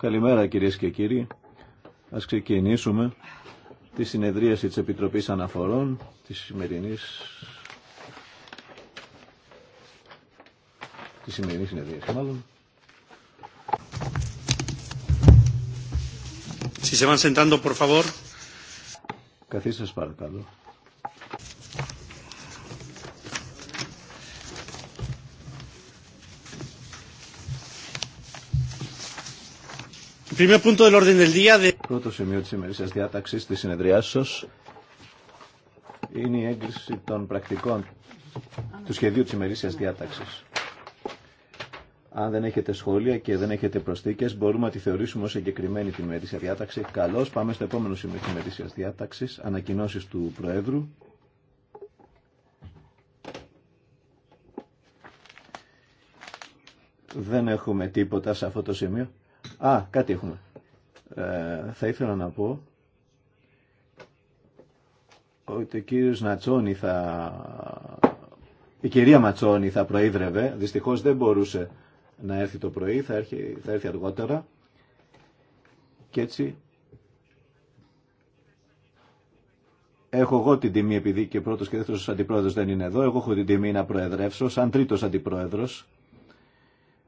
Καλημέρα κυρίες και κύριοι. Ας ξεκινήσουμε τη συνεδρίαση της Επιτροπής Αναφορών της σημερινής τη σημερινή συνεδρίαση μάλλον. Si se van sentando, por favor. Καθίστε σας παρακαλώ. Πρώτο σημείο της ημερήσιας διάταξης της συνεδριάσεως είναι η έγκριση των πρακτικών του σχεδίου της ημερήσιας διάταξης. Αν δεν έχετε σχόλια και δεν έχετε προσθήκες, μπορούμε να τη θεωρήσουμε ως εγκεκριμένη την ημερήσια διάταξη. Καλώς, πάμε στο επόμενο σημείο της ημερήσιας διάταξης, ανακοινώσεις του Προέδρου. Δεν έχουμε τίποτα σε αυτό το σημείο. Α, κάτι έχουμε. Ε, θα ήθελα να πω ότι ο κύριος Νατσόνη θα... Η κυρία Ματσόνη θα προείδρευε, δυστυχώς δεν μπορούσε να έρθει το πρωί, θα έρθει, θα έρθει αργότερα και έτσι έχω εγώ την τιμή επειδή και πρώτος και δεύτερος αντιπρόεδρος δεν είναι εδώ, εγώ έχω την τιμή να προεδρεύσω σαν τρίτος αντιπρόεδρος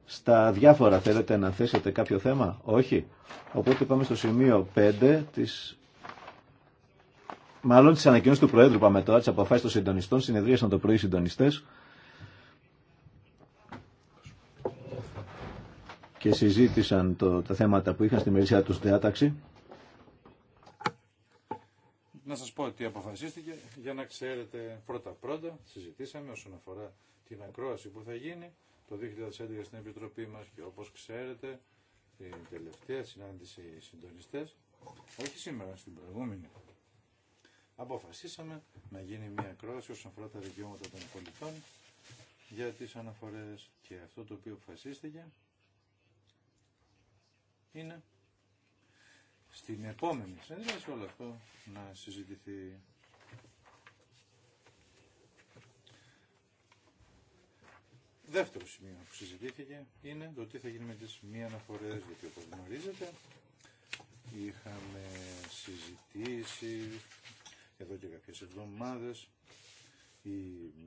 στα διάφορα θέλετε να θέσετε κάποιο θέμα. Όχι. Οπότε πάμε στο σημείο 5 της... Μάλλον ανακοινώσεις του Προέδρου πάμε τώρα, τις αποφάσεις των συντονιστών, συνεδρίασαν το πρωί οι συντονιστές. και συζήτησαν το, τα θέματα που είχαν στη μερίσια τους διάταξη. Να σας πω ότι αποφασίστηκε για να ξέρετε πρώτα-πρώτα συζητήσαμε όσον αφορά την ακρόαση που θα γίνει το 2011 στην Επιτροπή μας και όπως ξέρετε την τελευταία συνάντηση οι συντονιστές, όχι σήμερα, στην προηγούμενη, αποφασίσαμε να γίνει μια κρόση όσον αφορά τα δικαιώματα των πολιτών για τις αναφορές και αυτό το οποίο αποφασίστηκε είναι στην επόμενη συνέντευξη όλο αυτό να συζητηθεί Δεύτερο σημείο που συζητήθηκε είναι το τι θα γίνει με τις μη αναφορές, γιατί όπως γνωρίζετε είχαμε συζητήσει εδώ και κάποιες εβδομάδες ή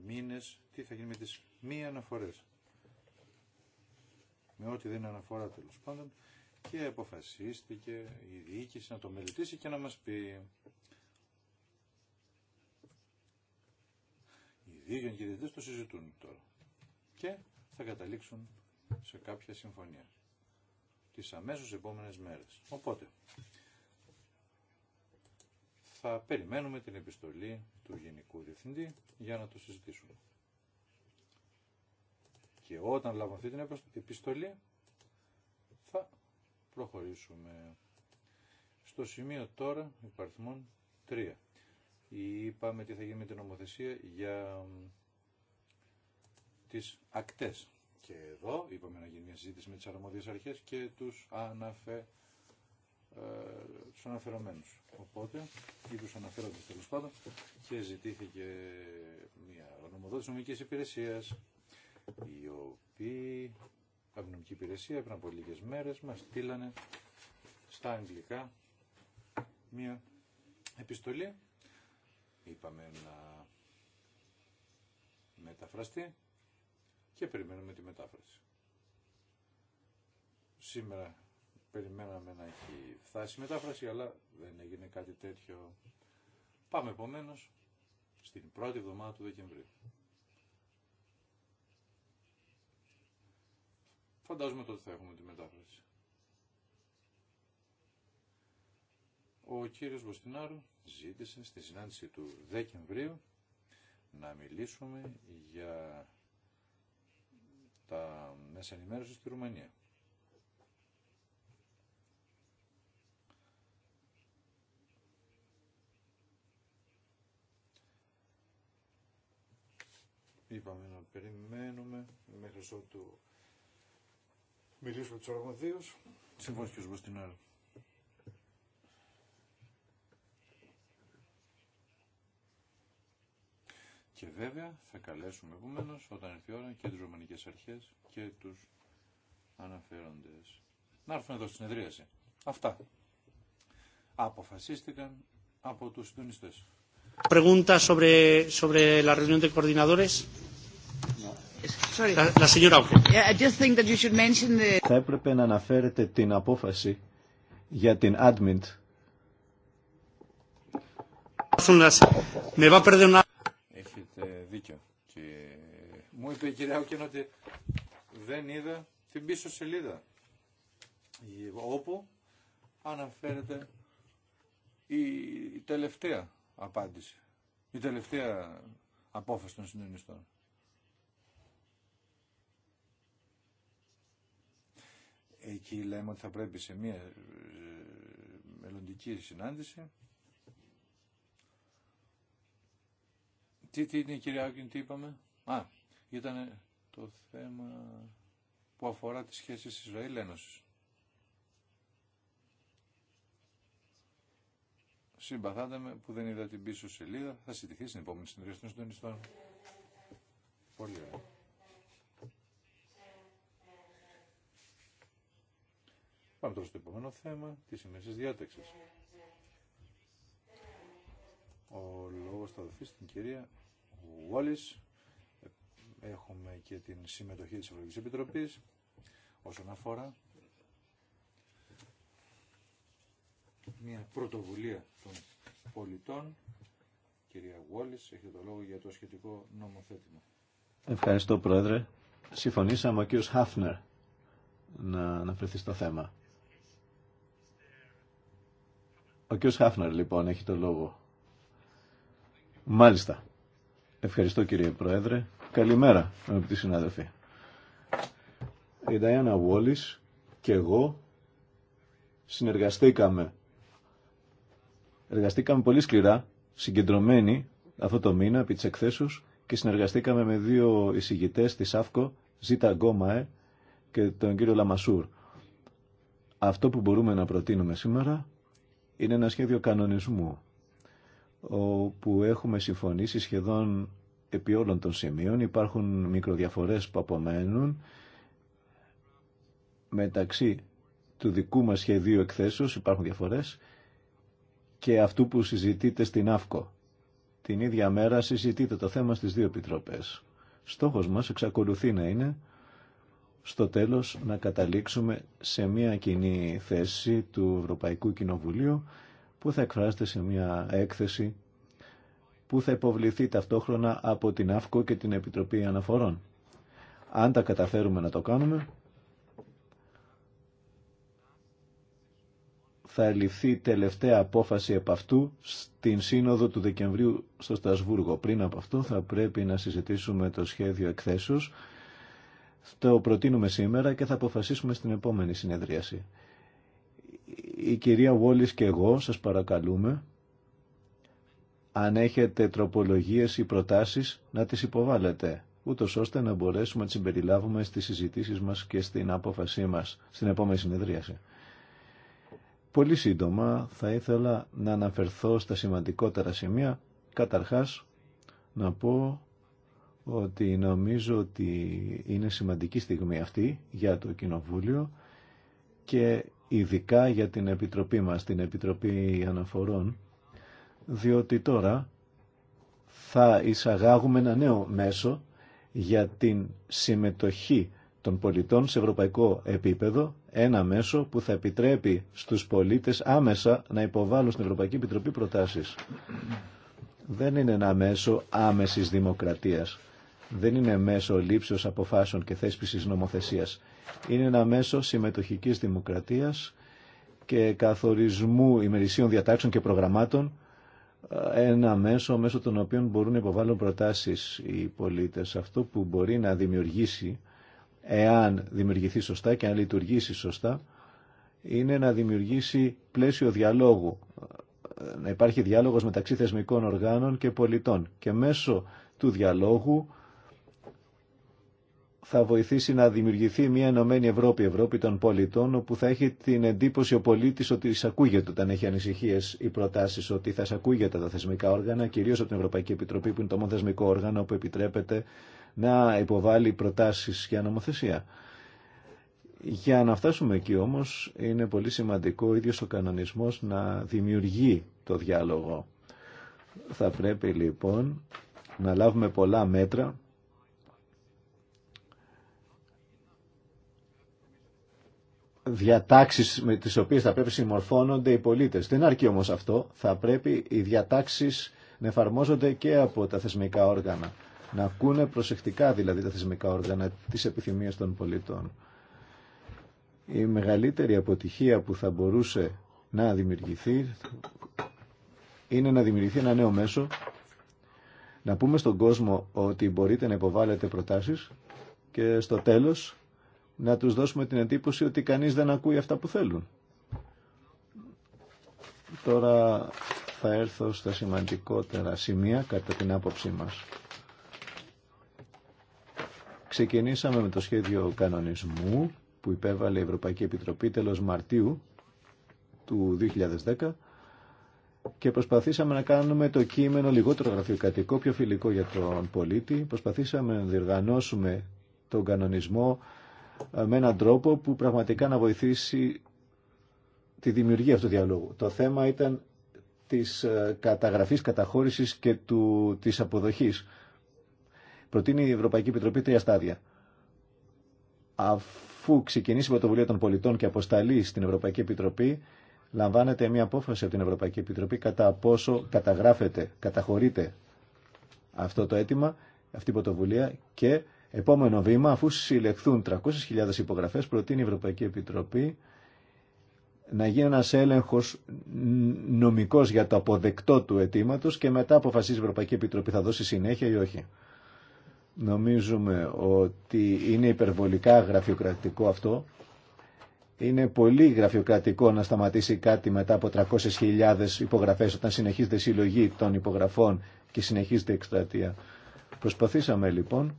μήνες τι θα γίνει με τις μη αναφορές. Με ό,τι δεν αναφορά τέλο πάντων και αποφασίστηκε η διοίκηση να το μελετήσει και να μας πει οι δύο γενικητές το συζητούν τώρα και θα καταλήξουν σε κάποια συμφωνία τις αμέσως επόμενες μέρες. Οπότε, θα περιμένουμε την επιστολή του Γενικού Διευθυντή για να το συζητήσουμε. Και όταν λάβουμε αυτή την επιστολή, θα προχωρήσουμε στο σημείο τώρα υπαριθμών 3. Είπαμε τι θα γίνει με την νομοθεσία για τις ακτές. Και εδώ είπαμε να γίνει μια συζήτηση με τις αρμόδιες αρχές και τους, αναφε, ε, τους πάντων, και ζητήθηκε μια γνωμοδότηση νομικής υπηρεσίας, η οποία από την νομική υπηρεσία πριν από λίγες μέρες μας στείλανε στα αγγλικά μια γνωμοδοτηση νομική υπηρεσιας η οποια απο υπηρεσια πριν Είπαμε να μεταφραστεί και περιμένουμε τη μετάφραση. Σήμερα περιμέναμε να έχει φτάσει η μετάφραση, αλλά δεν έγινε κάτι τέτοιο. Πάμε επομένω στην πρώτη εβδομάδα του Δεκεμβρίου. Φαντάζομαι τότε θα έχουμε τη μετάφραση. Ο κύριος Βοστινάρου ζήτησε στη συνάντηση του Δεκεμβρίου να μιλήσουμε για τα μέσα ενημέρωση στη Ρουμανία. Είπαμε να περιμένουμε μέχρι ότου μιλήσουμε του αρμοδίου. Συμφωνώ και ο Και βέβαια θα καλέσουμε επομένω όταν έρθει η ώρα και τι ρωμανικέ αρχέ και του αναφέροντε Να έρθουν εδώ στη συνεδρίαση. Αυτά αποφασίστηκαν από του συντονιστέ. Pregunta sobre, la reunión de coordinadores. Θα έπρεπε να αναφέρετε την απόφαση για την admin. Με va a έχετε δίκιο. Και μου είπε η κυρία Οκέν ότι δεν είδα την πίσω σελίδα όπου αναφέρεται η τελευταία απάντηση, η τελευταία απόφαση των συντονιστών. Εκεί λέμε ότι θα πρέπει σε μια ε, μελλοντική συνάντηση Τι, τι είναι κυρία Άκυν, τι είπαμε. Α, ήταν το θέμα που αφορά τις σχέσεις Ισραήλ-Ένωσης. Συμπαθάτε με που δεν είδα την πίσω σελίδα. Θα συντηθεί στην επόμενη συνεδρία των συντονιστών. Πολύ ωραία. Πάμε τώρα στο επόμενο θέμα τη ημέρα διάταξη. Ο λόγο θα δοθεί στην κυρία Wallis. Έχουμε και την συμμετοχή της Ευρωπαϊκής Επιτροπής όσον αφορά μια πρωτοβουλία των πολιτών. Κυρία Γουόλης, έχει το λόγο για το σχετικό νομοθέτημα. Ευχαριστώ, Πρόεδρε. Συμφωνήσαμε ο κ. Χάφνερ να αναφερθεί στο θέμα. Ο κ. Χάφνερ, λοιπόν, έχει το λόγο. Μάλιστα. Ευχαριστώ κύριε Πρόεδρε. Καλημέρα αγαπητοί συνάδελφοι. Η Νταϊάννα Βόλης και εγώ συνεργαστήκαμε. Εργαστήκαμε πολύ σκληρά, συγκεντρωμένοι αυτό το μήνα επί της εκθέσεως και συνεργαστήκαμε με δύο εισηγητές της ΑΦΚΟ, Ζήτα Γκόμαε και τον κύριο Λαμασούρ. Αυτό που μπορούμε να προτείνουμε σήμερα είναι ένα σχέδιο κανονισμού όπου έχουμε συμφωνήσει σχεδόν επί όλων των σημείων. Υπάρχουν μικροδιαφορές που απομένουν μεταξύ του δικού μας σχεδίου εκθέσεως, υπάρχουν διαφορές, και αυτού που συζητείτε στην ΑΦΚΟ. Την ίδια μέρα συζητείτε το θέμα στις δύο επιτροπές. Στόχος μας εξακολουθεί να είναι στο τέλος να καταλήξουμε σε μια κοινή θέση του Ευρωπαϊκού Κοινοβουλίου που θα εκφράζεται σε μια έκθεση που θα υποβληθεί ταυτόχρονα από την ΑΦΚΟ και την Επιτροπή Αναφορών. Αν τα καταφέρουμε να το κάνουμε, θα ληφθεί τελευταία απόφαση από αυτού στην Σύνοδο του Δεκεμβρίου στο Στασβούργο. Πριν από αυτό θα πρέπει να συζητήσουμε το σχέδιο εκθέσεως. Το προτείνουμε σήμερα και θα αποφασίσουμε στην επόμενη συνεδρίαση η κυρία Βόλης και εγώ σας παρακαλούμε αν έχετε τροπολογίες ή προτάσεις να τις υποβάλλετε ούτω ώστε να μπορέσουμε να τις συμπεριλάβουμε στις συζητήσεις μας και στην απόφασή μας στην επόμενη συνεδρίαση. Πολύ σύντομα θα ήθελα να αναφερθώ στα σημαντικότερα σημεία. Καταρχάς να πω ότι νομίζω ότι είναι σημαντική στιγμή αυτή για το Κοινοβούλιο και ειδικά για την Επιτροπή μας, την Επιτροπή Αναφορών, διότι τώρα θα εισαγάγουμε ένα νέο μέσο για την συμμετοχή των πολιτών σε ευρωπαϊκό επίπεδο, ένα μέσο που θα επιτρέπει στους πολίτες άμεσα να υποβάλουν στην Ευρωπαϊκή Επιτροπή προτάσεις. Δεν είναι ένα μέσο άμεσης δημοκρατίας. Δεν είναι μέσο λήψεως αποφάσεων και θέσπισης νομοθεσίας είναι ένα μέσο συμμετοχικής δημοκρατίας και καθορισμού ημερησίων διατάξεων και προγραμμάτων, ε, ένα μέσο μέσω των οποίων μπορούν να υποβάλουν προτάσεις οι πολίτες. Αυτό που μπορεί να δημιουργήσει, εάν δημιουργηθεί σωστά και αν λειτουργήσει σωστά, είναι να δημιουργήσει πλαίσιο διαλόγου, ε, να υπάρχει διάλογος μεταξύ θεσμικών οργάνων και πολιτών. Και μέσω του διαλόγου θα βοηθήσει να δημιουργηθεί μια ενωμένη Ευρώπη, Ευρώπη των πολιτών, όπου θα έχει την εντύπωση ο πολίτη ότι εισακούγεται όταν έχει ανησυχίε ή προτάσει, ότι θα εισακούγεται τα θεσμικά όργανα, κυρίω από την Ευρωπαϊκή Επιτροπή, που είναι το μόνο θεσμικό όργανο που επιτρέπεται να υποβάλει προτάσει για νομοθεσία. Για να φτάσουμε εκεί όμω, είναι πολύ σημαντικό ο ίδιο ο κανονισμό να δημιουργεί το διάλογο. Θα πρέπει λοιπόν να λάβουμε πολλά μέτρα διατάξεις με τις οποίες θα πρέπει συμμορφώνονται οι πολίτες. Δεν αρκεί όμως αυτό. Θα πρέπει οι διατάξεις να εφαρμόζονται και από τα θεσμικά όργανα. Να ακούνε προσεκτικά δηλαδή τα θεσμικά όργανα τις επιθυμίες των πολιτών. Η μεγαλύτερη αποτυχία που θα μπορούσε να δημιουργηθεί είναι να δημιουργηθεί ένα νέο μέσο να πούμε στον κόσμο ότι μπορείτε να υποβάλλετε προτάσεις και στο τέλος να τους δώσουμε την εντύπωση ότι κανείς δεν ακούει αυτά που θέλουν. Τώρα θα έρθω στα σημαντικότερα σημεία κατά την άποψή μας. Ξεκινήσαμε με το σχέδιο κανονισμού που υπέβαλε η Ευρωπαϊκή Επιτροπή τέλος Μαρτίου του 2010 και προσπαθήσαμε να κάνουμε το κείμενο λιγότερο γραφειοκρατικό, πιο φιλικό για τον πολίτη. Προσπαθήσαμε να διοργανώσουμε τον κανονισμό ε, με έναν τρόπο που πραγματικά να βοηθήσει τη δημιουργία αυτού του διαλόγου. Το θέμα ήταν της ε, καταγραφής, καταχώρησης και του, της αποδοχής. Προτείνει η Ευρωπαϊκή Επιτροπή τρία στάδια. Αφού ξεκινήσει η πρωτοβουλία των πολιτών και αποσταλεί στην Ευρωπαϊκή Επιτροπή, λαμβάνεται μια απόφαση από την Ευρωπαϊκή Επιτροπή κατά πόσο καταγράφεται, καταχωρείται αυτό το αίτημα, αυτή η πρωτοβουλία και Επόμενο βήμα, αφού συλλεχθούν 300.000 υπογραφές, προτείνει η Ευρωπαϊκή Επιτροπή να γίνει ένας έλεγχος νομικός για το αποδεκτό του αιτήματο και μετά αποφασίζει η Ευρωπαϊκή Επιτροπή θα δώσει συνέχεια ή όχι. Νομίζουμε ότι είναι υπερβολικά γραφειοκρατικό αυτό. Είναι πολύ γραφειοκρατικό να σταματήσει κάτι μετά από 300.000 υπογραφές όταν συνεχίζεται η συλλογή των υπογραφών και συνεχίζεται η εκστρατεία. Προσπαθήσαμε λοιπόν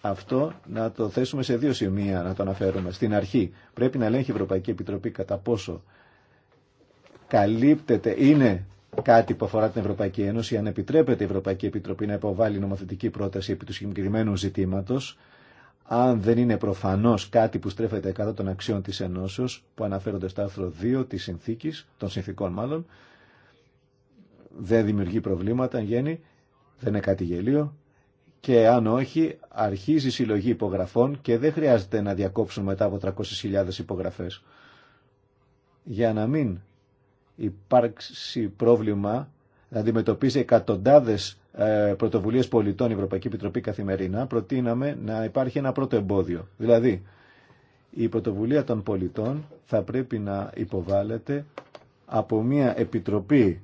αυτό να το θέσουμε σε δύο σημεία, να το αναφέρουμε. Στην αρχή πρέπει να ελέγχει η Ευρωπαϊκή Επιτροπή κατά πόσο καλύπτεται, είναι κάτι που αφορά την Ευρωπαϊκή Ένωση, αν επιτρέπεται η Ευρωπαϊκή Επιτροπή να υποβάλει νομοθετική πρόταση επί του συγκεκριμένου ζητήματο, αν δεν είναι προφανώ κάτι που στρέφεται κατά των αξιών τη Ενώσεω, που αναφέρονται στο άρθρο 2 τη συνθήκη, των συνθήκων μάλλον, δεν δημιουργεί προβλήματα γέννη, δεν είναι κάτι γελίο, και αν όχι αρχίζει η συλλογή υπογραφών και δεν χρειάζεται να διακόψουν μετά από 300.000 υπογραφές. Για να μην υπάρξει πρόβλημα να αντιμετωπίσει εκατοντάδες ε, πρωτοβουλίες πολιτών η Ευρωπαϊκή Επιτροπή καθημερινά, προτείναμε να υπάρχει ένα πρώτο εμπόδιο. Δηλαδή, η πρωτοβουλία των πολιτών θα πρέπει να υποβάλλεται από μια επιτροπή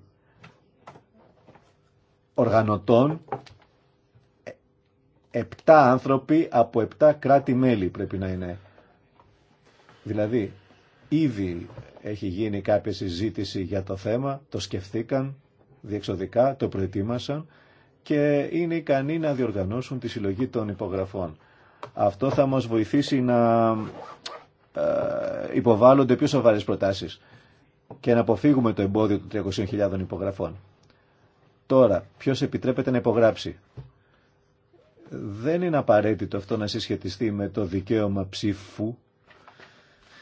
οργανωτών Επτά άνθρωποι από επτά κράτη-μέλη πρέπει να είναι. Δηλαδή, ήδη έχει γίνει κάποια συζήτηση για το θέμα, το σκεφτήκαν διεξοδικά, το προετοίμασαν και είναι ικανοί να διοργανώσουν τη συλλογή των υπογραφών. Αυτό θα μας βοηθήσει να ε, υποβάλλονται πιο σοβαρές προτάσεις και να αποφύγουμε το εμπόδιο των 300.000 υπογραφών. Τώρα, ποιος επιτρέπεται να υπογράψει δεν είναι απαραίτητο αυτό να συσχετιστεί με το δικαίωμα ψήφου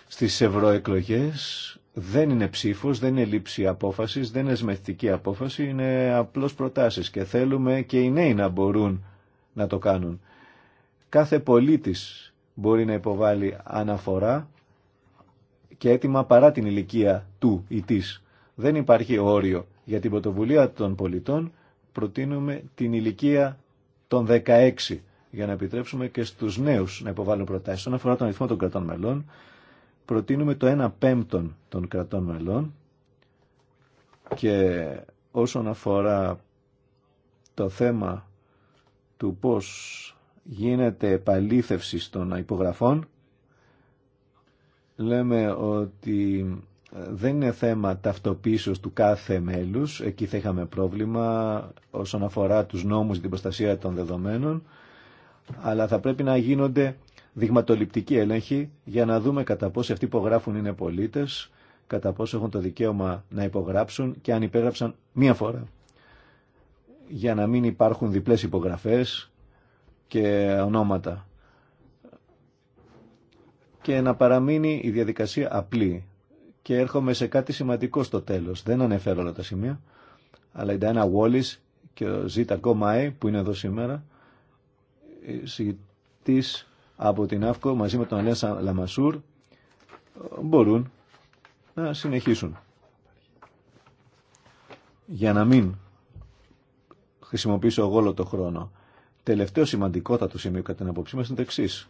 στις ευρωεκλογές. Δεν είναι ψήφος, δεν είναι λήψη απόφασης, δεν είναι αισμευτική απόφαση, είναι απλώς προτάσεις και θέλουμε και οι νέοι να μπορούν να το κάνουν. Κάθε πολίτης μπορεί να υποβάλει αναφορά και έτοιμα παρά την ηλικία του ή της. Δεν υπάρχει όριο για την πρωτοβουλία των πολιτών, προτείνουμε την ηλικία των 16 για να επιτρέψουμε και στου νέου να υποβάλουν προτάσει. Όσον αφορά τον αριθμό των κρατών μελών, προτείνουμε το 1 πέμπτον των κρατών μελών και όσον αφορά το θέμα του πώς γίνεται επαλήθευση των υπογραφών, λέμε ότι δεν είναι θέμα ταυτοποίησης του κάθε μέλους, εκεί θα είχαμε πρόβλημα όσον αφορά τους νόμους για την προστασία των δεδομένων, αλλά θα πρέπει να γίνονται δειγματοληπτικοί έλεγχοι για να δούμε κατά πόσο αυτοί που γράφουν είναι πολίτες, κατά πόσο έχουν το δικαίωμα να υπογράψουν και αν υπέγραψαν μία φορά. Για να μην υπάρχουν διπλές υπογραφές και ονόματα. Και να παραμείνει η διαδικασία απλή και έρχομαι σε κάτι σημαντικό στο τέλος. Δεν ανεφέρω όλα τα σημεία, αλλά η Ντάνα Wallis και ο Ζήτα Κόμαε που είναι εδώ σήμερα, συζητή από την ΑΦΚΟ μαζί με τον Αλέα Λαμασούρ, μπορούν να συνεχίσουν. Για να μην χρησιμοποιήσω εγώ όλο το χρόνο. Τελευταίο σημαντικότατο σημείο κατά την απόψη μας είναι το εξή.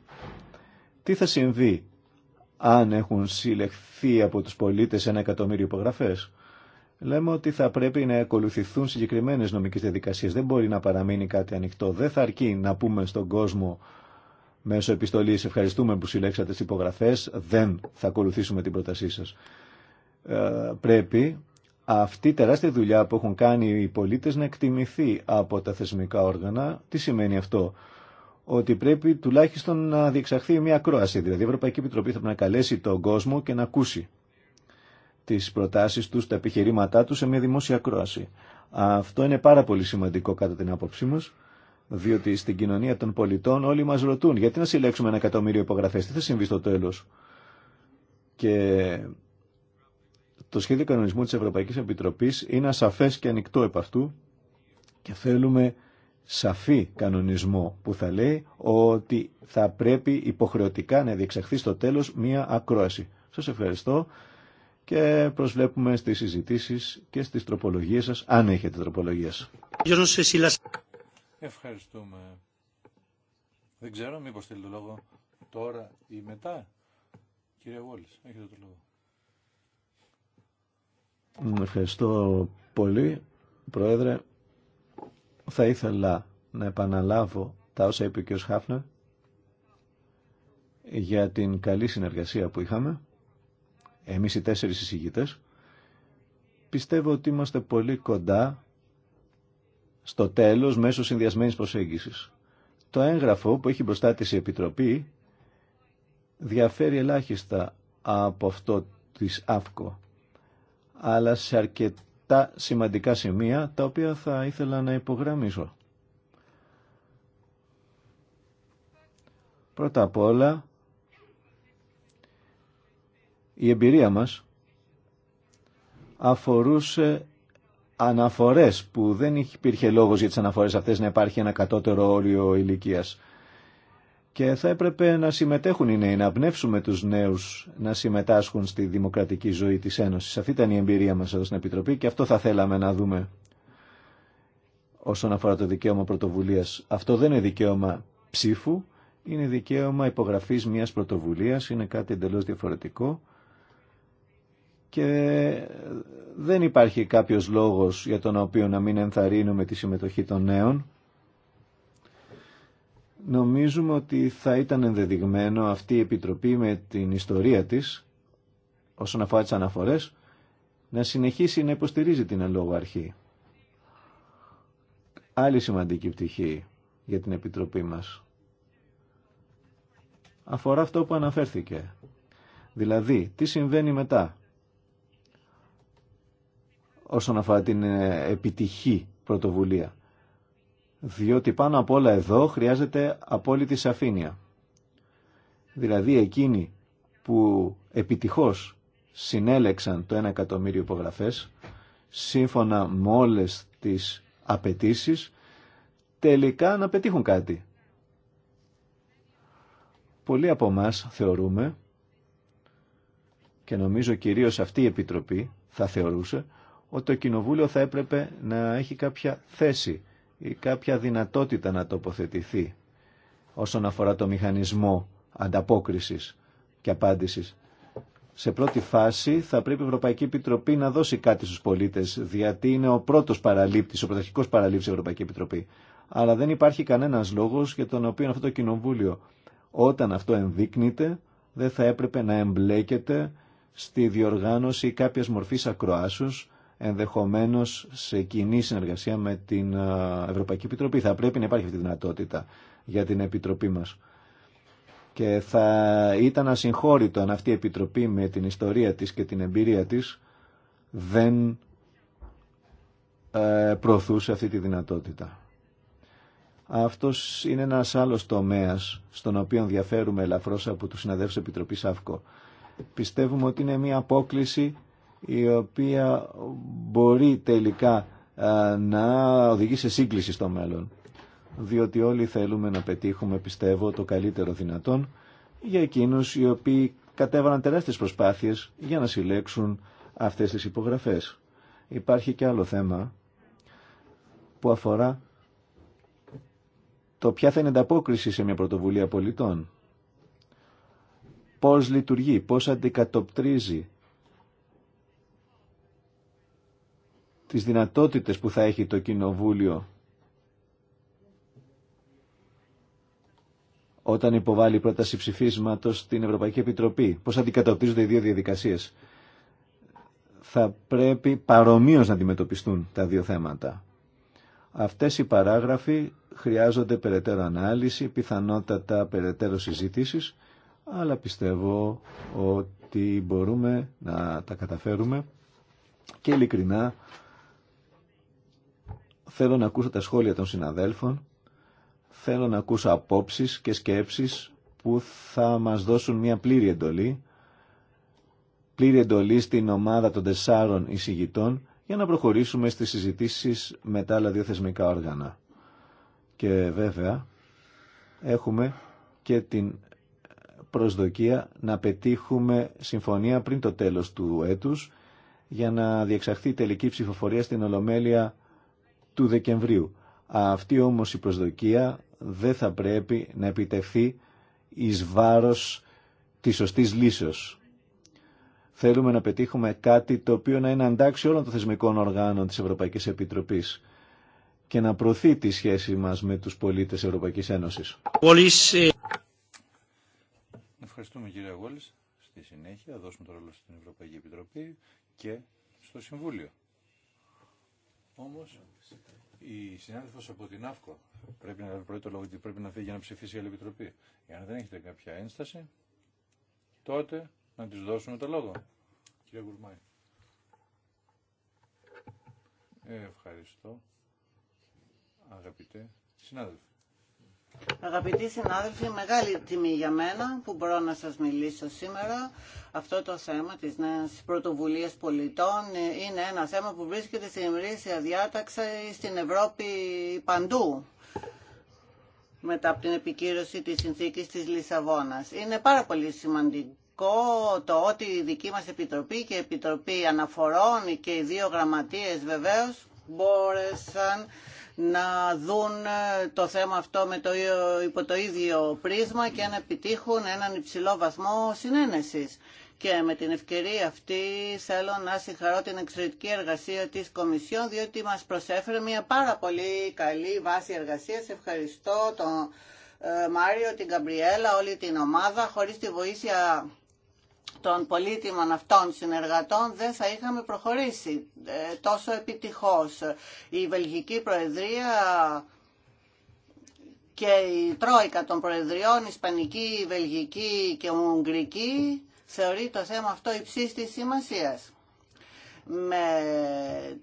Τι θα συμβεί αν έχουν συλλεχθεί από τους πολίτες ένα εκατομμύριο υπογραφές. Λέμε ότι θα πρέπει να ακολουθηθούν συγκεκριμένες νομικές διαδικασίες. Δεν μπορεί να παραμείνει κάτι ανοιχτό. Δεν θα αρκεί να πούμε στον κόσμο μέσω επιστολής ευχαριστούμε που συλλέξατε τις υπογραφές, δεν θα ακολουθήσουμε την πρότασή σας. Ε, πρέπει αυτή η τεράστια δουλειά που έχουν κάνει οι πολίτες να εκτιμηθεί από τα θεσμικά όργανα. Τι σημαίνει αυτό ότι πρέπει τουλάχιστον να διεξαχθεί μια ακρόαση. Δηλαδή η Ευρωπαϊκή Επιτροπή θα πρέπει να καλέσει τον κόσμο και να ακούσει τι προτάσει του τα επιχειρήματά του σε μια δημόσια ακρόαση. Αυτό είναι πάρα πολύ σημαντικό κατά την άποψή μας, διότι στην κοινωνία των πολιτών όλοι μα ρωτούν γιατί να συλλέξουμε ένα εκατομμύριο υπογραφέ, τι θα συμβεί στο τέλο. Και το σχέδιο κανονισμού τη Ευρωπαϊκή Επιτροπή είναι ασαφέ και ανοιχτό επ' αυτού και θέλουμε σαφή κανονισμό που θα λέει ότι θα πρέπει υποχρεωτικά να διεξαχθεί στο τέλος μία ακρόαση. Σας ευχαριστώ και προσβλέπουμε στις συζητήσεις και στις τροπολογίες σας, αν έχετε τροπολογίες. Ευχαριστούμε. Δεν ξέρω μήπως θέλει το λόγο τώρα ή μετά. Κύριε Βόλης, έχετε το λόγο. Ευχαριστώ πολύ, Πρόεδρε. Θα ήθελα να επαναλάβω τα όσα είπε ο κ. Χάφνερ για την καλή συνεργασία που είχαμε, εμείς οι τέσσερις συζητήτες. πιστεύω ότι είμαστε πολύ κοντά στο τέλος μέσω συνδυασμένης προσέγγισης. Το έγγραφο που έχει μπροστά της η Επιτροπή διαφέρει ελάχιστα από αυτό της ΑΦΚΟ, αλλά σε αρκετά τα σημαντικά σημεία τα οποία θα ήθελα να υπογραμμίσω. Πρώτα απ' όλα, η εμπειρία μας αφορούσε αναφορές που δεν υπήρχε λόγος για τις αναφορές αυτές να υπάρχει ένα κατώτερο όριο ηλικίας και θα έπρεπε να συμμετέχουν οι νέοι, να πνεύσουμε τους νέους να συμμετάσχουν στη δημοκρατική ζωή της Ένωσης. Αυτή ήταν η εμπειρία μας εδώ στην Επιτροπή και αυτό θα θέλαμε να δούμε όσον αφορά το δικαίωμα πρωτοβουλίας. Αυτό δεν είναι δικαίωμα ψήφου, είναι δικαίωμα υπογραφής μιας πρωτοβουλίας, είναι κάτι εντελώς διαφορετικό και δεν υπάρχει κάποιος λόγος για τον οποίο να μην ενθαρρύνουμε τη συμμετοχή των νέων Νομίζουμε ότι θα ήταν ενδεδειγμένο αυτή η Επιτροπή με την ιστορία της, όσον αφορά τις αναφορές, να συνεχίσει να υποστηρίζει την αλόγω αρχή. Άλλη σημαντική πτυχή για την Επιτροπή μας αφορά αυτό που αναφέρθηκε. Δηλαδή, τι συμβαίνει μετά όσον αφορά την ε, επιτυχή πρωτοβουλία διότι πάνω απ' όλα εδώ χρειάζεται απόλυτη σαφήνεια. Δηλαδή εκείνοι που επιτυχώς συνέλεξαν το 1 εκατομμύριο υπογραφές, σύμφωνα με όλες τις απαιτήσεις, τελικά να πετύχουν κάτι. Πολλοί από εμά θεωρούμε, και νομίζω κυρίως αυτή η Επιτροπή θα θεωρούσε, ότι το Κοινοβούλιο θα έπρεπε να έχει κάποια θέση ή κάποια δυνατότητα να τοποθετηθεί όσον αφορά το μηχανισμό ανταπόκρισης και απάντησης. Σε πρώτη φάση θα πρέπει η Ευρωπαϊκή Επιτροπή να δώσει κάτι στους πολίτες, γιατί είναι ο πρώτος παραλήπτης, ο πρωταρχικός παραλήπτης η Ευρωπαϊκή διότι ειναι ο πρωτος παραληπτης ο Αλλά δεν υπάρχει κανένας λόγος για τον οποίο αυτό το Κοινοβούλιο, όταν αυτό ενδείκνυται, δεν θα έπρεπε να εμπλέκεται στη διοργάνωση κάποιας μορφής ακροάσεως ενδεχομένως σε κοινή συνεργασία με την ε, Ευρωπαϊκή Επιτροπή. Θα πρέπει να υπάρχει αυτή η δυνατότητα για την Επιτροπή μας. Και θα ήταν ασυγχώρητο αν αυτή η Επιτροπή με την ιστορία της και την εμπειρία της δεν ε, προωθούσε αυτή τη δυνατότητα. Αυτός είναι ένας άλλος τομέας στον οποίο διαφέρουμε ελαφρώς από τους συναδέλφους Επιτροπής ΑΦΚΟ. Πιστεύουμε ότι είναι μια απόκληση η οποία μπορεί τελικά να οδηγεί σε σύγκληση στο μέλλον. Διότι όλοι θέλουμε να πετύχουμε, πιστεύω, το καλύτερο δυνατόν για εκείνους οι οποίοι κατέβαλαν τεράστιες προσπάθειες για να συλλέξουν αυτές τις υπογραφές. Υπάρχει και άλλο θέμα που αφορά το ποια θα είναι ανταπόκριση σε μια πρωτοβουλία πολιτών. Πώς λειτουργεί, πώς αντικατοπτρίζει τις δυνατότητες που θα έχει το Κοινοβούλιο όταν υποβάλει πρόταση ψηφίσματος στην Ευρωπαϊκή Επιτροπή. Πώς αντικατοπτρίζονται οι δύο διαδικασίες. Θα πρέπει παρομοίως να αντιμετωπιστούν τα δύο θέματα. Αυτές οι παράγραφοι χρειάζονται περαιτέρω ανάλυση, πιθανότατα περαιτέρω συζήτηση, αλλά πιστεύω ότι μπορούμε να τα καταφέρουμε και ειλικρινά Θέλω να ακούσω τα σχόλια των συναδέλφων. Θέλω να ακούσω απόψεις και σκέψεις που θα μας δώσουν μια πλήρη εντολή. Πλήρη εντολή στην ομάδα των τεσσάρων εισηγητών για να προχωρήσουμε στις συζητήσεις με τα άλλα δύο θεσμικά όργανα. Και βέβαια έχουμε και την προσδοκία να πετύχουμε συμφωνία πριν το τέλος του έτους για να διεξαχθεί τελική ψηφοφορία στην Ολομέλεια του Δεκεμβρίου. Αυτή όμως η προσδοκία δεν θα πρέπει να επιτευχθεί εις βάρος της σωστής λύσεως. Θέλουμε να πετύχουμε κάτι το οποίο να είναι αντάξει όλων των θεσμικών οργάνων της Ευρωπαϊκής Επιτροπής και να προωθεί τη σχέση μας με τους πολίτες Ευρωπαϊκής Ένωσης. Ε, Ευχαριστούμε κύριε Αγόλης. Στη συνέχεια δώσουμε το ρόλο στην Ευρωπαϊκή Επιτροπή και στο Συμβούλιο. Όμως η συνάδελφο από την ΑΦΚΟ πρέπει να λάβει πρώτο λόγο ότι πρέπει να φύγει για να ψηφίσει η άλλη επιτροπή. Εάν δεν έχετε κάποια ένσταση, τότε να τη δώσουμε το λόγο. Κύριε Γκουρμάη. Ε, ευχαριστώ. Αγαπητέ συνάδελφε. Αγαπητοί συνάδελφοι, μεγάλη τιμή για μένα που μπορώ να σας μιλήσω σήμερα. Αυτό το θέμα της νέας πρωτοβουλίας πολιτών είναι ένα θέμα που βρίσκεται στην ημερήσια διάταξη στην Ευρώπη παντού μετά από την επικύρωση της συνθήκης της Λισαβόνας. Είναι πάρα πολύ σημαντικό το ότι η δική μας Επιτροπή και η Επιτροπή Αναφορών και οι δύο γραμματείες βεβαίως μπόρεσαν να δουν ε, το θέμα αυτό με το, υπό το ίδιο πρίσμα και να επιτύχουν έναν υψηλό βαθμό συνένεσης. Και με την ευκαιρία αυτή θέλω να συγχαρώ την εξαιρετική εργασία της Κομισιόν διότι μας προσέφερε μια πάρα πολύ καλή βάση εργασίας. Ευχαριστώ τον ε, Μάριο, την Καμπριέλα, όλη την ομάδα. Χωρίς τη βοήθεια των πολύτιμων αυτών συνεργατών δεν θα είχαμε προχωρήσει ε, τόσο επιτυχώς. Η Βελγική Προεδρία και η Τρόικα των Προεδριών, Ισπανική, Βελγική και Ουγγρική, θεωρεί το θέμα αυτό υψής σημασίας. Με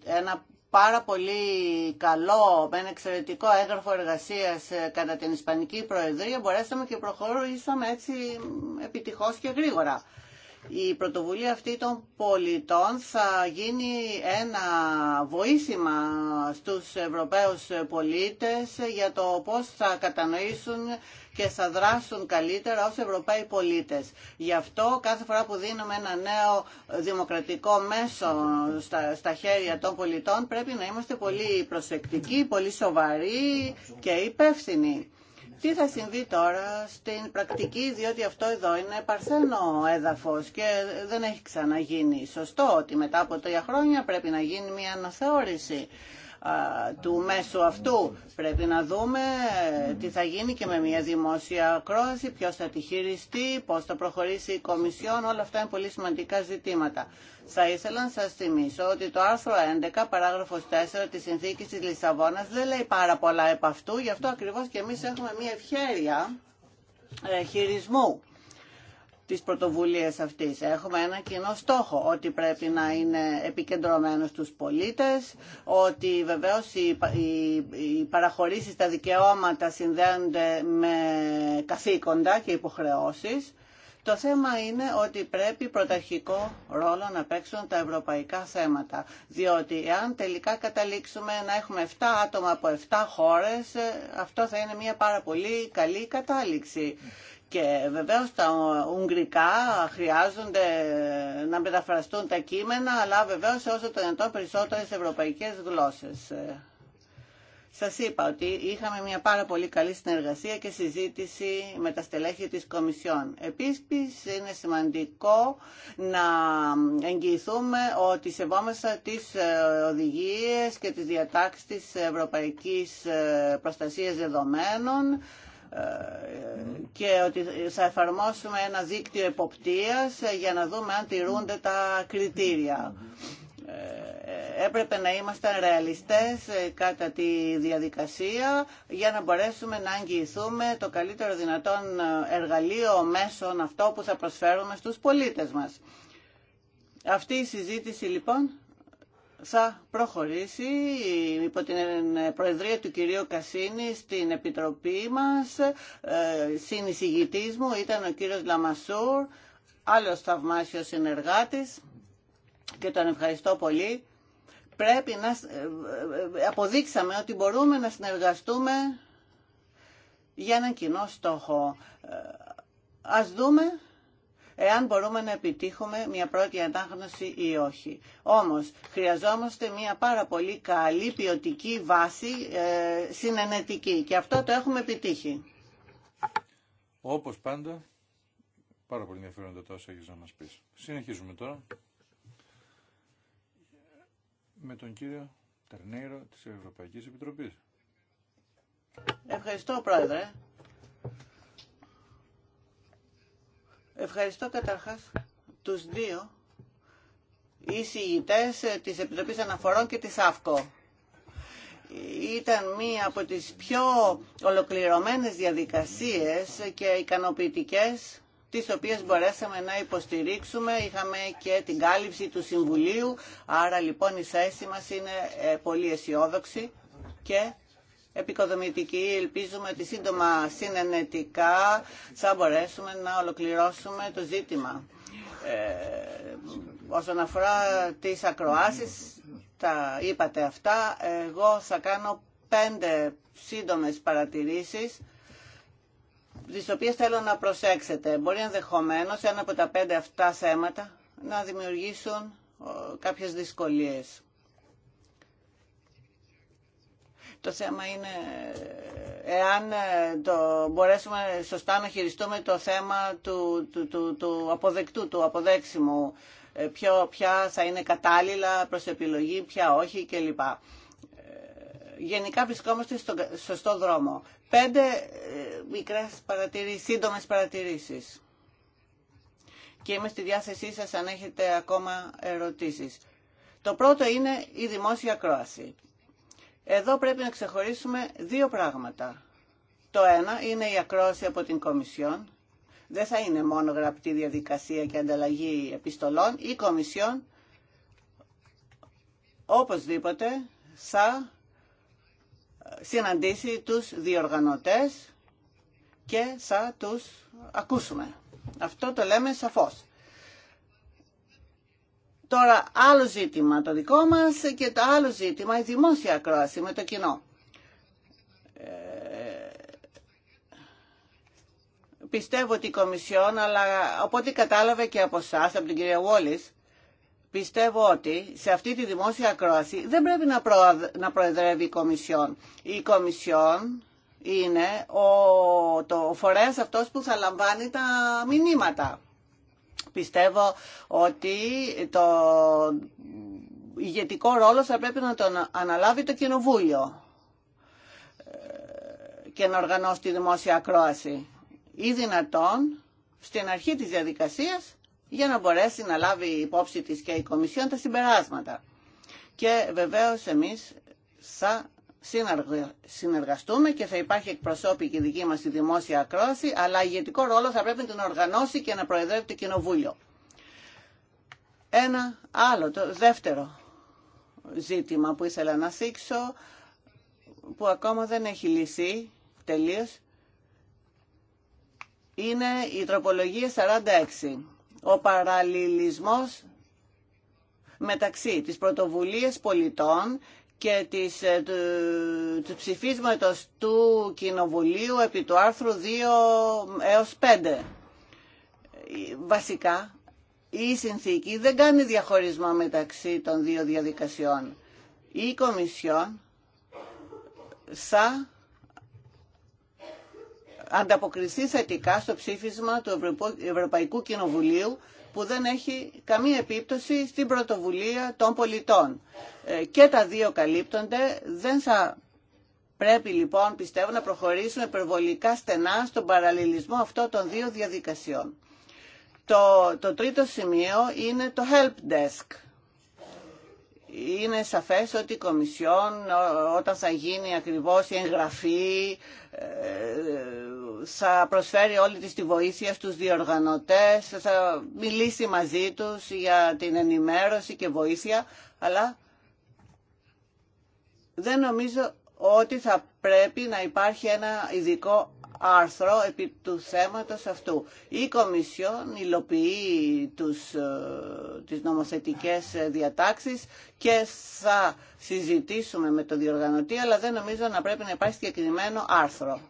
ένα πάρα πολύ καλό, με ένα εξαιρετικό έγγραφο εργασίας ε, κατά την Ισπανική Προεδρία μπορέσαμε και προχωρήσαμε έτσι επιτυχώς και γρήγορα. Η πρωτοβουλία αυτή των πολιτών θα γίνει ένα βοήθημα στους Ευρωπαίους πολίτες για το πώς θα κατανοήσουν και θα δράσουν καλύτερα ως Ευρωπαίοι πολίτες. Γι' αυτό κάθε φορά που δίνουμε ένα νέο δημοκρατικό μέσο στα, στα χέρια των πολιτών πρέπει να είμαστε πολύ προσεκτικοί, πολύ σοβαροί και υπεύθυνοι τι θα συμβεί τώρα στην πρακτική, διότι αυτό εδώ είναι παρθένο έδαφος και δεν έχει ξαναγίνει. Σωστό ότι μετά από τρία χρόνια πρέπει να γίνει μια αναθεώρηση του μέσου αυτού. Πρέπει να δούμε ε, τι θα γίνει και με μια δημόσια ακρόαση, ποιο θα τη χειριστεί, πώς θα προχωρήσει η Κομισιόν, όλα αυτά είναι πολύ σημαντικά ζητήματα. Θα ήθελα να σα θυμίσω ότι το άρθρο 11, παράγραφος 4 τη συνθήκη της Λισαβόνας δεν λέει πάρα πολλά επ' αυτού, γι' αυτό ακριβώς και εμεί έχουμε μια ευχέρεια ε, χειρισμού της πρωτοβουλίας αυτής. Έχουμε ένα κοινό στόχο, ότι πρέπει να είναι επικεντρωμένο στους πολίτες, ότι βεβαίως οι, οι, οι παραχωρήσεις, τα δικαιώματα συνδέονται με καθήκοντα και υποχρεώσεις. Το θέμα είναι ότι πρέπει πρωταρχικό ρόλο να παίξουν τα ευρωπαϊκά θέματα, διότι αν τελικά καταλήξουμε να έχουμε 7 άτομα από 7 χώρες, αυτό θα είναι μια πάρα πολύ καλή κατάληξη. Και βεβαίω τα ουγγρικά χρειάζονται να μεταφραστούν τα κείμενα, αλλά βεβαίως όσο το δυνατόν περισσότερε ευρωπαϊκέ γλώσσε. Ε, Σα είπα ότι είχαμε μια πάρα πολύ καλή συνεργασία και συζήτηση με τα στελέχη της Κομισιόν. Επίση, είναι σημαντικό να εγγυηθούμε ότι σεβόμαστε τι ε, οδηγίε και τι διατάξει τη Ευρωπαϊκή ε, Προστασία Δεδομένων ε, και ότι θα εφαρμόσουμε ένα δίκτυο εποπτείας για να δούμε αν τηρούνται τα κριτήρια. Ε, έπρεπε να είμαστε ρεαλιστές ε, κατά τη διαδικασία για να μπορέσουμε να αγγιηθούμε το καλύτερο δυνατόν εργαλείο μέσων αυτό που θα προσφέρουμε στους πολίτες μας. Αυτή η συζήτηση λοιπόν θα προχωρήσει υπό την Προεδρία του κυρίου Κασίνη στην Επιτροπή μας. Ε, συνεισηγητής μου ήταν ο κύριος Λαμασούρ, άλλος θαυμάσιος συνεργάτης και τον ευχαριστώ πολύ. Πρέπει να ε, ε, αποδείξαμε ότι μπορούμε να συνεργαστούμε για έναν κοινό στόχο. Ας δούμε εάν μπορούμε να επιτύχουμε μια πρώτη ανάγνωση ή όχι. Όμως, χρειαζόμαστε μια πάρα πολύ καλή ποιοτική βάση ε, συνενετική και αυτό το έχουμε επιτύχει. Όπως πάντα, πάρα πολύ ενδιαφέροντα τα όσα έχεις να μας πεις. Συνεχίζουμε τώρα με τον κύριο Τερνέιρο της Ευρωπαϊκής Επιτροπής. Ευχαριστώ, Πρόεδρε. Ευχαριστώ καταρχάς τους δύο εισηγητές της Επιτροπής Αναφορών και της ΑΦΚΟ. Ήταν μία από τις πιο ολοκληρωμένες διαδικασίες και ικανοποιητικές τις οποίες μπορέσαμε να υποστηρίξουμε. Είχαμε και την κάλυψη του Συμβουλίου, άρα λοιπόν η θέση μας είναι ε, πολύ αισιόδοξη και επικοδομητική. Ελπίζουμε ότι σύντομα συνενετικά θα μπορέσουμε να ολοκληρώσουμε το ζήτημα. Ε, όσον αφορά τις ακροάσεις, τα είπατε αυτά, εγώ θα κάνω πέντε σύντομες παρατηρήσεις τις οποίες θέλω να προσέξετε. Μπορεί ενδεχομένω ένα από τα πέντε αυτά θέματα να δημιουργήσουν ε, κάποιες δυσκολίες. Το θέμα είναι εάν ε, το μπορέσουμε σωστά να χειριστούμε το θέμα του, του, του, αποδεκτού, του αποδέξιμου, ε, ποιο, ποια θα είναι κατάλληλα προς επιλογή, ποια όχι κλπ. Ε, γενικά βρισκόμαστε στο σωστό δρόμο. Πέντε μικρές παρατηρήσεις, σύντομες παρατηρήσεις. Και είμαι στη διάθεσή σας αν έχετε ακόμα ερωτήσεις. Το πρώτο είναι η δημόσια κρόαση. Εδώ πρέπει να ξεχωρίσουμε δύο πράγματα. Το ένα είναι η ακρόαση από την Κομισιόν. Δεν θα είναι μόνο γραπτή διαδικασία και ανταλλαγή επιστολών. Η Κομισιόν οπωσδήποτε θα συναντήσει τους διοργανωτές και θα τους ακούσουμε. Αυτό το λέμε σαφώς. Τώρα άλλο ζήτημα το δικό μας και το άλλο ζήτημα η δημόσια ακρόαση με το κοινό. Ε, πιστεύω ότι η Κομισιόν, αλλά οπότε κατάλαβε και από εσά, από την κυρία Βόλης, πιστεύω ότι σε αυτή τη δημόσια ακρόαση δεν πρέπει να, να προεδρεύει η Κομισιόν. Η Κομισιόν είναι ο, το φορέας αυτός που θα λαμβάνει τα μηνύματα. Πιστεύω ότι το ηγετικό ρόλο θα πρέπει να τον αναλάβει το Κοινοβούλιο ε, και να οργανώσει τη δημόσια ακρόαση ή δυνατόν στην αρχή της διαδικασίας για να μπορέσει να λάβει υπόψη της και η Κομισιόν τα συμπεράσματα. Και βεβαίως εμείς θα συνεργαστούμε και θα υπάρχει εκπροσώπη και δική μας στη δημόσια ακρόαση, αλλά ηγετικό ρόλο θα πρέπει να την οργανώσει και να προεδρεύει το Κοινοβούλιο. Ένα άλλο, το δεύτερο ζήτημα που ήθελα να θίξω, που ακόμα δεν έχει λυθεί τελείως, είναι η τροπολογία 46. Ο παραλληλισμός μεταξύ της πρωτοβουλίας πολιτών και της, ε, του, του ψηφίσματος του Κοινοβουλίου επί του άρθρου 2 έως 5. Βασικά, η συνθήκη δεν κάνει διαχωρισμό μεταξύ των δύο διαδικασιών. Η Κομισιόν θα ανταποκριθεί θετικά στο ψήφισμα του Ευρωπαϊκού Κοινοβουλίου που δεν έχει καμία επίπτωση στην πρωτοβουλία των πολιτών. Ε, και τα δύο καλύπτονται. Δεν θα πρέπει λοιπόν, πιστεύω, να προχωρήσουμε υπερβολικά στενά στον παραλληλισμό αυτών των δύο διαδικασιών. Το, το τρίτο σημείο είναι το help desk είναι σαφές ότι η Κομισιόν όταν θα γίνει ακριβώς η εγγραφή ε, θα προσφέρει όλη της τη βοήθεια στους διοργανωτές, θα μιλήσει μαζί τους για την ενημέρωση και βοήθεια, αλλά δεν νομίζω ότι θα πρέπει να υπάρχει ένα ειδικό άρθρο επί του θέματος αυτού. Η Κομισιόν υλοποιεί τους, ε, τις νομοθετικές διατάξεις και θα συζητήσουμε με το διοργανωτή, αλλά δεν νομίζω να πρέπει να υπάρχει συγκεκριμένο άρθρο.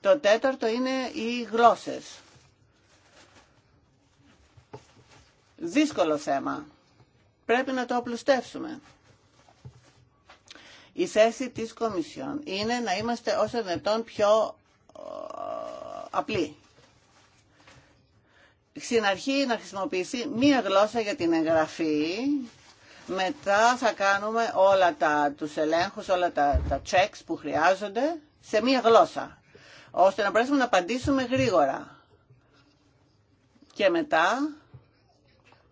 Το τέταρτο είναι οι γλώσσες. Δύσκολο θέμα. Πρέπει να το απλουστεύσουμε. Η θέση της Κομισιόν είναι να είμαστε όσο δυνατόν πιο απλή. Στην αρχή να χρησιμοποιηθεί μία γλώσσα για την εγγραφή, μετά θα κάνουμε όλα τα, τους ελέγχους, όλα τα, τα checks που χρειάζονται σε μία γλώσσα, ώστε να μπορέσουμε να απαντήσουμε γρήγορα. Και μετά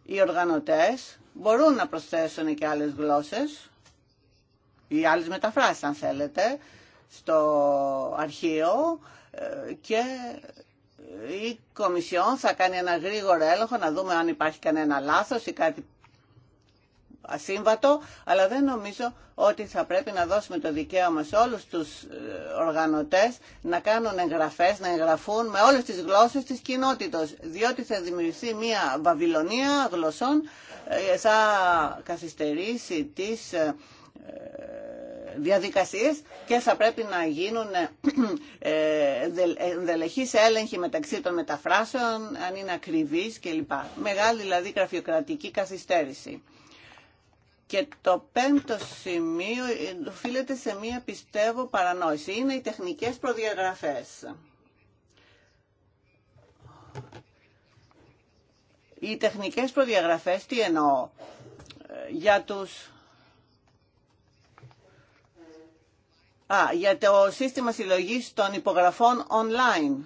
οι οργανωτές μπορούν να προσθέσουν και άλλες γλώσσες ή άλλες μεταφράσεις αν θέλετε στο αρχείο ε, και η Κομισιόν θα κάνει ένα γρήγορο έλεγχο να δούμε αν υπάρχει κανένα λάθος ή κάτι ασύμβατο, αλλά δεν νομίζω ότι θα πρέπει να δώσουμε το δικαίωμα σε όλους τους ε, οργανωτές να κάνουν εγγραφές, να εγγραφούν με όλες τις γλώσσες της κοινότητας, διότι θα δημιουργηθεί μια βαβυλωνία γλωσσών, ε, θα καθυστερήσει τις διαδικασίες και θα πρέπει να γίνουν ε, ε, ε, ενδελεχείς έλεγχοι μεταξύ των μεταφράσεων, αν είναι ακριβείς κλπ. Μεγάλη δηλαδή γραφειοκρατική καθυστέρηση. Και το πέμπτο σημείο οφείλεται σε μία πιστεύω παρανόηση. Είναι οι τεχνικές προδιαγραφές. Οι τεχνικές προδιαγραφές τι εννοώ για τους Α, για το σύστημα συλλογής των υπογραφών online.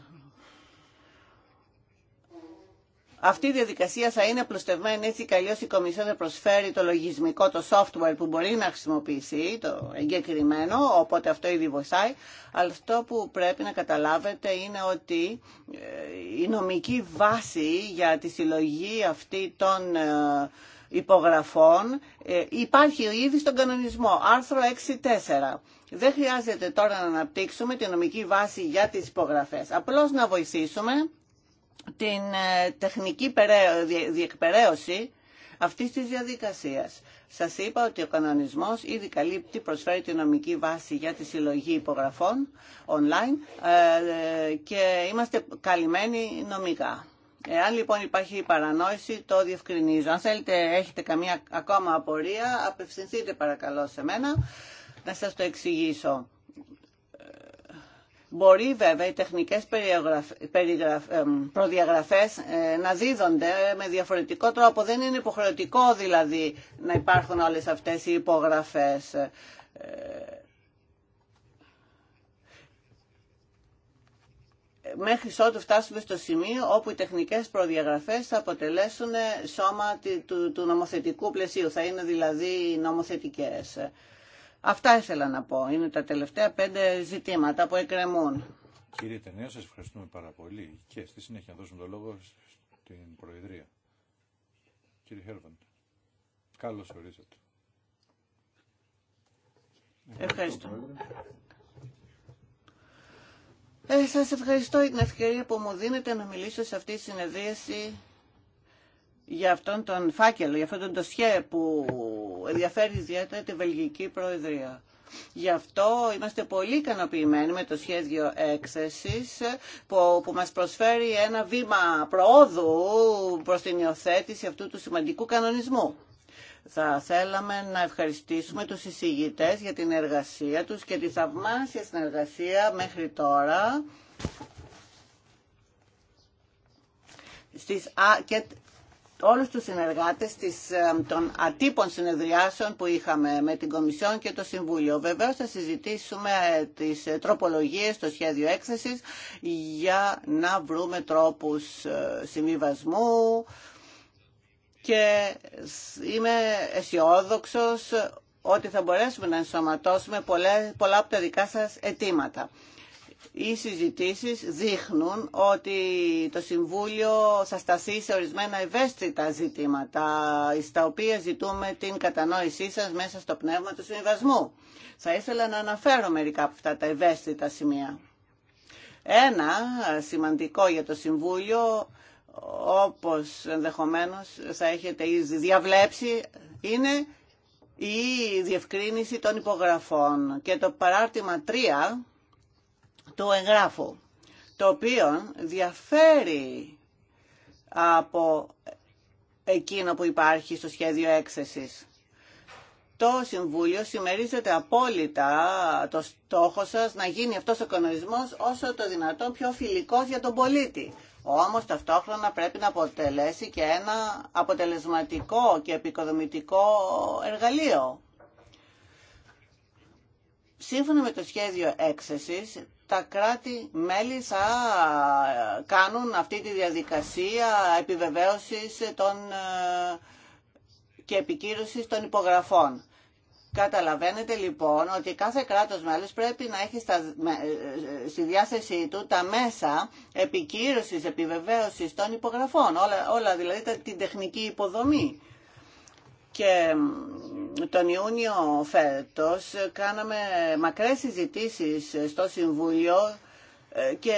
Αυτή η διαδικασία θα είναι απλουστευμένη έτσι κι η Κομισιόν θα προσφέρει το λογισμικό, το software που μπορεί να χρησιμοποιήσει, το εγκεκριμένο, οπότε αυτό ήδη βοηθάει. Αλλά αυτό που πρέπει να καταλάβετε είναι ότι ε, η νομική βάση για τη συλλογή αυτή των ε, υπογραφών ε, υπάρχει ήδη στον κανονισμό, άρθρο 6.4. Δεν χρειάζεται τώρα να αναπτύξουμε τη νομική βάση για τις υπογραφές. Απλώς να βοηθήσουμε την ε, τεχνική διεκπαιρέωση αυτής της διαδικασίας. Σας είπα ότι ο κανονισμός ήδη καλύπτει, προσφέρει τη νομική βάση για τη συλλογή υπογραφών online ε, και είμαστε καλυμμένοι νομικά. Εάν λοιπόν υπάρχει παρανόηση, το διευκρινίζω. Αν θέλετε, έχετε καμία ακόμα απορία, απευθυνθείτε παρακαλώ σε μένα να σας το εξηγήσω. Ε, μπορεί βέβαια οι τεχνικές ε, προδιαγραφές ε, να δίδονται με διαφορετικό τρόπο. Δεν είναι υποχρεωτικό δηλαδή να υπάρχουν όλες αυτές οι υπογραφές. μέχρι ότου φτάσουμε στο σημείο όπου οι τεχνικές προδιαγραφές θα αποτελέσουν σώμα του, του νομοθετικού πλαισίου, θα είναι δηλαδή νομοθετικές. Αυτά ήθελα να πω. Είναι τα τελευταία πέντε ζητήματα που εκκρεμούν. Κύριε Τενέα, σας ευχαριστούμε πάρα πολύ και στη συνέχεια να δώσουμε το λόγο στην Προεδρία. Κύριε Χέρβαντ, καλώς ορίσατε. Ευχαριστώ. Ευχαριστώ. Ε, σας ευχαριστώ για την ευκαιρία που μου δίνετε να μιλήσω σε αυτή τη συνεδρίαση για αυτόν τον φάκελο, για αυτόν τον τοσχέ που ενδιαφέρει ιδιαίτερα τη Βελγική Προεδρία. Γι' αυτό είμαστε πολύ ικανοποιημένοι με το σχέδιο έκθεσης που, που μας προσφέρει ένα βήμα προόδου προς την υιοθέτηση αυτού του σημαντικού κανονισμού. Θα θέλαμε να ευχαριστήσουμε τους εισηγητές για την εργασία τους και τη θαυμάσια συνεργασία μέχρι τώρα στις, και όλους τους συνεργάτες της, ε, των ατύπων συνεδριάσεων που είχαμε με την Κομισιόν και το Συμβούλιο. Βεβαίως θα συζητήσουμε ε, τις ε, τροπολογίες το σχέδιο έκθεσης για να βρούμε τρόπους συμβιβασμού, και είμαι αισιόδοξο ότι θα μπορέσουμε να ενσωματώσουμε πολλά, από τα δικά σας αιτήματα. Οι συζητήσεις δείχνουν ότι το Συμβούλιο θα σταθεί σε ορισμένα ευαίσθητα ζητήματα, στα οποία ζητούμε την κατανόησή σας μέσα στο πνεύμα του συμβασμού. Θα ήθελα να αναφέρω μερικά από αυτά τα ευαίσθητα σημεία. Ένα σημαντικό για το Συμβούλιο όπως ενδεχομένως θα έχετε ήδη διαβλέψει, είναι η διευκρίνηση των υπογραφών και το παράρτημα 3 του εγγράφου, το οποίο διαφέρει από εκείνο που υπάρχει στο σχέδιο έκθεσης. Το Συμβούλιο συμμερίζεται απόλυτα το στόχο σας να γίνει αυτός ο κανονισμός όσο το δυνατόν πιο φιλικός για τον πολίτη όμως ταυτόχρονα πρέπει να αποτελέσει και ένα αποτελεσματικό και επικοδομητικό εργαλείο. Σύμφωνα με το σχέδιο έξεσης, τα κράτη-μέλη θα κάνουν αυτή τη διαδικασία επιβεβαίωσης των ε, και επικύρωσης των υπογραφών. Καταλαβαίνετε λοιπόν ότι κάθε κράτος μέλος πρέπει να έχει στα, στη διάθεσή του τα μέσα επικύρωσης, επιβεβαίωσης των υπογραφών, όλα, όλα δηλαδή την τεχνική υποδομή. Και τον Ιούνιο φέτος κάναμε μακρές συζητήσεις στο Συμβούλιο ε, και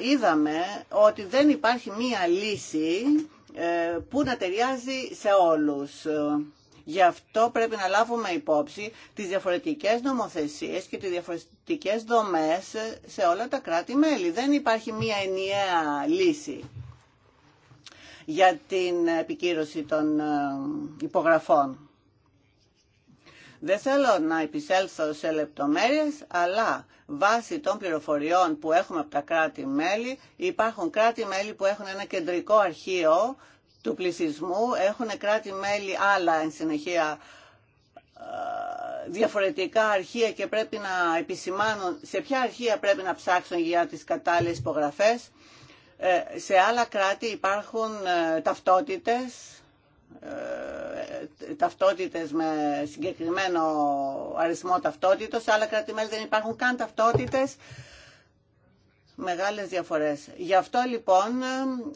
είδαμε ότι δεν υπάρχει μία λύση ε, που να ταιριάζει σε όλους. Γι' αυτό πρέπει να λάβουμε υπόψη τις διαφορετικές νομοθεσίες και τις διαφορετικές δομές σε όλα τα κράτη-μέλη. Δεν υπάρχει μία ενιαία λύση για την επικύρωση των ε, υπογραφών. Δεν θέλω να επισέλθω σε λεπτομέρειες, αλλά βάσει των πληροφοριών που έχουμε από τα κράτη-μέλη, υπάρχουν κράτη-μέλη που έχουν ένα κεντρικό αρχείο του πληθυσμού έχουν κράτη-μέλη άλλα εν συνεχεία διαφορετικά αρχεία και πρέπει να επισημάνουν σε ποια αρχεία πρέπει να ψάξουν για τις κατάλληλες υπογραφές. Ε, σε άλλα κράτη υπάρχουν ε, ταυτότητες, ε, ταυτότητες με συγκεκριμένο αριθμό ταυτότητος. Σε άλλα κράτη-μέλη δεν υπάρχουν καν ταυτότητες μεγάλες διαφορές. Γι' αυτό λοιπόν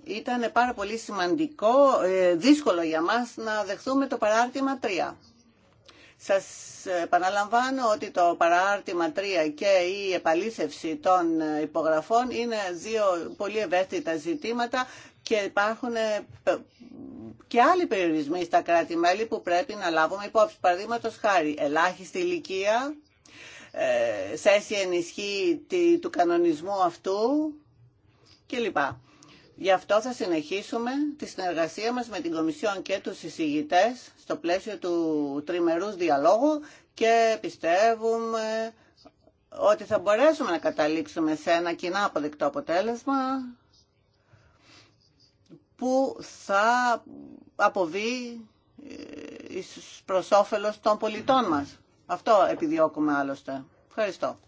ήταν πάρα πολύ σημαντικό, ε, δύσκολο για μας να δεχθούμε το παράρτημα 3. Σας επαναλαμβάνω ότι το παράρτημα 3 και η επαλήθευση των υπογραφών είναι δύο πολύ ευαίσθητα ζητήματα και υπάρχουν ε, και άλλοι περιορισμοί στα κράτη-μέλη που πρέπει να λάβουμε υπόψη. Παραδείγματο χάρη, ελάχιστη ηλικία θέση ε, ενισχύ του κανονισμού αυτού κλπ. Γι' αυτό θα συνεχίσουμε τη συνεργασία μας με την Κομισιόν και τους εισηγητές στο πλαίσιο του τριμερούς διαλόγου και πιστεύουμε ότι θα μπορέσουμε να καταλήξουμε σε ένα κοινά αποδεκτό αποτέλεσμα που θα αποβεί ε, προς όφελος των πολιτών μας. Αυτό επιδιώκουμε άλλωστε. Ευχαριστώ.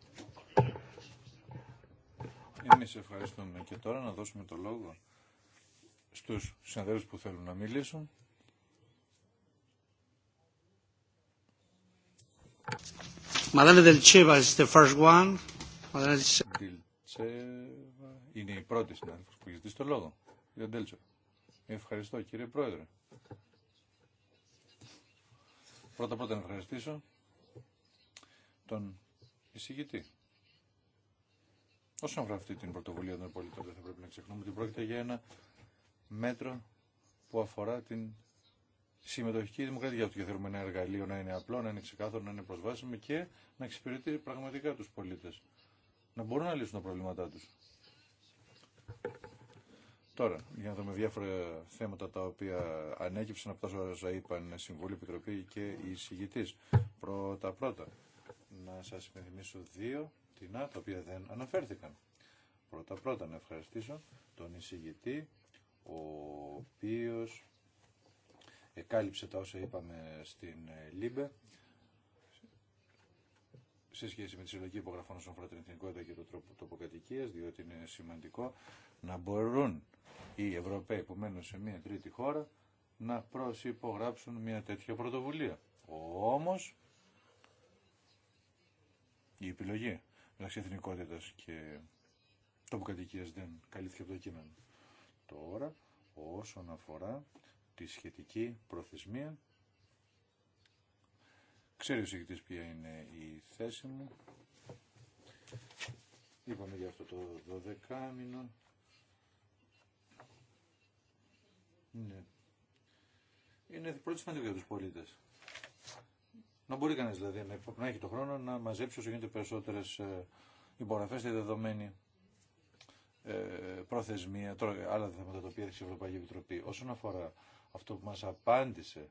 Εμείς ευχαριστούμε και τώρα να δώσουμε το λόγο στους συναδέλφους που θέλουν να μιλήσουν. Madame Delcheva is the first one. Είναι η πρώτη συνάδελφος που ζητεί το λόγο. Ευχαριστώ κύριε Πρόεδρε. Πρώτα πρώτα να ευχαριστήσω τον εισηγητή. Όσον αφορά αυτή την πρωτοβουλία των πολιτών, δεν θα πρέπει να ξεχνούμε ότι πρόκειται για ένα μέτρο που αφορά την συμμετοχική δημοκρατία. Γιατί και θέλουμε ένα εργαλείο να είναι απλό, να είναι ξεκάθαρο, να είναι προσβάσιμο και να εξυπηρετεί πραγματικά του πολίτε. Να μπορούν να λύσουν τα προβλήματά του. Τώρα, για να δούμε διάφορα θέματα τα οποία ανέκυψαν από τα όσα είπαν Συμβούλη, Επιτροπή και οι εισηγητή. Πρώτα-πρώτα, να σας υπενθυμίσω δύο τεινά τα οποία δεν αναφέρθηκαν. Πρώτα πρώτα να ευχαριστήσω τον εισηγητή ο οποίος εκάλυψε τα όσα είπαμε στην ε, ΛΥΜΠΕ σε σχέση με τη συλλογή υπογραφών όσον αφορά την εθνικότητα και το τρόπο τοποκατοικία, διότι είναι σημαντικό να μπορούν οι Ευρωπαίοι που μένουν σε μια τρίτη χώρα να προσυπογράψουν μια τέτοια πρωτοβουλία. Όμως, η επιλογή μεταξύ εθνικότητα και τόπου δεν καλύφθηκε από το κείμενο. Τώρα, όσον αφορά τη σχετική προθεσμία, ξέρει ο συγκεκριτής ποια είναι η θέση μου. Είπαμε για αυτό το 12 μήνο. Ναι. Είναι πρώτη σημαντική για τους πολίτες. Να μπορεί κανεί δηλαδή να έχει το χρόνο να μαζέψει όσο γίνεται περισσότερε ε, υπογραφέ στη δεδομένη ε, προθεσμία. Τώρα άλλα θέματα τα οποία έδειξε η Ευρωπαϊκή Επιτροπή. Όσον αφορά αυτό που μα απάντησε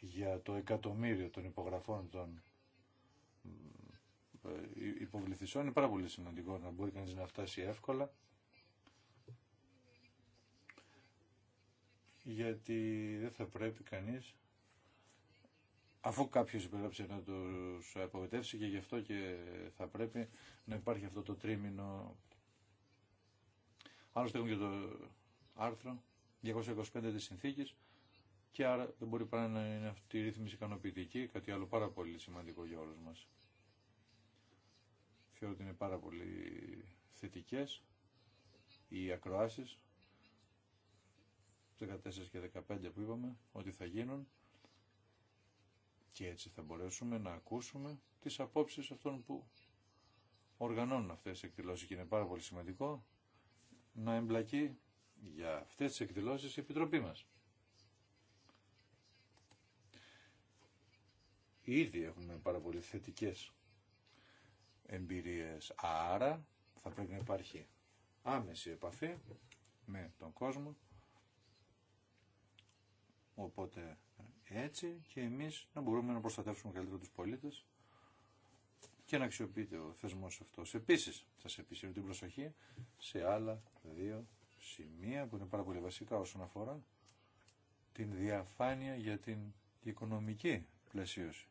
για το εκατομμύριο των υπογραφών των ε, υποβληθισών, είναι πάρα πολύ σημαντικό να μπορεί κανεί να φτάσει εύκολα. Γιατί δεν θα πρέπει κανείς αφού κάποιος υπεγράψει να τους απογοητεύσει και γι' αυτό και θα πρέπει να υπάρχει αυτό το τρίμηνο. Άλλωστε έχουμε και το άρθρο 225 της συνθήκης και άρα δεν μπορεί παρά να είναι αυτή η ρύθμιση ικανοποιητική, κάτι άλλο πάρα πολύ σημαντικό για όλους μας. Θεωρώ ότι είναι πάρα πολύ θετικές οι ακροάσεις 14 και 15 που είπαμε ότι θα γίνουν και έτσι θα μπορέσουμε να ακούσουμε τις απόψεις αυτών που οργανώνουν αυτές τις εκδηλώσεις και είναι πάρα πολύ σημαντικό να εμπλακεί για αυτές τις εκδηλώσεις η Επιτροπή μας. Ήδη έχουμε πάρα πολύ θετικές εμπειρίες, άρα θα πρέπει να υπάρχει άμεση επαφή με τον κόσμο, οπότε έτσι και εμείς να μπορούμε να προστατεύσουμε καλύτερα τους πολίτες και να αξιοποιείται ο θεσμός αυτός. Επίσης, σας επισύρω την προσοχή σε άλλα δύο σημεία που είναι πάρα πολύ βασικά όσον αφορά την διαφάνεια για την οικονομική πλαισίωση.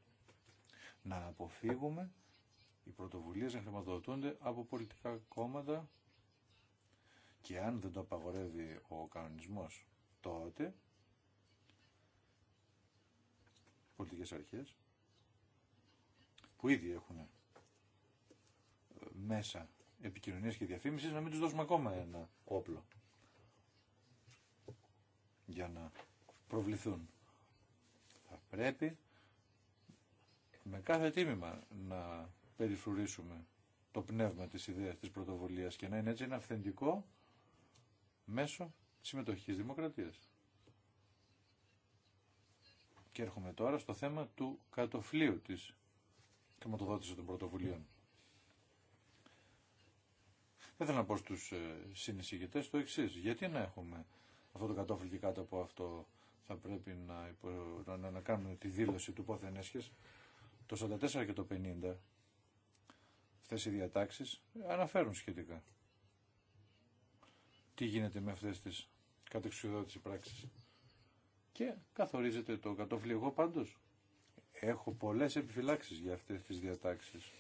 Να αποφύγουμε οι πρωτοβουλίες να χρηματοδοτούνται από πολιτικά κόμματα και αν δεν το απαγορεύει ο κανονισμός τότε πολιτικές αρχές που ήδη έχουν ε, μέσα επικοινωνίες και διαφήμισης να μην τους δώσουμε ακόμα ένα όπλο για να προβληθούν. Θα πρέπει με κάθε τίμημα να περιφρουρήσουμε το πνεύμα της ιδέας της πρωτοβουλίας και να είναι έτσι ένα αυθεντικό μέσο συμμετοχής δημοκρατίας. Και έρχομαι τώρα στο θέμα του κατοφλίου της χρηματοδότησης των πρωτοβουλίων. Δεν θέλω να πω στους ε, συνεισηγητές το εξή. Γιατί να έχουμε αυτό το κατόφλι και κάτω από αυτό θα πρέπει να, να, κάνουμε τη δήλωση του πόθεν έσχες. Το 44 και το 50 αυτές οι διατάξεις αναφέρουν σχετικά. Τι γίνεται με αυτές τις κατεξουδότηση πράξεις και καθορίζεται το κατόφλι. Εγώ πάντως έχω πολλές επιφυλάξεις για αυτές τις διατάξεις.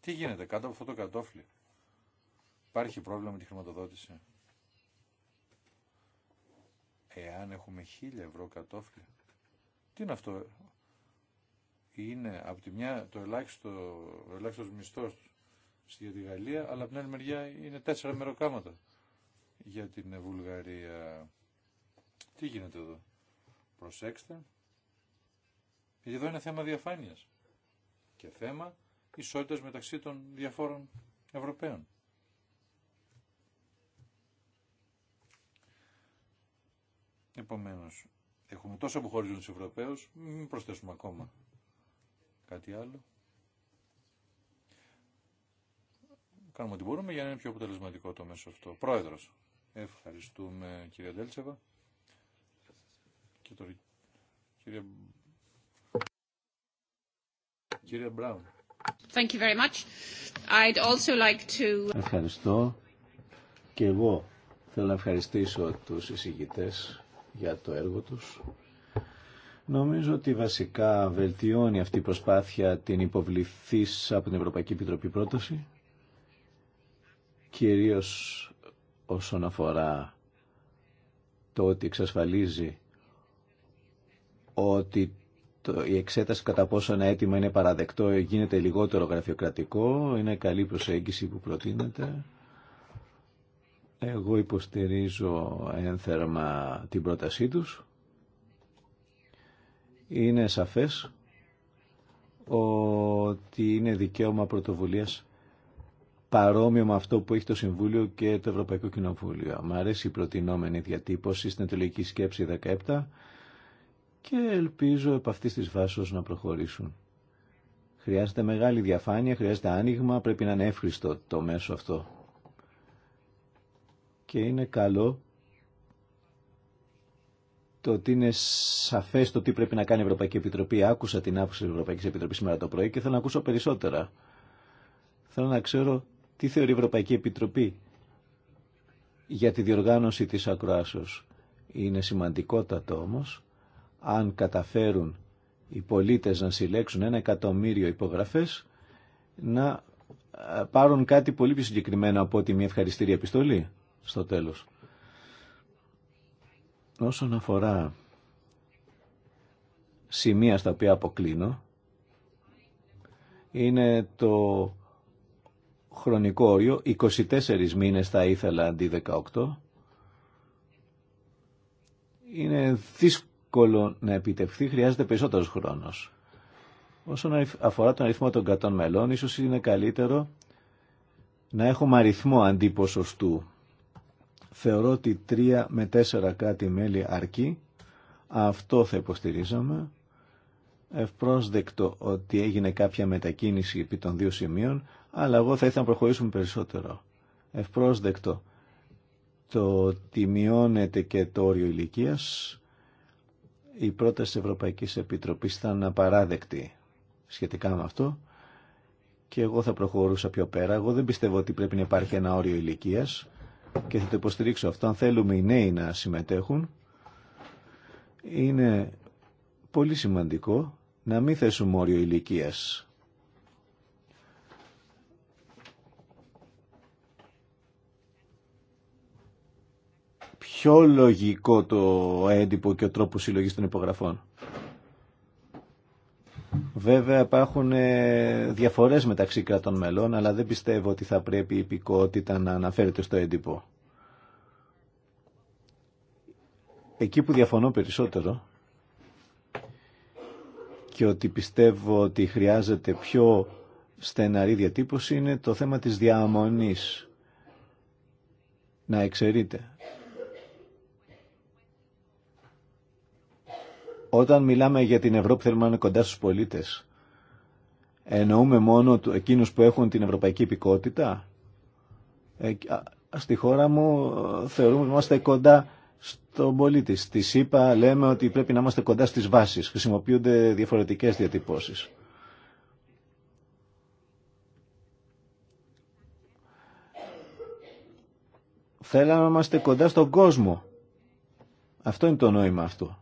Τι γίνεται κάτω από αυτό το κατόφλι. Υπάρχει πρόβλημα με τη χρηματοδότηση. Εάν έχουμε χίλια ευρώ κατόφλι. Τι είναι αυτό. Είναι από τη μια το ελάχιστο, ελάχιστος μισθός στη Γαλλία, αλλά από την άλλη μεριά είναι τέσσερα μεροκάματα για την Βουλγαρία. Τι γίνεται εδώ. Προσέξτε. Γιατί εδώ είναι θέμα διαφάνειας και θέμα ισότητας μεταξύ των διαφόρων Ευρωπαίων. Επομένως, έχουμε τόσο που χωρίζουν τους Ευρωπαίους, μην προσθέσουμε ακόμα κάτι άλλο. Κάνουμε ό,τι μπορούμε για να είναι πιο αποτελεσματικό το μέσο αυτό. Πρόεδρος. Ευχαριστούμε κυρία Ντέλτσεβα. Και τώρα κυρία, κυρία Μπράουν. Thank you very much. I'd also like to... Ευχαριστώ. Και εγώ θέλω να ευχαριστήσω τους εισηγητές για το έργο τους. Νομίζω ότι βασικά βελτιώνει αυτή η προσπάθεια την υποβληθής από την Ευρωπαϊκή Επιτροπή πρόταση, κυρίως όσον αφορά το ότι εξασφαλίζει ότι το, η εξέταση κατά πόσο ένα αίτημα είναι παραδεκτό γίνεται λιγότερο γραφειοκρατικό, είναι καλή προσέγγιση που προτείνεται. Εγώ υποστηρίζω ένθερμα την πρότασή τους. Είναι σαφές ότι είναι δικαίωμα πρωτοβουλίας παρόμοιο με αυτό που έχει το Συμβούλιο και το Ευρωπαϊκό Κοινοβούλιο. Μ' αρέσει η προτινόμενη διατύπωση στην τελική σκέψη 17 και ελπίζω επ' αυτής της βάσης να προχωρήσουν. Χρειάζεται μεγάλη διαφάνεια, χρειάζεται άνοιγμα, πρέπει να είναι εύχριστο το μέσο αυτό. Και είναι καλό το ότι είναι σαφές το τι πρέπει να κάνει η Ευρωπαϊκή Επιτροπή. Άκουσα την άποψη της Ευρωπαϊκής Επιτροπής σήμερα το πρωί και θέλω να ακούσω περισσότερα. Θέλω να ξέρω τι θεωρεί η Ευρωπαϊκή Επιτροπή για τη διοργάνωση της ακροάσεως. Είναι σημαντικότατο όμως αν καταφέρουν οι πολίτες να συλλέξουν ένα εκατομμύριο υπογραφές να πάρουν κάτι πολύ πιο συγκεκριμένο από ότι μια ευχαριστήρια επιστολή στο τέλος. Όσον αφορά σημεία στα οποία αποκλίνω είναι το χρονικό όριο, 24 μήνες θα ήθελα αντί 18. Είναι δύσκολο να επιτευχθεί, χρειάζεται περισσότερος χρόνος. Όσον αφορά τον αριθμό των 100 μελών, ίσως είναι καλύτερο να έχουμε αριθμό αντί ποσοστού. Θεωρώ ότι 3 με 4 κάτι μέλη αρκεί. Αυτό θα υποστηρίζαμε ευπρόσδεκτο ότι έγινε κάποια μετακίνηση επί των δύο σημείων, αλλά εγώ θα ήθελα να προχωρήσουμε περισσότερο. Ευπρόσδεκτο το ότι μειώνεται και το όριο ηλικία. Η πρόταση Ευρωπαϊκής Επιτροπής ήταν απαράδεκτη σχετικά με αυτό και εγώ θα προχωρούσα πιο πέρα. Εγώ δεν πιστεύω ότι πρέπει να υπάρχει ένα όριο ηλικία και θα το υποστηρίξω αυτό. Αν θέλουμε οι νέοι να συμμετέχουν, είναι πολύ σημαντικό να μην θέσουμε όριο ηλικίας πιο λογικό το έντυπο και ο τρόπος συλλογής των υπογραφών. Βέβαια υπάρχουν ε, διαφορές μεταξύ κρατών μελών, αλλά δεν πιστεύω ότι θα πρέπει η υπηκότητα να αναφέρεται στο έντυπο. Εκεί που διαφωνώ περισσότερο και ότι πιστεύω ότι χρειάζεται πιο στεναρή διατύπωση είναι το θέμα της διαμονής. Να εξαιρείται Όταν μιλάμε για την Ευρώπη θέλουμε να είναι κοντά στους πολίτες, εννοούμε μόνο εκείνους που έχουν την ευρωπαϊκή υπηκότητα. Ε, στη χώρα μου ε, θεωρούμε ότι είμαστε κοντά στον πολίτη. Στη ΣΥΠΑ λέμε ότι πρέπει να είμαστε κοντά στις βάσεις. Χρησιμοποιούνται διαφορετικές διατυπώσεις. Θέλαμε να είμαστε κοντά στον κόσμο. Αυτό είναι το νόημα αυτό.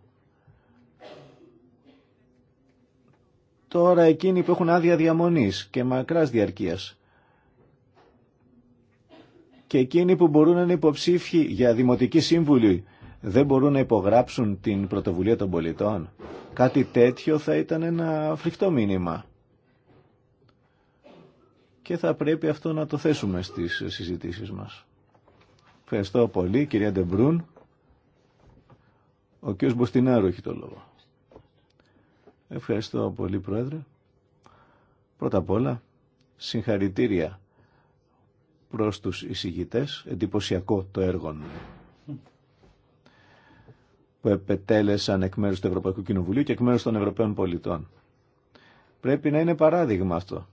τώρα εκείνοι που έχουν άδεια διαμονής και μακράς διαρκείας και εκείνοι που μπορούν να είναι υποψήφοι για δημοτική σύμβουλη δεν μπορούν να υπογράψουν την πρωτοβουλία των πολιτών. Κάτι τέτοιο θα ήταν ένα φρικτό μήνυμα. Και θα πρέπει αυτό να το θέσουμε στις συζητήσεις μας. Ευχαριστώ πολύ κυρία Ντεμπρούν. Ο κ. Μποστινάρου έχει το λόγο. Ευχαριστώ πολύ Πρόεδρε. Πρώτα απ' όλα, συγχαρητήρια προς τους εισηγητές, εντυπωσιακό το έργο που επετέλεσαν εκ μέρους του Ευρωπαϊκού Κοινοβουλίου και εκ μέρους των Ευρωπαίων πολιτών. Πρέπει να είναι παράδειγμα αυτό.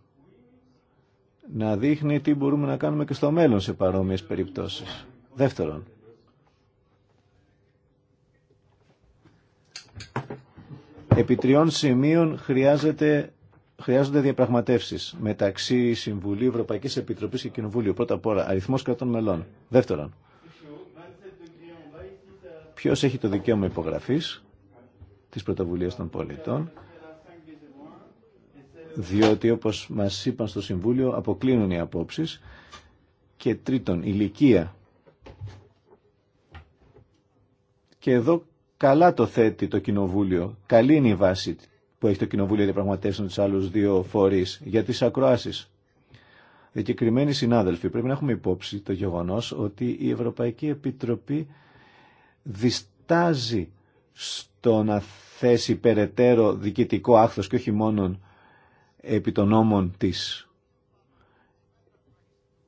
Να δείχνει τι μπορούμε να κάνουμε και στο μέλλον σε παρόμοιες περιπτώσεις. Δεύτερον, Επί τριών σημείων χρειάζεται, χρειάζονται διαπραγματεύσεις μεταξύ Συμβουλίου, Ευρωπαϊκή Επιτροπής και Κοινοβουλίου. Πρώτα απ' όλα, αριθμός κρατών μελών. Δεύτερον, Ποιο έχει το δικαίωμα υπογραφή τη Πρωτοβουλία των πολιτών, διότι όπως μας είπαν στο Συμβούλιο αποκλίνουν οι απόψεις και τρίτον ηλικία και εδώ Καλά το θέτει το Κοινοβούλιο. Καλή είναι η βάση που έχει το Κοινοβούλιο διαπραγματεύσεων του άλλου δύο φορεί για τι ακροάσει. Δεκεκριμένοι συνάδελφοι, πρέπει να έχουμε υπόψη το γεγονό ότι η Ευρωπαϊκή Επιτροπή διστάζει στο να θέσει περαιτέρω διοικητικό άχθος και όχι μόνο επί των νόμων της.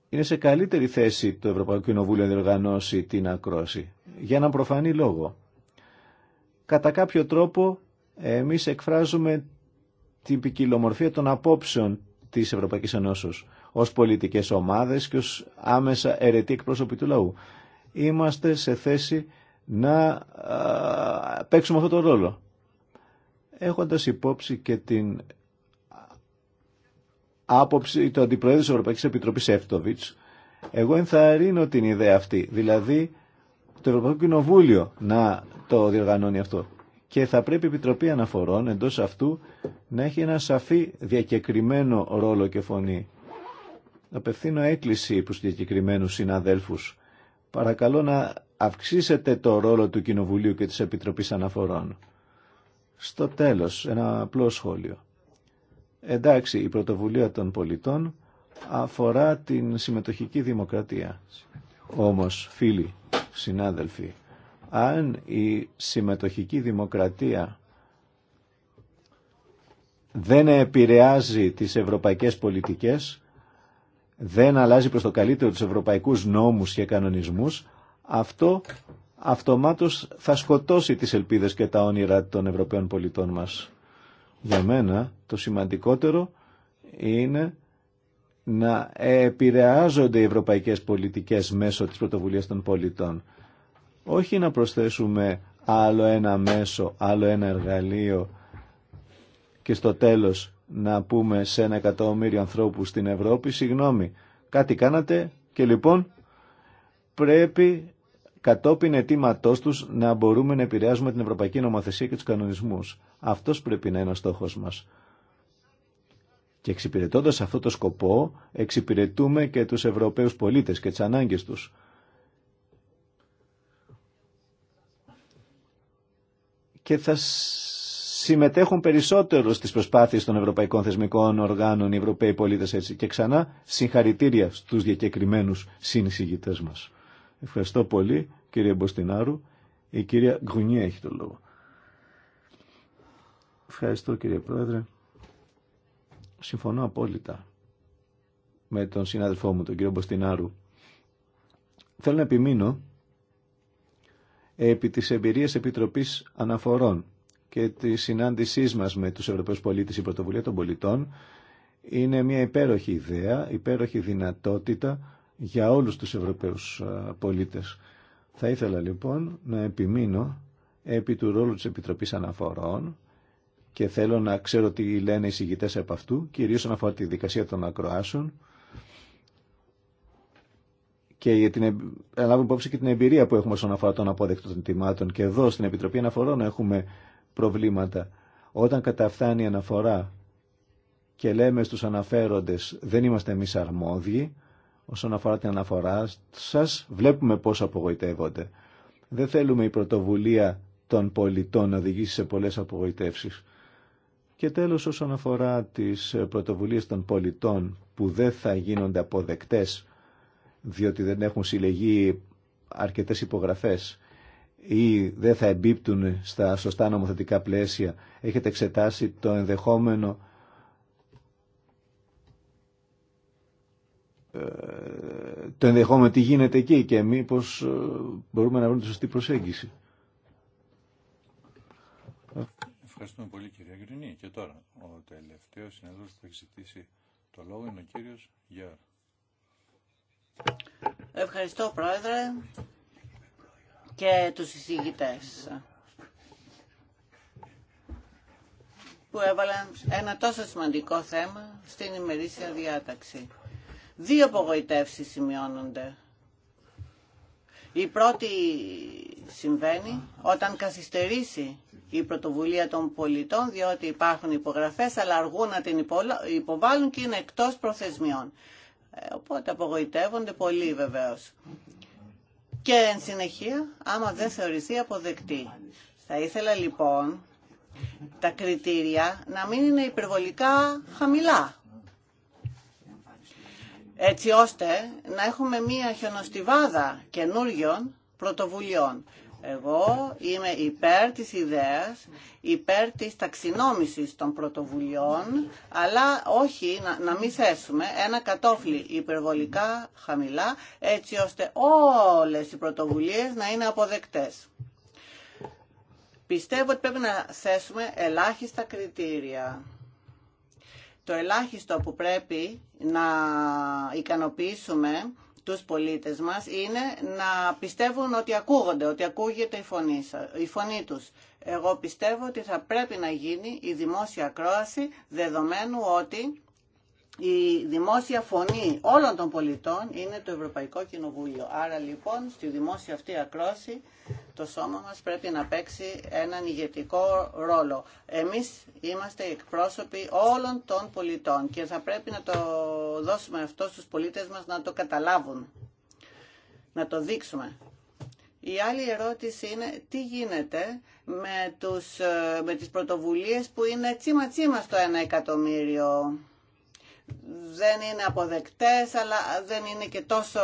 Είναι σε καλύτερη θέση το Ευρωπαϊκό Κοινοβούλιο να διοργανώσει την ακρόαση. για έναν προφανή λόγο κατά κάποιο τρόπο εμείς εκφράζουμε την ποικιλομορφία των απόψεων της Ευρωπαϊκής Ενώσεως ως πολιτικές ομάδες και ως άμεσα αιρετή εκπρόσωποι του λαού. Είμαστε σε θέση να παίξουμε αυτό τον ρόλο. Έχοντας υπόψη και την άποψη του Αντιπροέδρου της Ευρωπαϊκής Επιτροπής Εύτοβιτς, εγώ ενθαρρύνω την ιδέα αυτή, δηλαδή το Ευρωπαϊκό Κοινοβούλιο να το διοργανώνει αυτό. Και θα πρέπει η Επιτροπή Αναφορών εντό αυτού να έχει ένα σαφή διακεκριμένο ρόλο και φωνή. Απευθύνω έκκληση του διακεκριμένου συναδέλφου. Παρακαλώ να αυξήσετε το ρόλο του Κοινοβουλίου και της Επιτροπής Αναφορών. Στο τέλος, ένα απλό σχόλιο. Εντάξει, η πρωτοβουλία των πολιτών αφορά την συμμετοχική δημοκρατία. Όμως, φίλοι, συνάδελφοι, αν η συμμετοχική δημοκρατία δεν επηρεάζει τις ευρωπαϊκές πολιτικές, δεν αλλάζει προς το καλύτερο τους ευρωπαϊκούς νόμους και κανονισμούς, αυτό αυτομάτως θα σκοτώσει τις ελπίδες και τα όνειρα των Ευρωπαίων πολιτών μας. Για μένα το σημαντικότερο είναι να επηρεάζονται οι ευρωπαϊκές πολιτικές μέσω της πρωτοβουλίας των πολιτών. Όχι να προσθέσουμε άλλο ένα μέσο, άλλο ένα εργαλείο και στο τέλος να πούμε σε ένα εκατομμύριο ανθρώπους στην Ευρώπη «Συγγνώμη, κάτι κάνατε και λοιπόν πρέπει κατόπιν αιτήματό τους να μπορούμε να επηρεάζουμε την Ευρωπαϊκή Νομοθεσία και τους κανονισμούς. Αυτός πρέπει να είναι ο στόχος μας. Και εξυπηρετώντα αυτό το σκοπό, εξυπηρετούμε και τους Ευρωπαίους πολίτες και τι ανάγκε τους. Και θα συμμετέχουν περισσότερο στις προσπάθειες των Ευρωπαϊκών Θεσμικών Οργάνων οι Ευρωπαίοι πολίτες έτσι. Και ξανά συγχαρητήρια στους διακεκριμένους συνεισηγητές μας. Ευχαριστώ πολύ κύριε Μποστινάρου. Η κυρία Γκουνιέ έχει το λόγο. Ευχαριστώ κύριε Πρόεδρε συμφωνώ απόλυτα με τον συνάδελφό μου, τον κύριο Μποστινάρου. Θέλω να επιμείνω επί της εμπειρίας Επιτροπής Αναφορών και τη συνάντησή μας με τους Ευρωπαίους πολίτες η Πρωτοβουλία των Πολιτών είναι μια υπέροχη ιδέα, υπέροχη δυνατότητα για όλους τους Ευρωπαίους πολίτες. Θα ήθελα λοιπόν να επιμείνω επί του ρόλου της Επιτροπής Αναφορών και θέλω να ξέρω τι λένε οι συγγητές από αυτού, κυρίω όσον αφορά τη δικασία των ακροάσεων και για την, λάβουμε υπόψη και την εμπειρία που έχουμε όσον αφορά τον απόδεκτο των τιμάτων και εδώ στην Επιτροπή Αναφορών έχουμε προβλήματα. Όταν καταφθάνει η αναφορά και λέμε στους αναφέροντες δεν είμαστε εμεί αρμόδιοι όσον αφορά την αναφορά σας, βλέπουμε πώς απογοητεύονται. Δεν θέλουμε η πρωτοβουλία των πολιτών να οδηγήσει σε πολλέ απογοητεύσει. Και τέλος όσον αφορά τις πρωτοβουλίες των πολιτών που δεν θα γίνονται αποδεκτές διότι δεν έχουν συλλεγεί αρκετές υπογραφές ή δεν θα εμπίπτουν στα σωστά νομοθετικά πλαίσια. Έχετε εξετάσει το ενδεχόμενο ε, το ενδεχόμενο τι γίνεται εκεί και μήπως ε, μπορούμε να βρούμε τη σωστή προσέγγιση. Ευχαριστούμε πολύ κυρία Γκρινή. Και τώρα ο τελευταίο συνεδρός που έχει ζητήσει το λόγο είναι ο κύριος Γιάρ. Ευχαριστώ πρόεδρε και τους εισηγητές που έβαλαν ένα τόσο σημαντικό θέμα στην ημερήσια διάταξη. Δύο απογοητεύσεις σημειώνονται. Η πρώτη συμβαίνει όταν καθυστερήσει η πρωτοβουλία των πολιτών, διότι υπάρχουν υπογραφές, αλλά αργούν να την υποβάλουν και είναι εκτός προθεσμιών. Ε, οπότε απογοητεύονται πολύ βεβαίως. Και εν συνεχεία, άμα δεν θεωρηθεί αποδεκτή. Θα ήθελα λοιπόν τα κριτήρια να μην είναι υπερβολικά χαμηλά. Έτσι ώστε να έχουμε μία χιονοστιβάδα καινούριων πρωτοβουλειών. Εγώ είμαι υπέρ της ιδέας, υπέρ της ταξινόμησης των πρωτοβουλειών, αλλά όχι να, να μην θέσουμε ένα κατόφλι υπερβολικά χαμηλά, έτσι ώστε όλες οι πρωτοβουλίες να είναι αποδεκτές. Πιστεύω ότι πρέπει να θέσουμε ελάχιστα κριτήρια. Το ελάχιστο που πρέπει να ικανοποιήσουμε τους πολίτες μας είναι να πιστεύουν ότι ακούγονται, ότι ακούγεται η φωνή, η τους. Εγώ πιστεύω ότι θα πρέπει να γίνει η δημόσια ακρόαση δεδομένου ότι η δημόσια φωνή όλων των πολιτών είναι το Ευρωπαϊκό Κοινοβούλιο. Άρα λοιπόν στη δημόσια αυτή ακρόση το σώμα μας πρέπει να παίξει έναν ηγετικό ρόλο. Εμείς είμαστε εκπρόσωποι όλων των πολιτών και θα πρέπει να το δώσουμε αυτό στους πολίτες μας να το καταλάβουν, να το δείξουμε. Η άλλη ερώτηση είναι τι γίνεται με, τους, ε, με τις πρωτοβουλίες που είναι τσίμα-τσίμα στο ένα εκατομμύριο δεν είναι αποδεκτές αλλά δεν είναι και τόσο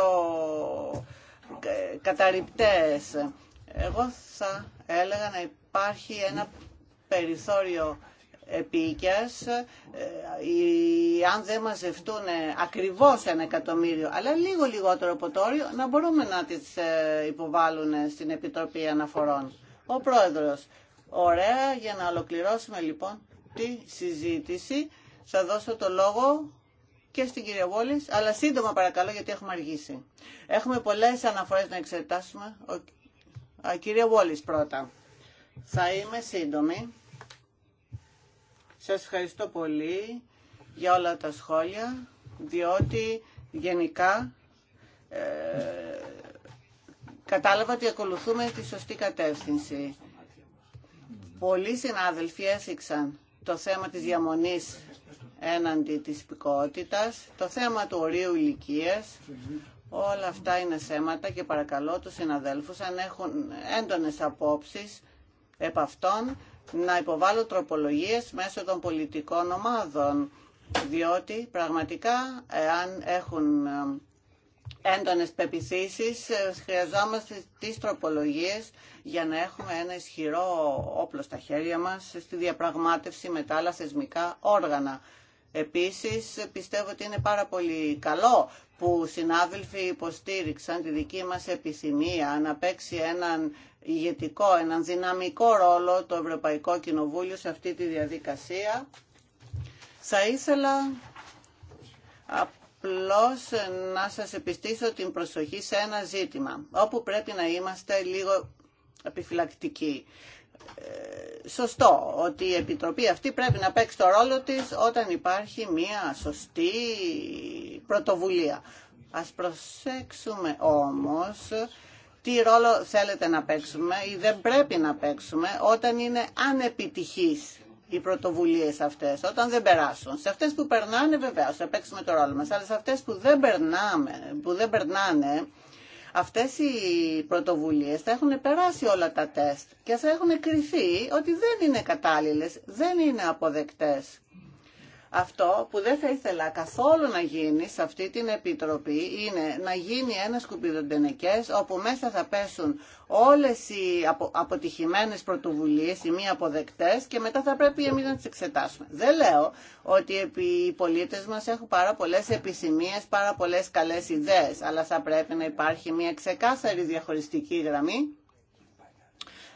ε, καταρριπτές. Εγώ θα έλεγα να υπάρχει ένα περιθώριο επίκαιας ε, αν δεν μαζευτούν ακριβώς ένα εκατομμύριο αλλά λίγο λιγότερο από το όριο να μπορούμε να τις ε, υποβάλουν στην Επιτροπή Αναφορών. Ο Πρόεδρος. Ωραία, για να ολοκληρώσουμε λοιπόν τη συζήτηση θα δώσω το λόγο και στην κυρία Βόλης, αλλά σύντομα παρακαλώ γιατί έχουμε αργήσει. Έχουμε πολλές αναφορές να εξετάσουμε. Ο... Α, κυρία Βόλης πρώτα. Θα είμαι σύντομη. Σα ευχαριστώ πολύ για όλα τα σχόλια, διότι γενικά ε, κατάλαβα ότι ακολουθούμε τη σωστή κατεύθυνση. Πολλοί συνάδελφοι έσυξαν το θέμα της διαμονής έναντι της υπηκότητας, το θέμα του ορίου ηλικία. Όλα αυτά είναι θέματα και παρακαλώ τους συναδέλφους αν έχουν έντονες απόψεις επ' αυτών να υποβάλω τροπολογίες μέσω των πολιτικών ομάδων διότι πραγματικά εάν έχουν έντονες πεπιθήσεις, χρειαζόμαστε τις τροπολογίες για να έχουμε ένα ισχυρό όπλο στα χέρια μας στη διαπραγμάτευση με τα άλλα θεσμικά όργανα. Επίσης, πιστεύω ότι είναι πάρα πολύ καλό που συνάδελφοι υποστήριξαν τη δική μας επιθυμία να παίξει έναν ηγετικό, έναν δυναμικό ρόλο το Ευρωπαϊκό Κοινοβούλιο σε αυτή τη διαδικασία. Θα ήθελα απλώς να σας επιστήσω την προσοχή σε ένα ζήτημα, όπου πρέπει να είμαστε λίγο επιφυλακτικοί. Ε, σωστό ότι η Επιτροπή αυτή πρέπει να παίξει το ρόλο της όταν υπάρχει μια σωστή πρωτοβουλία. Ας προσέξουμε όμως τι ρόλο θέλετε να παίξουμε ή δεν πρέπει να παίξουμε όταν είναι ανεπιτυχής οι πρωτοβουλίες αυτές, όταν δεν περάσουν. Σε αυτές που περνάνε βεβαίως θα παίξουμε το ρόλο μας, αλλά σε αυτές που δεν, που δεν περνάνε, αυτές οι πρωτοβουλίες θα έχουν περάσει όλα τα τεστ και θα έχουν κρυθεί ότι δεν είναι κατάλληλες, δεν είναι αποδεκτές. Αυτό που δεν θα ήθελα καθόλου να γίνει σε αυτή την Επιτροπή είναι να γίνει ένα σκουπιδοντενεκές όπου μέσα θα πέσουν όλες οι απο, αποτυχημένες πρωτοβουλίες, οι μη αποδεκτές και μετά θα πρέπει εμείς να τις εξετάσουμε. Δεν λέω ότι οι πολίτες μας έχουν πάρα πολλές επισημίες, πάρα πολλές καλές ιδέες, αλλά θα πρέπει να υπάρχει μια ξεκάθαρη διαχωριστική γραμμή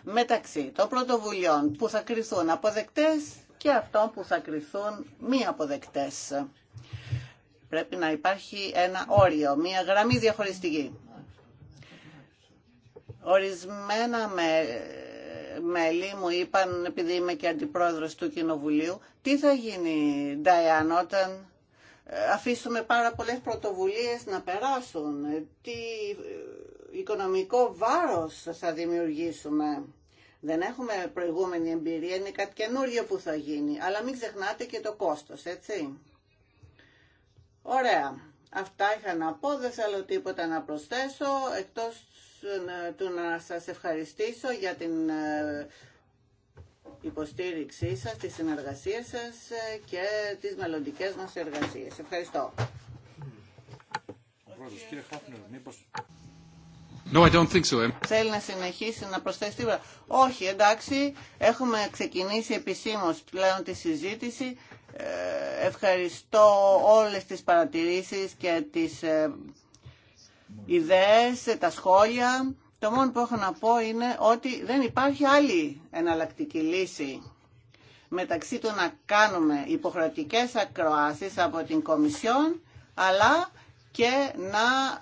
μεταξύ των πρωτοβουλειών που θα κρυθούν αποδεκτές και αυτό που θα κριθούν μη αποδεκτές. Πρέπει να υπάρχει ένα όριο, μία γραμμή διαχωριστική. Ορισμένα με, μέλη μου είπαν, επειδή είμαι και αντιπρόεδρος του Κοινοβουλίου, τι θα γίνει, Νταϊάν, όταν ε, αφήσουμε πάρα πολλές πρωτοβουλίες να περάσουν, ε, τι ε, οικονομικό βάρος θα δημιουργήσουμε. Δεν έχουμε προηγούμενη εμπειρία, είναι κάτι καινούργιο που θα γίνει. Αλλά μην ξεχνάτε και το κόστος, έτσι. Ωραία. Αυτά είχα να πω, δεν θέλω τίποτα να προσθέσω, εκτός ε, του να σας ευχαριστήσω για την ε, υποστήριξή σας, τη συνεργασία σας ε, και τις μελλοντικές μας εργασίες. Ευχαριστώ. No, I Θέλει να συνεχίσει να προσθέσει τίποτα. Όχι, εντάξει, έχουμε ξεκινήσει επισήμως πλέον τη συζήτηση. Ε, ευχαριστώ όλες τις παρατηρήσεις και τις ιδέε ιδέες, τα σχόλια. Το μόνο που έχω να πω είναι ότι δεν υπάρχει άλλη εναλλακτική λύση μεταξύ του να κάνουμε υποχρεωτικές ακροάσεις από την Κομισιόν αλλά και να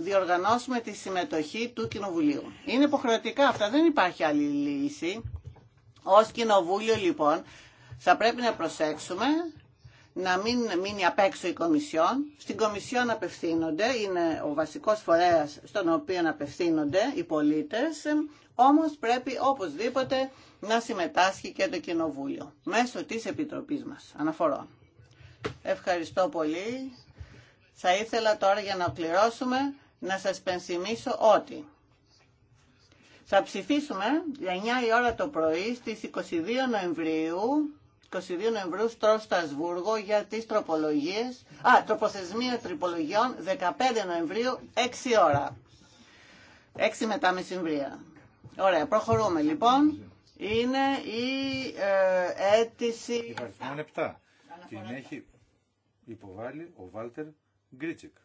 διοργανώσουμε τη συμμετοχή του Κοινοβουλίου. Είναι υποχρεωτικά αυτά, δεν υπάρχει άλλη λύση. Ως Κοινοβούλιο λοιπόν θα πρέπει να προσέξουμε να μην μείνει απ' έξω η Κομισιόν. Στην Κομισιόν απευθύνονται, είναι ο βασικός φορέας στον οποίο απευθύνονται οι πολίτες, όμως πρέπει οπωσδήποτε να συμμετάσχει και το Κοινοβούλιο μέσω της Επιτροπής μας. Αναφορώ. Ευχαριστώ πολύ. Θα ήθελα τώρα για να πληρώσουμε να σας πενθυμίσω ότι θα ψηφίσουμε 9 η ώρα το πρωί στις 22 Νοεμβρίου 22 Νοεμβρίου στο Στασβούργο για τις τροπολογίες. Α, τροποθεσμία τριπολογιών 15 Νοεμβρίου 6 ώρα. 6 μετά μεσημβρία. Ωραία, προχωρούμε λοιπόν. Είναι η ε, αίτηση... υπάρχουν 7. Την έχει υποβάλει ο Βάλτερ Γκρίτσικ.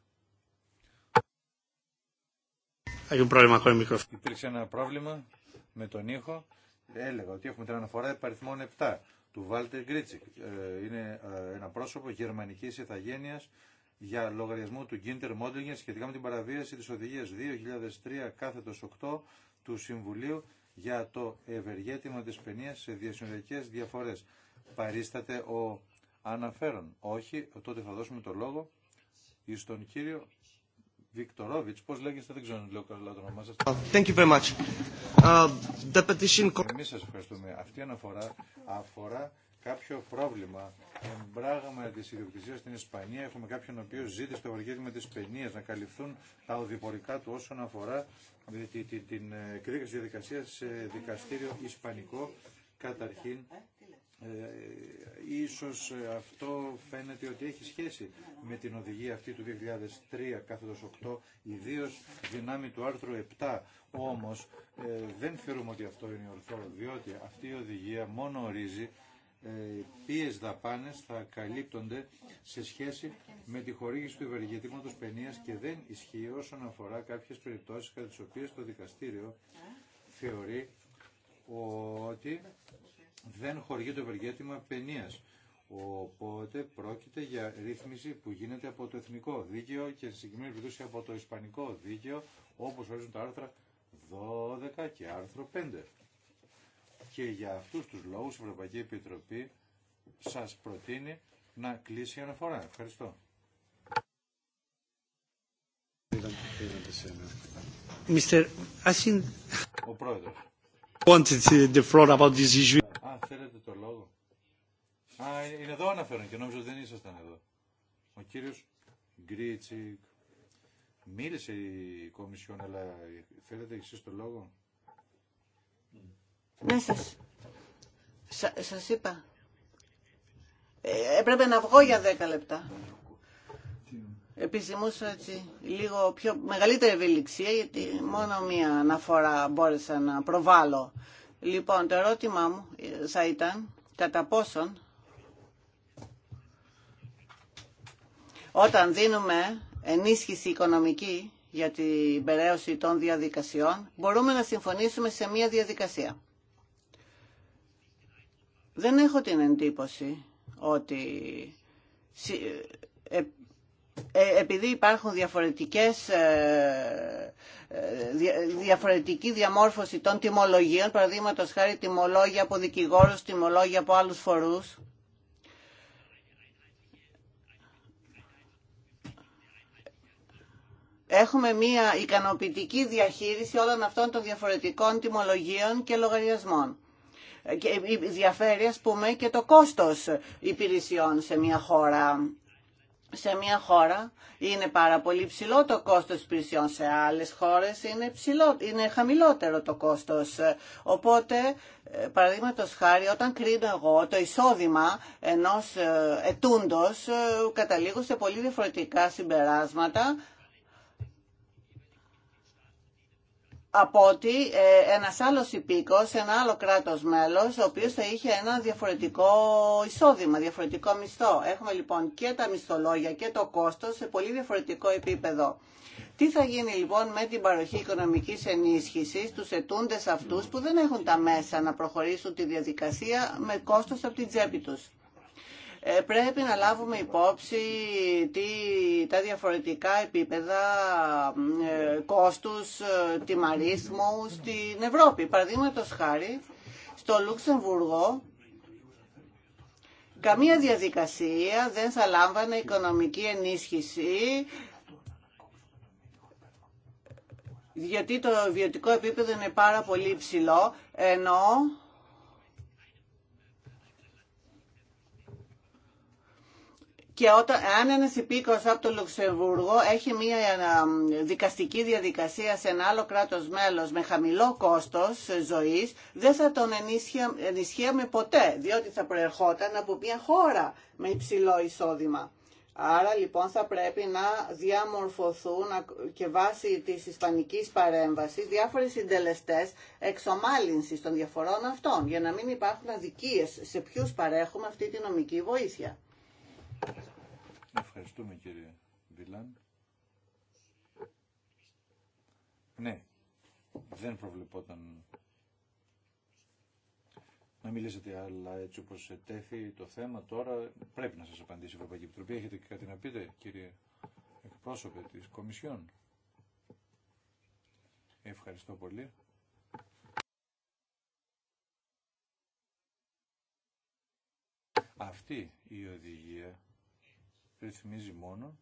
Υπήρξε ένα πρόβλημα με τον ήχο. Έλεγα ότι έχουμε την αναφορά επαριθμών 7 του Βάλτερ Γκρίτσικ. Ε, είναι ε, ένα πρόσωπο γερμανική ηθαγένεια για λογαριασμό του Γκίντερ Μόντελγεν σχετικά με την παραβίαση τη οδηγία 2003 κάθετο 8 του Συμβουλίου για το ευεργέτημα τη παινία σε διασυνοριακέ διαφορέ. Παρίσταται ο αναφέρον. Όχι, τότε θα δώσουμε το λόγο στον κύριο Βικτορόβιτς, πώς λέγεστε, δεν ξέρω αν λέω καλά το όνομά σας. Thank you very much. Uh, petition... Εμείς σας ευχαριστούμε. Αυτή η αναφορά αφορά κάποιο πρόβλημα. πράγμα τη ιδιοκτησία στην Ισπανία έχουμε κάποιον ο οποίο ζήτησε το ευαγγέλιο τη παινία να καλυφθούν τα οδηπορικά του όσον αφορά την ε, εκδίκαση διαδικασία σε δικαστήριο Ισπανικό. Καταρχήν ε, ίσως ε, αυτό φαίνεται ότι έχει σχέση με την οδηγία αυτή του 2003 κάθετος 8, ιδίως δυνάμει του άρθρου 7. Όμως ε, δεν θεωρούμε ότι αυτό είναι ορθό, διότι αυτή η οδηγία μόνο ορίζει ε, ποιες δαπάνες θα καλύπτονται σε σχέση με τη χορήγηση του ευεργετήματος παινίας και δεν ισχύει όσον αφορά κάποιες περιπτώσεις κατά τις οποίες το δικαστήριο θεωρεί ότι δεν χορηγεί το ευεργέτημα παινία. Οπότε πρόκειται για ρύθμιση που γίνεται από το εθνικό δίκαιο και σε συγκεκριμένη περίπτωση από το ισπανικό δίκαιο, όπως ορίζουν τα άρθρα 12 και άρθρο 5. Και για αυτού του λόγου, η Ευρωπαϊκή Επιτροπή σας προτείνει να κλείσει η αναφορά. Ευχαριστώ. Ο πρόεδρος. Wanted the floor about this issue. Θέλετε το λόγο. Α, είναι εδώ αναφέρον και νόμιζα ότι δεν ήσασταν εδώ. Ο κύριος Γκρίτσι Μίλησε η Κομισιόν, αλλά θέλετε εσείς το λόγο. Ναι, σας, σας είπα. Ε, έπρεπε να βγω για δέκα λεπτά. Επισημούσα έτσι λίγο πιο μεγαλύτερη ευελιξία, γιατί μόνο μία αναφορά μπόρεσα να προβάλλω Λοιπόν, το ερώτημά μου θα ήταν κατά πόσον όταν δίνουμε ενίσχυση οικονομική για την περαίωση των διαδικασιών, μπορούμε να συμφωνήσουμε σε μία διαδικασία. Δεν έχω την εντύπωση ότι ε, ε, επειδή υπάρχουν διαφορετικές, ε, ε, διαφορετική διαμόρφωση των τιμολογίων, παραδείγματο χάρη τιμολόγια από δικηγόρους, τιμολόγια από άλλους φορούς, έχουμε μία ικανοποιητική διαχείριση όλων αυτών των διαφορετικών τιμολογίων και λογαριασμών. Και διαφέρει, ας πούμε, και το κόστος υπηρεσιών σε μια χώρα σε μια χώρα είναι πάρα πολύ ψηλό το κόστος υπηρεσιών, σε άλλες χώρες είναι, είναι χαμηλότερο το κόστος. Οπότε, ε, παραδείγματο χάρη, όταν κρίνω εγώ το εισόδημα ενός ε, ετούντος, ε, καταλήγω σε πολύ διαφορετικά συμπεράσματα από ότι ε, ένας άλλος υπήκος, ένα άλλο κράτος μέλος, ο οποίος θα είχε ένα διαφορετικό εισόδημα, διαφορετικό μισθό. Έχουμε λοιπόν και τα μισθολόγια και το κόστος σε πολύ διαφορετικό επίπεδο. Τι θα γίνει λοιπόν με την παροχή οικονομικής ενίσχυσης τους ετούντες αυτούς που δεν έχουν τα μέσα να προχωρήσουν τη διαδικασία με κόστος από την τσέπη τους. Ε, πρέπει να λάβουμε υπόψη τι, τα διαφορετικά επίπεδα ε, κόστους ε, τιμαρίσμου στην Ευρώπη. Παραδείγματο χάρη, στο Λουξεμβούργο καμία διαδικασία δεν θα λάμβανε οικονομική ενίσχυση γιατί το βιωτικό επίπεδο είναι πάρα πολύ υψηλό, ενώ και όταν, αν ένα υπήκοο από το Λουξεμβούργο έχει μια ε, δικαστική διαδικασία σε ένα άλλο κράτο μέλο με χαμηλό κόστο ζωή, δεν θα τον ενισχύαμε ποτέ, διότι θα προερχόταν από μια χώρα με υψηλό εισόδημα. Άρα λοιπόν θα πρέπει να διαμορφωθούν και βάσει της ισπανικής παρέμβασης διάφορες συντελεστές εξομάλυνσης των διαφορών αυτών για να μην υπάρχουν αδικίες σε ποιους παρέχουμε αυτή τη νομική βοήθεια. Ευχαριστούμε κύριε Βιλάν. Ναι, δεν προβλεπόταν να μιλήσετε, αλλά έτσι όπως ετέθη το θέμα τώρα πρέπει να σας απαντήσει η Ευρωπαϊκή Επιτροπή. Έχετε και κάτι να πείτε κύριε εκπρόσωπε της Κομισιόν. Ευχαριστώ πολύ. Αυτή η οδηγία ρυθμίζει μόνο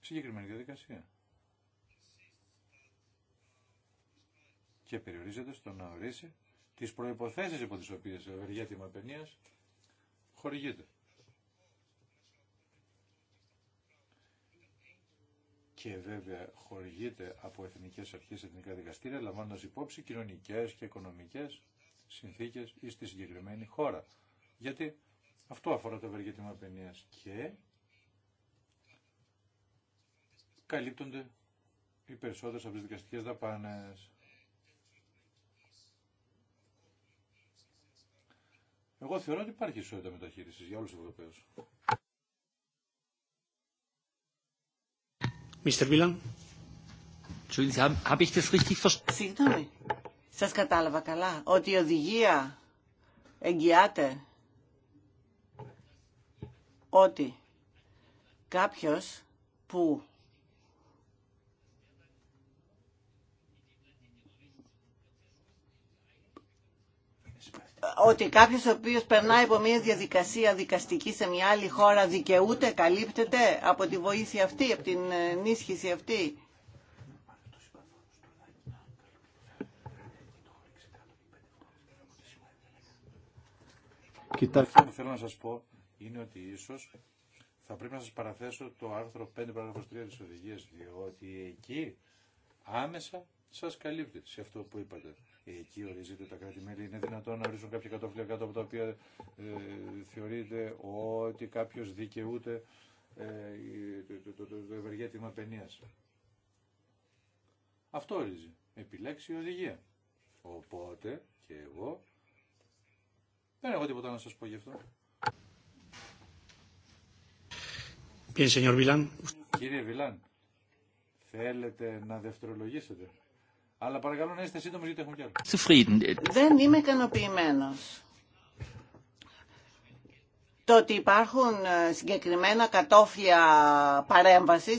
συγκεκριμένη διαδικασία. Και περιορίζεται στο να ορίσει τις προϋποθέσεις υπό τις οποίες ο ευεργέτημα παινίας χορηγείται. και βέβαια χορηγείται από εθνικές αρχές, εθνικά δικαστήρια, λαμβάνοντας υπόψη κοινωνικές και οικονομικές συνθήκες ή στη συγκεκριμένη χώρα. Γιατί αυτό αφορά το ευεργέτημα παινίας και καλύπτονται οι περισσότερες από τις δικαστικές δαπάνες. Εγώ θεωρώ ότι υπάρχει ισότητα μεταχείρισης για όλους τους Ευρωπαίους. Mr. habe ich das richtig verstanden? Συγγνώμη, σας κατάλαβα καλά ότι η οδηγία εγγυάται ότι κάποιος που ότι κάποιος ο οποίος περνάει από μια διαδικασία δικαστική σε μια άλλη χώρα δικαιούται, καλύπτεται από τη βοήθεια αυτή, από την ε, ενίσχυση αυτή. Κοιτάξτε, θέλω να σας πω είναι ότι ίσω θα πρέπει να σα παραθέσω το άρθρο 5 παραγωγή 3 τη οδηγία, διότι εκεί άμεσα σα καλύπτει σε αυτό που είπατε. Εκεί ορίζεται τα κράτη-μέλη. Είναι δυνατόν να ορίζουν κάποια κατόφλια κάτω από τα οποία ε, θεωρείται ότι κάποιο δικαιούται ε, το, το, το, το ευεργέτημα παινία. Αυτό ορίζει. Επιλέξει η οδηγία. Οπότε και εγώ δεν έχω τίποτα να σας πω γι' αυτό. Bien, señor Κύριε Βιλάν, θέλετε να δευτερολογήσετε. Αλλά παρακαλώ να είστε σύντομοι γιατί έχουμε κι άλλο. Δεν είμαι ικανοποιημένο. Το ότι υπάρχουν ε, συγκεκριμένα κατόφλια παρέμβαση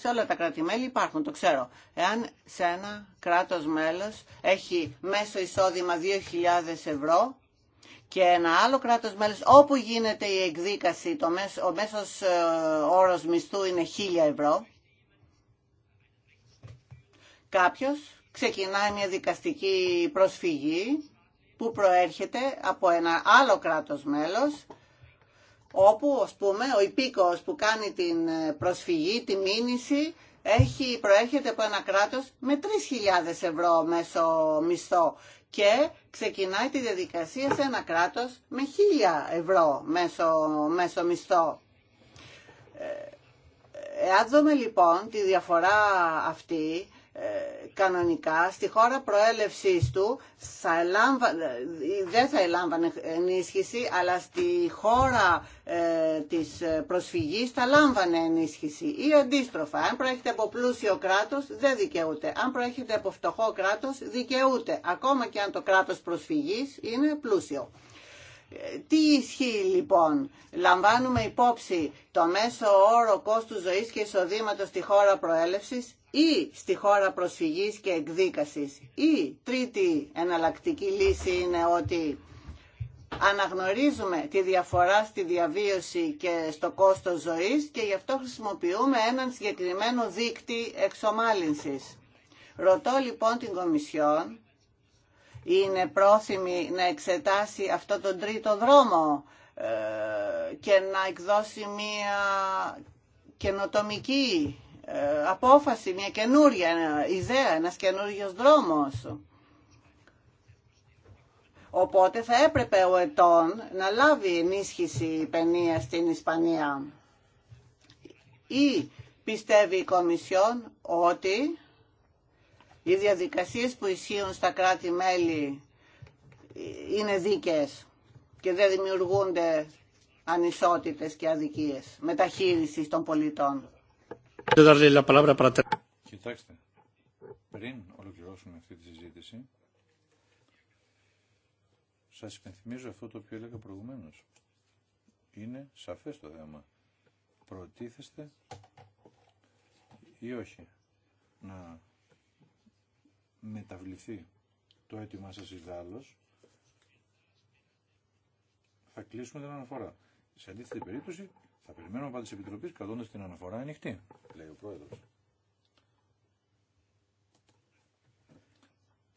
σε όλα τα κράτη-μέλη υπάρχουν, το ξέρω. Εάν σε ένα κράτος μέλος έχει μέσο εισόδημα 2.000 ευρώ, και ένα άλλο κράτος μέλος όπου γίνεται η εκδίκαση, το μέσο, ο μέσος ε, όρος μισθού είναι 1000 ευρώ, κάποιος ξεκινάει μια δικαστική προσφυγή που προέρχεται από ένα άλλο κράτος μέλος όπου ας πούμε ο υπήκοος που κάνει την ε, προσφυγή, τη μήνυση έχει, προέρχεται από ένα κράτος με 3.000 ευρώ μέσο μισθό και ξεκινάει τη διαδικασία σε ένα κράτος με χίλια ευρώ μέσω, μέσω μισθό. Ε, ε, εάν δούμε λοιπόν τη διαφορά αυτή ε, κανονικά στη χώρα προέλευσής του θα ε, δεν θα ελάμβανε ενίσχυση αλλά στη χώρα ε, της προσφυγής θα λάμβανε ενίσχυση ή αντίστροφα αν προέρχεται από πλούσιο κράτος δεν δικαιούται αν προέρχεται από φτωχό κράτος δικαιούται ακόμα και αν το κράτος προσφυγής είναι πλούσιο τι ισχύει λοιπόν, λαμβάνουμε υπόψη το μέσο όρο κόστου ζωής και εισοδήματος στη χώρα προέλευσης ή στη χώρα προσφυγής και εκδίκασης. Ή τρίτη εναλλακτική λύση είναι ότι αναγνωρίζουμε τη διαφορά στη διαβίωση και στο κόστος ζωής και γι' αυτό χρησιμοποιούμε έναν συγκεκριμένο δίκτυ εξομάλυνσης. Ρωτώ λοιπόν την Κομισιόν, είναι πρόθυμη να εξετάσει αυτό τον τρίτο δρόμο ε, και να εκδώσει μία καινοτομική ε, απόφαση, μια καινούρια ιδέα, ένας καινούριος δρόμος. Οπότε θα έπρεπε ο ετών να λάβει ενίσχυση παινία στην Ισπανία. Ή πιστεύει η Κομισιόν ότι οι διαδικασίες που ισχύουν στα κράτη-μέλη είναι δίκαιες και δεν δημιουργούνται ανισότητες και αδικίες μεταχείρισης των πολιτών. Κοιτάξτε, πριν ολοκληρώσουμε αυτή τη συζήτηση, σας υπενθυμίζω αυτό το οποίο έλεγα προηγουμένως. Είναι σαφές το θέμα. Προτίθεστε ή όχι να μεταβληθεί το αίτημά σας ιδάλλως, θα κλείσουμε την αναφορά. Σε αντίθετη περίπτωση θα περιμένουμε από τη Επιτροπή κρατώντα την αναφορά ανοιχτή, λέει ο Πρόεδρο.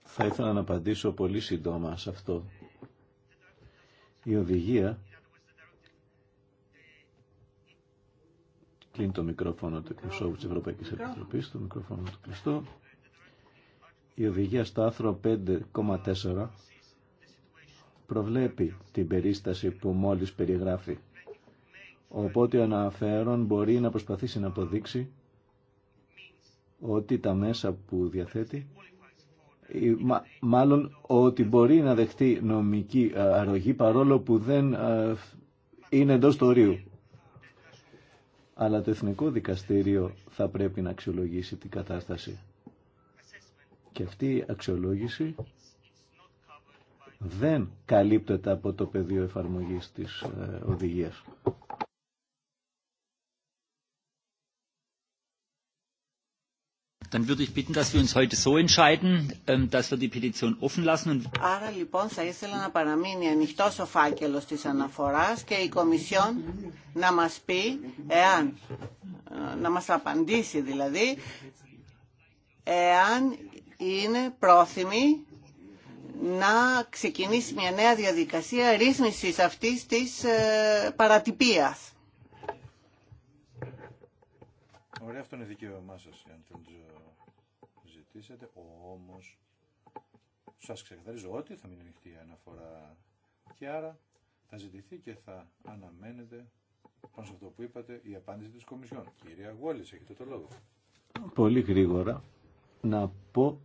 Θα ήθελα να απαντήσω πολύ σύντομα σε αυτό. Η οδηγία. Κλείνει το μικρόφωνο του εκπροσώπου τη Ευρωπαϊκή Επιτροπή, το μικρόφωνο του Κριστο. Η οδηγία στο άθρο 5,4 προβλέπει την περίσταση που μόλις περιγράφει. Οπότε ο αναφέρον μπορεί να προσπαθήσει να αποδείξει ότι τα μέσα που διαθέτει μάλλον ότι μπορεί να δεχτεί νομική ε, αρρωγή παρόλο που δεν ε, είναι εντός του Αλλά το Εθνικό Δικαστήριο θα πρέπει να αξιολογήσει την κατάσταση. Και αυτή η αξιολόγηση δεν καλύπτεται από το πεδίο εφαρμογής της ε, οδηγίας. Άρα λοιπόν θα ήθελα να παραμείνει ανοιχτό ο φάκελο τη αναφορά και η Κομισιόν να μα πει, εάν, ε, να μας απαντήσει δηλαδή, εάν είναι πρόθυμη να ξεκινήσει μια νέα διαδικασία ρύθμισης αυτής της ε, παρατυπίας. Ωραία, αυτό είναι δικαίωμά σα, αν το ζητήσετε. Όμω, σα ξεκαθαρίζω ότι θα μην ανοιχτή η αναφορά και άρα θα ζητηθεί και θα αναμένεται πάνω σε αυτό που είπατε η απάντηση της Κομισιόν. Κυρία Γουόλης, έχετε το λόγο. Πολύ γρήγορα να πω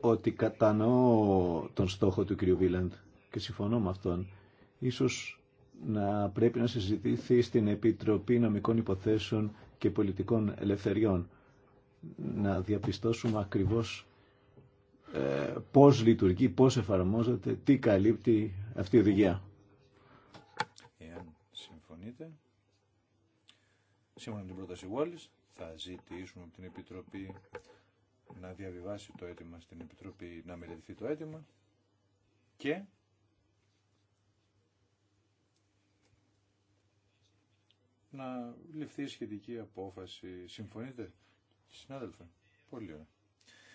ότι κατανοώ τον στόχο του κ. Βίλαντ και συμφωνώ με αυτόν. Ίσως να πρέπει να συζητηθεί στην Επιτροπή Νομικών Υποθέσεων και πολιτικών ελευθεριών. Να διαπιστώσουμε ακριβώς ε, πώς λειτουργεί, πώς εφαρμόζεται, τι καλύπτει αυτή η οδηγία. Εάν συμφωνείτε, σύμφωνα με την πρόταση Wallis, θα ζητήσουμε από την Επιτροπή να διαβιβάσει το αίτημα στην Επιτροπή, να μελετηθεί το αίτημα και να ληφθεί η σχετική απόφαση. Συμφωνείτε, συνάδελφε. Πολύ ωραία.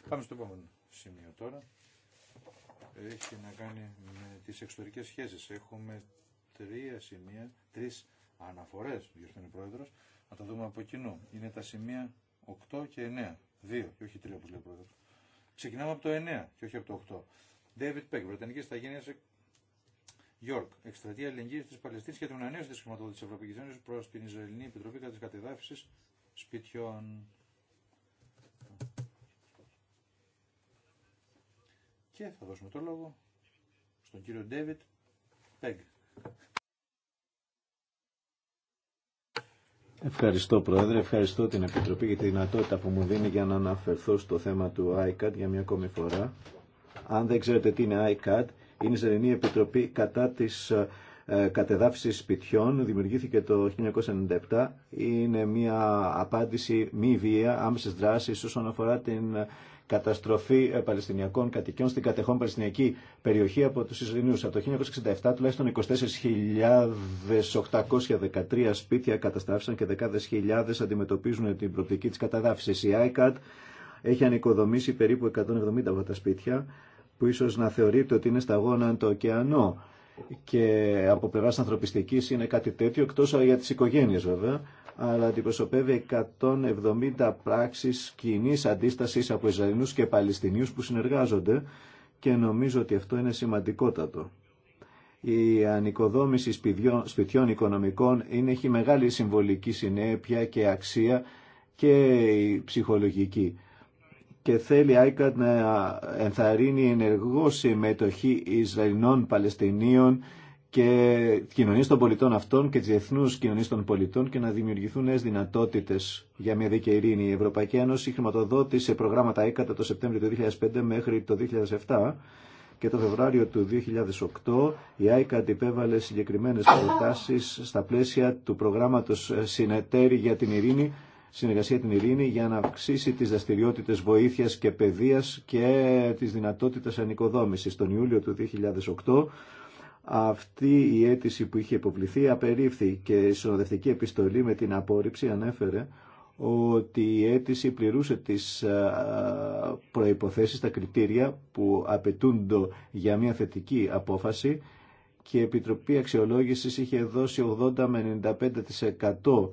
Πάμε στο επόμενο σημείο τώρα. Έχει να κάνει με τις εξωτερικές σχέσεις. Έχουμε τρία σημεία, τρεις αναφορές, διορθώνει ο Πρόεδρος. Να τα δούμε από κοινού. Είναι τα σημεία 8 και 9. Δύο και όχι τρία όπως λέει ο Πρόεδρος. Ξεκινάμε από το 9 και όχι από το 8. David Peck, Βρετανική Σταγένεια York, εκστρατεία αλληλεγγύη τη Παλαιστίνη και την ανανέωση τη χρηματοδότηση τη Ευρωπαϊκή Ένωση προ την Ισραηλινή Επιτροπή κατά τη κατεδάφιση σπιτιών. Και θα δώσουμε το λόγο στον κύριο David Πέγκ. Ευχαριστώ Πρόεδρε, ευχαριστώ την Επιτροπή για τη δυνατότητα που μου δίνει για να αναφερθώ στο θέμα του ICAT για μια ακόμη φορά. Αν δεν ξέρετε τι είναι ICAT, είναι η Ισραηλινή Επιτροπή κατά της ε, κατεδάφισης σπιτιών, δημιουργήθηκε το 1997, είναι μια απάντηση μη βία, άμεσης δράσης όσον αφορά την ε, καταστροφή ε, Παλαιστινιακών κατοικιών στην κατεχόν Παλαιστινιακή περιοχή από τους Ισραηλινούς. Από το 1967 τουλάχιστον 24.813 σπίτια καταστράφησαν και δεκάδες χιλιάδες αντιμετωπίζουν την προοπτική της καταδάφισης. Η ICAT έχει ανοικοδομήσει περίπου 170 από τα σπίτια που ίσως να θεωρείται ότι είναι σταγόνα το ωκεανό και από πλευρά ανθρωπιστική είναι κάτι τέτοιο, εκτό για τι οικογένειε, βέβαια, αλλά αντιπροσωπεύει 170 πράξει κοινή αντίσταση από Ισραηλινούς και Παλαιστινίου που συνεργάζονται και νομίζω ότι αυτό είναι σημαντικότατο. Η ανοικοδόμηση σπιτιών, σπιτιών οικονομικών είναι, έχει μεγάλη συμβολική συνέπεια και αξία και η ψυχολογική και θέλει ΆΙΚΑΤ να ενθαρρύνει ενεργό συμμετοχή Ισραηλινών, Παλαιστινίων και κοινωνίε των πολιτών αυτών και τη διεθνού κοινωνίες των πολιτών και να δημιουργηθούν νέε δυνατότητε για μια δίκαιη ειρήνη. Η Ευρωπαϊκή Ένωση χρηματοδότησε προγράμματα ICAT το Σεπτέμβριο του 2005 μέχρι το 2007 και το Φεβράριο του 2008 η ΆΙΚΑΤ υπέβαλε συγκεκριμένες προτάσεις στα πλαίσια του προγράμματος Συνεταίρη για την Ειρήνη συνεργασία την ειρήνη για να αυξήσει τις δραστηριότητε βοήθειας και παιδείας και τις δυνατότητες ανοικοδόμησης. Τον Ιούλιο του 2008 αυτή η αίτηση που είχε υποβληθεί απερίφθη και η συνοδευτική επιστολή με την απόρριψη ανέφερε ότι η αίτηση πληρούσε τις προϋποθέσεις, τα κριτήρια που απαιτούνται για μια θετική απόφαση και η Επιτροπή Αξιολόγησης είχε δώσει 80 με 95%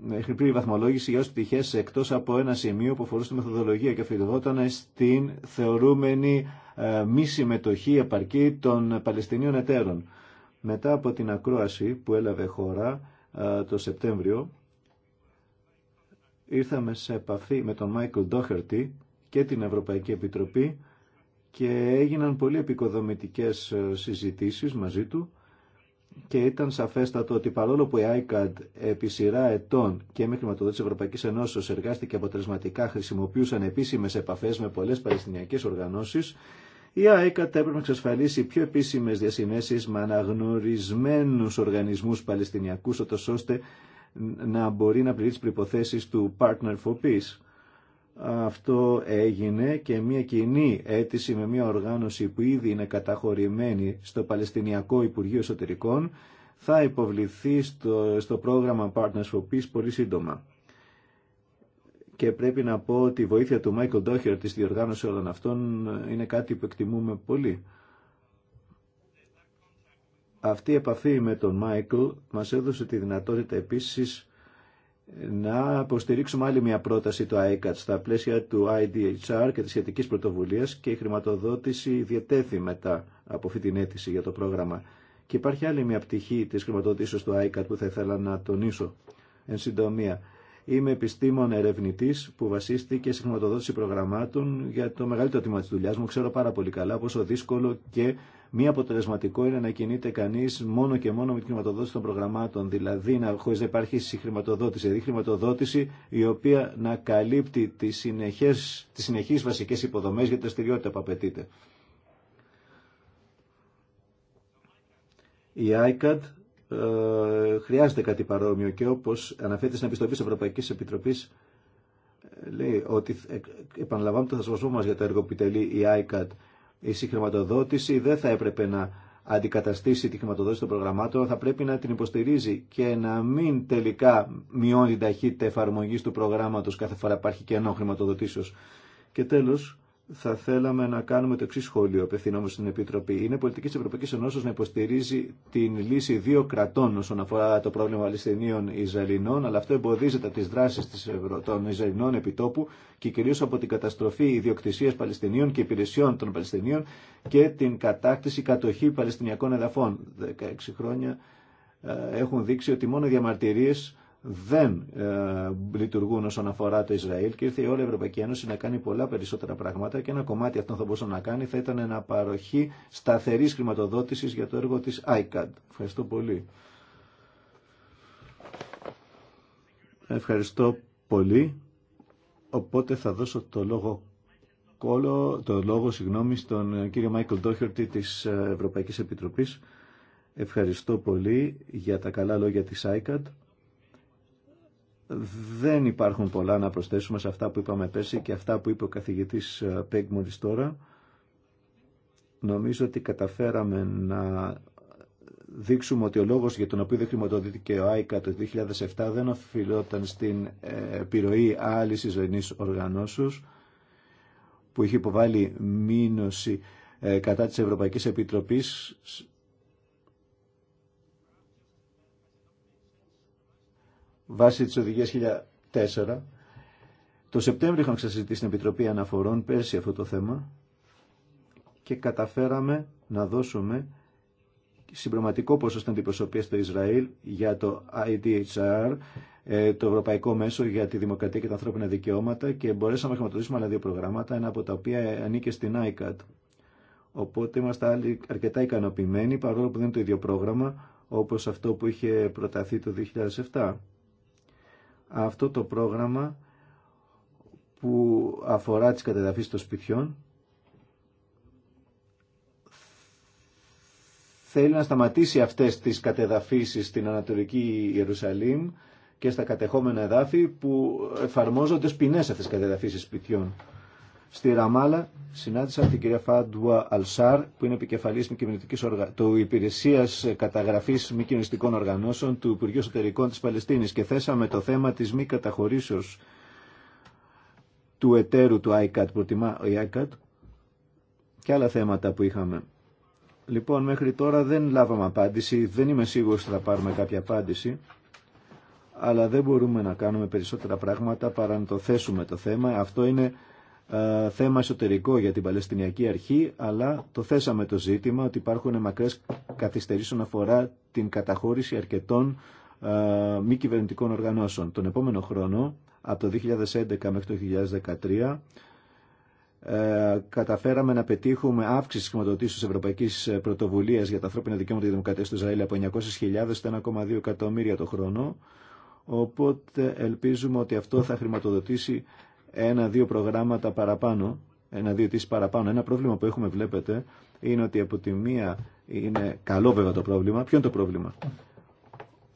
μέχρι πλήρη βαθμολόγηση για όσε πτυχέ εκτό από ένα σημείο που αφορούσε τη μεθοδολογία και αφιερωνόταν στην θεωρούμενη ε, μη συμμετοχή επαρκή των Παλαιστινίων εταίρων. Μετά από την ακρόαση που έλαβε χώρα ε, το Σεπτέμβριο, ήρθαμε σε επαφή με τον Μάικλ Ντόχερτη και την Ευρωπαϊκή Επιτροπή και έγιναν πολύ επικοδομητικές ε, συζητήσεις μαζί του και ήταν σαφέστατο ότι παρόλο που η ICAD επί σειρά ετών και με χρηματοδότηση Ευρωπαϊκή Ενώσεω εργάστηκε αποτελεσματικά, χρησιμοποιούσαν επίσημε επαφέ με πολλέ Παλαιστινιακέ οργανώσει, η ICAD έπρεπε να εξασφαλίσει πιο επίσημε διασυνέσει με αναγνωρισμένου οργανισμού Παλαιστινιακού, ώστε να μπορεί να πληρεί τι προποθέσει του Partner for Peace. Αυτό έγινε και μια κοινή αίτηση με μια οργάνωση που ήδη είναι καταχωρημένη στο Παλαιστινιακό Υπουργείο Εσωτερικών θα υποβληθεί στο, στο πρόγραμμα Partners for Peace πολύ σύντομα. Και πρέπει να πω ότι η βοήθεια του Μάικλ Ντόχερ της διοργάνωση όλων αυτών είναι κάτι που εκτιμούμε πολύ. Αυτή η επαφή με τον Μάικλ μας έδωσε τη δυνατότητα επίσης να αποστηρίξουμε άλλη μια πρόταση του ICAT στα πλαίσια του IDHR και της σχετικής πρωτοβουλίας και η χρηματοδότηση διατέθη μετά από αυτή την αίτηση για το πρόγραμμα. Και υπάρχει άλλη μια πτυχή της χρηματοδότησης του ICAT που θα ήθελα να τονίσω. Εν συντομία, είμαι επιστήμον ερευνητή που βασίστηκε στη χρηματοδότηση προγραμμάτων για το μεγαλύτερο τμήμα τη δουλειά μου. Ξέρω πάρα πολύ καλά πόσο δύσκολο και Μία αποτελεσματικό είναι να κινείται κανεί μόνο και μόνο με τη χρηματοδότηση των προγραμμάτων. Δηλαδή, να, χωρίς να υπάρχει συγχρηματοδότηση. Δηλαδή, χρηματοδότηση η οποία να καλύπτει τι συνεχεί βασικέ υποδομέ για τη δραστηριότητα που απαιτείται. Η ICAD ε, χρειάζεται κάτι παρόμοιο και όπω αναφέρεται στην επιστολή της Ευρωπαϊκής Επιτροπής ε, λέει ότι ε, επαναλαμβάνω το θεσμό μα για το έργο που τελεί η ICAT η συγχρηματοδότηση δεν θα έπρεπε να αντικαταστήσει τη χρηματοδότηση των προγραμμάτων, θα πρέπει να την υποστηρίζει και να μην τελικά μειώνει την ταχύτητα εφαρμογή του προγράμματο κάθε φορά υπάρχει κενό χρηματοδοτήσεω. Και τέλο, θα θέλαμε να κάνουμε το εξή σχόλιο, απευθυνόμενο στην Επιτροπή. Είναι πολιτική τη Ευρωπαϊκή Ενώσεω να υποστηρίζει την λύση δύο κρατών όσον αφορά το πρόβλημα Παλαιστινίων Ισραηλινών, αλλά αυτό εμποδίζεται από τι δράσει των Ισραηλινών επιτόπου και κυρίω από την καταστροφή ιδιοκτησία Παλαιστινίων και υπηρεσιών των Παλαιστινίων και την κατάκτηση κατοχή Παλαιστινιακών εδαφών. 16 χρόνια ε, έχουν δείξει ότι μόνο διαμαρτυρίε δεν ε, λειτουργούν όσον αφορά το Ισραήλ και ήρθε η όλη η Ευρωπαϊκή Ένωση να κάνει πολλά περισσότερα πράγματα και ένα κομμάτι αυτό θα μπορούσε να κάνει θα ήταν ένα παροχή σταθερής χρηματοδότησης για το έργο της ICAD. Ευχαριστώ πολύ. Ευχαριστώ πολύ. Οπότε θα δώσω το λόγο το λόγο συγγνώμη στον κύριο Μάικλ Ντόχερτη της Ευρωπαϊκής Επιτροπής. Ευχαριστώ πολύ για τα καλά λόγια της ICAD. Δεν υπάρχουν πολλά να προσθέσουμε σε αυτά που είπαμε πέρσι και αυτά που είπε ο καθηγητής Πέγκ ε, τώρα. Νομίζω ότι καταφέραμε να δείξουμε ότι ο λόγος για τον οποίο δεν χρηματοδοτήθηκε ο ΆΙΚΑ το 2007 δεν οφειλόταν στην ε, επιρροή άλλης ζωηνής οργανώσεως που είχε υποβάλει μήνωση ε, κατά της Ευρωπαϊκής Επιτροπής βάσει τη οδηγία 1004. Το Σεπτέμβριο είχαμε ξανασυζητήσει στην Επιτροπή Αναφορών πέρσι αυτό το θέμα και καταφέραμε να δώσουμε συμπροματικό ποσό στην αντιπροσωπεία στο Ισραήλ για το IDHR, ε, το Ευρωπαϊκό Μέσο για τη Δημοκρατία και τα Ανθρώπινα Δικαιώματα και μπορέσαμε να χρηματοδοτήσουμε άλλα δύο προγράμματα, ένα από τα οποία ανήκε στην ICAT. Οπότε είμαστε άλλοι αρκετά ικανοποιημένοι, παρόλο που δεν είναι το ίδιο πρόγραμμα όπως αυτό που είχε προταθεί το 2007 αυτό το πρόγραμμα που αφορά τις κατεδαφίσεις των σπιτιών θέλει να σταματήσει αυτές τις κατεδαφίσεις στην Ανατολική Ιερουσαλήμ και στα κατεχόμενα εδάφη που εφαρμόζονται σπινές αυτές τις κατεδαφίσεις σπιτιών. Στη Ραμάλα συνάντησα την κυρία Φάντουα Αλσάρ, που είναι επικεφαλή του Υπηρεσία Καταγραφή Μη Κοινωνιστικών Οργανώσεων του Υπουργείου Εσωτερικών τη Παλαιστίνη και θέσαμε το θέμα τη μη καταχωρήσεω του εταίρου του ICAT, προτιμά ο ICAT, και άλλα θέματα που είχαμε. Λοιπόν, μέχρι τώρα δεν λάβαμε απάντηση, δεν είμαι σίγουρος ότι θα πάρουμε κάποια απάντηση, αλλά δεν μπορούμε να κάνουμε περισσότερα πράγματα παρά να το θέσουμε το θέμα. Αυτό είναι ε, θέμα εσωτερικό για την Παλαιστινιακή Αρχή, αλλά το θέσαμε το ζήτημα ότι υπάρχουν μακρές καθυστερήσεις όσον αφορά την καταχώρηση αρκετών ε, μη κυβερνητικών οργανώσεων. Τον επόμενο χρόνο, από το 2011 μέχρι το 2013, ε, καταφέραμε να πετύχουμε αύξηση χρηματοδοτήσεω τη Ευρωπαϊκή Πρωτοβουλία για τα ανθρώπινα δικαιώματα και δημοκρατία του Ισραήλ από 900.000 στα 1,2 εκατομμύρια το χρόνο. Οπότε ελπίζουμε ότι αυτό θα χρηματοδοτήσει ένα-δύο προγράμματα παραπάνω, ένα-δύο τις παραπάνω. Ένα πρόβλημα που έχουμε βλέπετε είναι ότι από τη μία είναι καλό βέβαια το πρόβλημα. Ποιο είναι το πρόβλημα.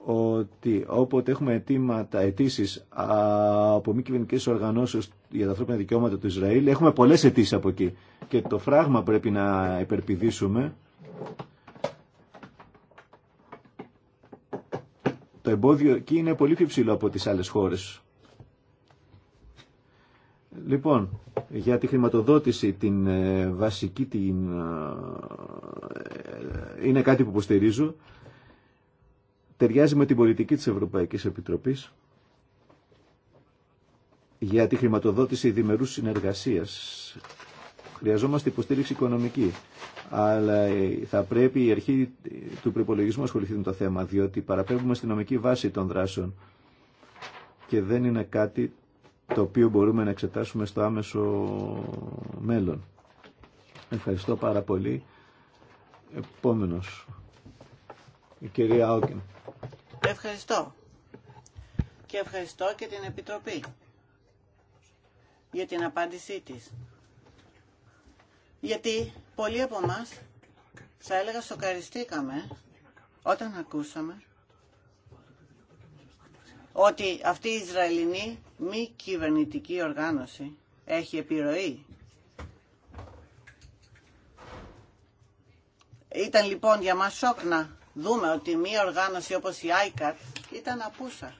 Ότι όποτε έχουμε αιτήματα, αιτήσει από μη κυβερνητικέ οργανώσει για τα ανθρώπινα δικαιώματα του Ισραήλ, έχουμε πολλέ αιτήσει από εκεί. Και το φράγμα πρέπει να υπερπηδήσουμε. Το εμπόδιο εκεί είναι πολύ πιο ψηλό από τι άλλε χώρε. Λοιπόν, για τη χρηματοδότηση την ε, βασική την, ε, ε, είναι κάτι που υποστηρίζω. Ταιριάζει με την πολιτική της Ευρωπαϊκής Επιτροπής για τη χρηματοδότηση διμερούς συνεργασίας. Χρειαζόμαστε υποστήριξη οικονομική, αλλά θα πρέπει η αρχή του προπολογισμού ασχοληθεί με το θέμα, διότι παραπέμπουμε στη νομική βάση των δράσεων και δεν είναι κάτι το οποίο μπορούμε να εξετάσουμε στο άμεσο μέλλον. Ευχαριστώ πάρα πολύ. Επόμενος, η κυρία Άουκεν. Ευχαριστώ. Και ευχαριστώ και την Επιτροπή για την απάντησή της. Γιατί πολλοί από εμά θα έλεγα σοκαριστήκαμε όταν ακούσαμε ότι αυτή η Ισραηλινή μη κυβερνητική οργάνωση έχει επιρροή. Ήταν λοιπόν για μας σοκ να δούμε ότι μία οργάνωση όπως η ICAT ήταν απούσα.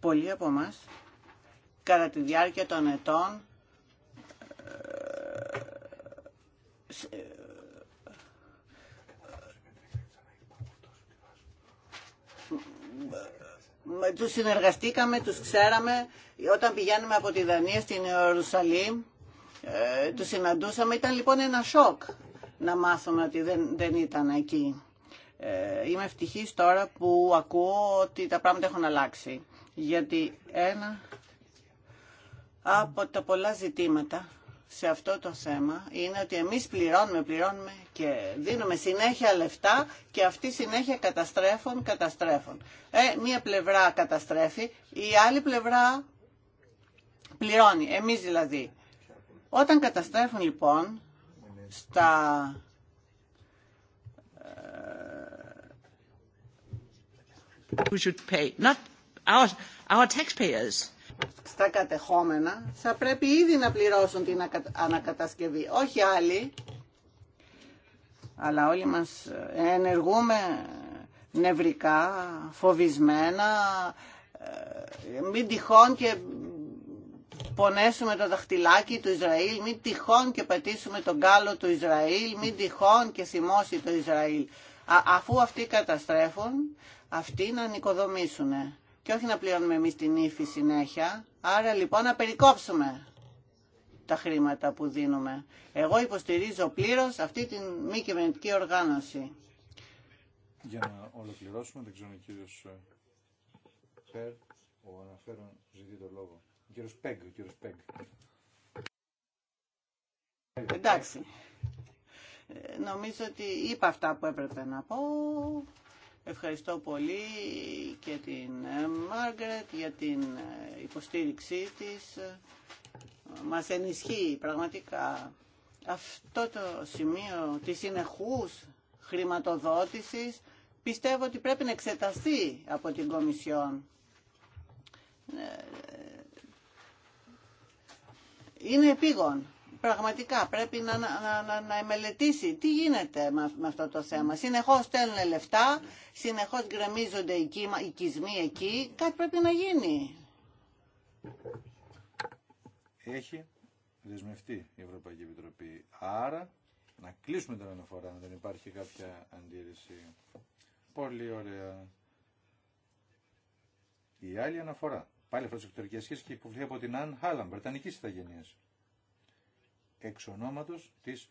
Πολλοί από μας κατά τη διάρκεια των ετών ε, ε, τους συνεργαστήκαμε, τους ξέραμε. Όταν πηγαίνουμε από τη Δανία στην Ιερουσαλήμ, του ε, τους συναντούσαμε. Ήταν λοιπόν ένα σοκ να μάθουμε ότι δεν, δεν ήταν εκεί. Ε, είμαι ευτυχής τώρα που ακούω ότι τα πράγματα έχουν αλλάξει. Γιατί ένα από τα πολλά ζητήματα σε αυτό το θέμα είναι ότι εμείς πληρώνουμε, πληρώνουμε και δίνουμε συνέχεια λεφτά και αυτή συνέχεια καταστρέφουν, καταστρέφουν. Ε, μία πλευρά καταστρέφει, η άλλη πλευρά πληρώνει, εμείς δηλαδή. Όταν καταστρέφουν λοιπόν στα... We should pay, not our, our taxpayers στα κατεχόμενα θα πρέπει ήδη να πληρώσουν την ανακατασκευή, όχι άλλοι. Αλλά όλοι μας ενεργούμε νευρικά, φοβισμένα, ε, μην τυχόν και πονέσουμε το δαχτυλάκι του Ισραήλ, μην τυχόν και πετήσουμε τον κάλο του Ισραήλ, μην τυχόν και σημώσει το Ισραήλ. αφού αυτοί καταστρέφουν, αυτοί να νοικοδομήσουν και όχι να πληρώνουμε εμείς την ύφη συνέχεια. Άρα λοιπόν να περικόψουμε τα χρήματα που δίνουμε. Εγώ υποστηρίζω πλήρως αυτή την μη κυβερνητική οργάνωση. Για να ολοκληρώσουμε, δεν ξέρω ο κύριος ε, Περ, ο αναφέρον ζητεί το λόγο. Ο κύριος Πέγκ, ο κύριος Πέγκ. Εντάξει. Ε, νομίζω ότι είπα αυτά που έπρεπε να πω. Ευχαριστώ πολύ και την ε, Μάργαρετ για την ε, υποστήριξή της. Μας ενισχύει πραγματικά αυτό το σημείο της συνεχούς χρηματοδότησης πιστεύω ότι πρέπει να εξεταστεί από την Κομισιόν. Ε, είναι επίγον πραγματικά πρέπει να, να, να, να εμελετήσει τι γίνεται με, αυτό το θέμα. Συνεχώς στέλνουν λεφτά, συνεχώς γκρεμίζονται οι οικισμοί εκεί, κάτι πρέπει να γίνει. Έχει δεσμευτεί η Ευρωπαϊκή Επιτροπή. Άρα να κλείσουμε την αναφορά, αν δεν υπάρχει κάποια αντίρρηση. Πολύ ωραία. Η άλλη αναφορά. Πάλι αφορά τι σχέσει και υποβληθεί από την Αν Χάλαμ, Βρετανική Ιθαγενεία εξ ονόματος της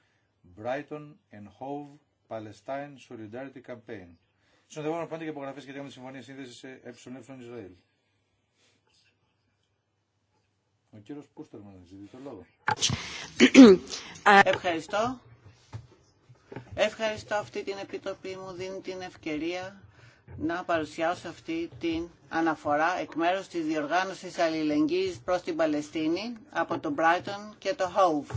Brighton and Hove Palestine Solidarity Campaign. Συνοδευόμενο πάντα και υπογραφές και με τη Συμφωνία Σύνδεσης ΕΕ Ισραήλ. Ο κύριος Πούστερμαν ζητεί το λόγο. Ευχαριστώ. Ευχαριστώ αυτή την επιτροπή μου δίνει την ευκαιρία να παρουσιάσω αυτή την αναφορά εκ μέρους της διοργάνωσης αλληλεγγύης προς την Παλαιστίνη από το Brighton και το Hove.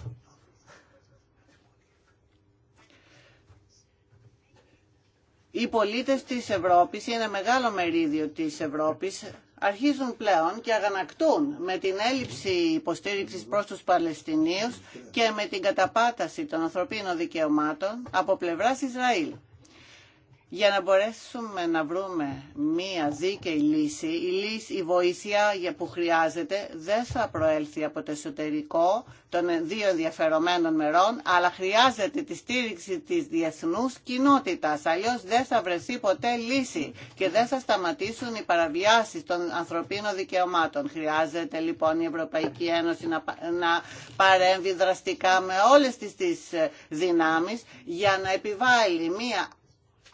οι πολίτες της Ευρώπης ή ένα μεγάλο μερίδιο της Ευρώπης αρχίζουν πλέον και αγανακτούν με την έλλειψη υποστήριξης προς τους Παλαιστινίους και με την καταπάταση των ανθρωπίνων δικαιωμάτων από πλευράς Ισραήλ για να μπορέσουμε να βρούμε μία δίκαιη λύση, η, λύση, η βοήθεια για που χρειάζεται δεν θα προέλθει από το εσωτερικό των δύο ενδιαφερομένων μερών, αλλά χρειάζεται τη στήριξη της διεθνούς κοινότητας. Αλλιώς δεν θα βρεθεί ποτέ λύση και δεν θα σταματήσουν οι παραβιάσεις των ανθρωπίνων δικαιωμάτων. Χρειάζεται λοιπόν η Ευρωπαϊκή Ένωση να, να παρέμβει δραστικά με όλες τις, τις ε, δυνάμεις για να επιβάλλει μία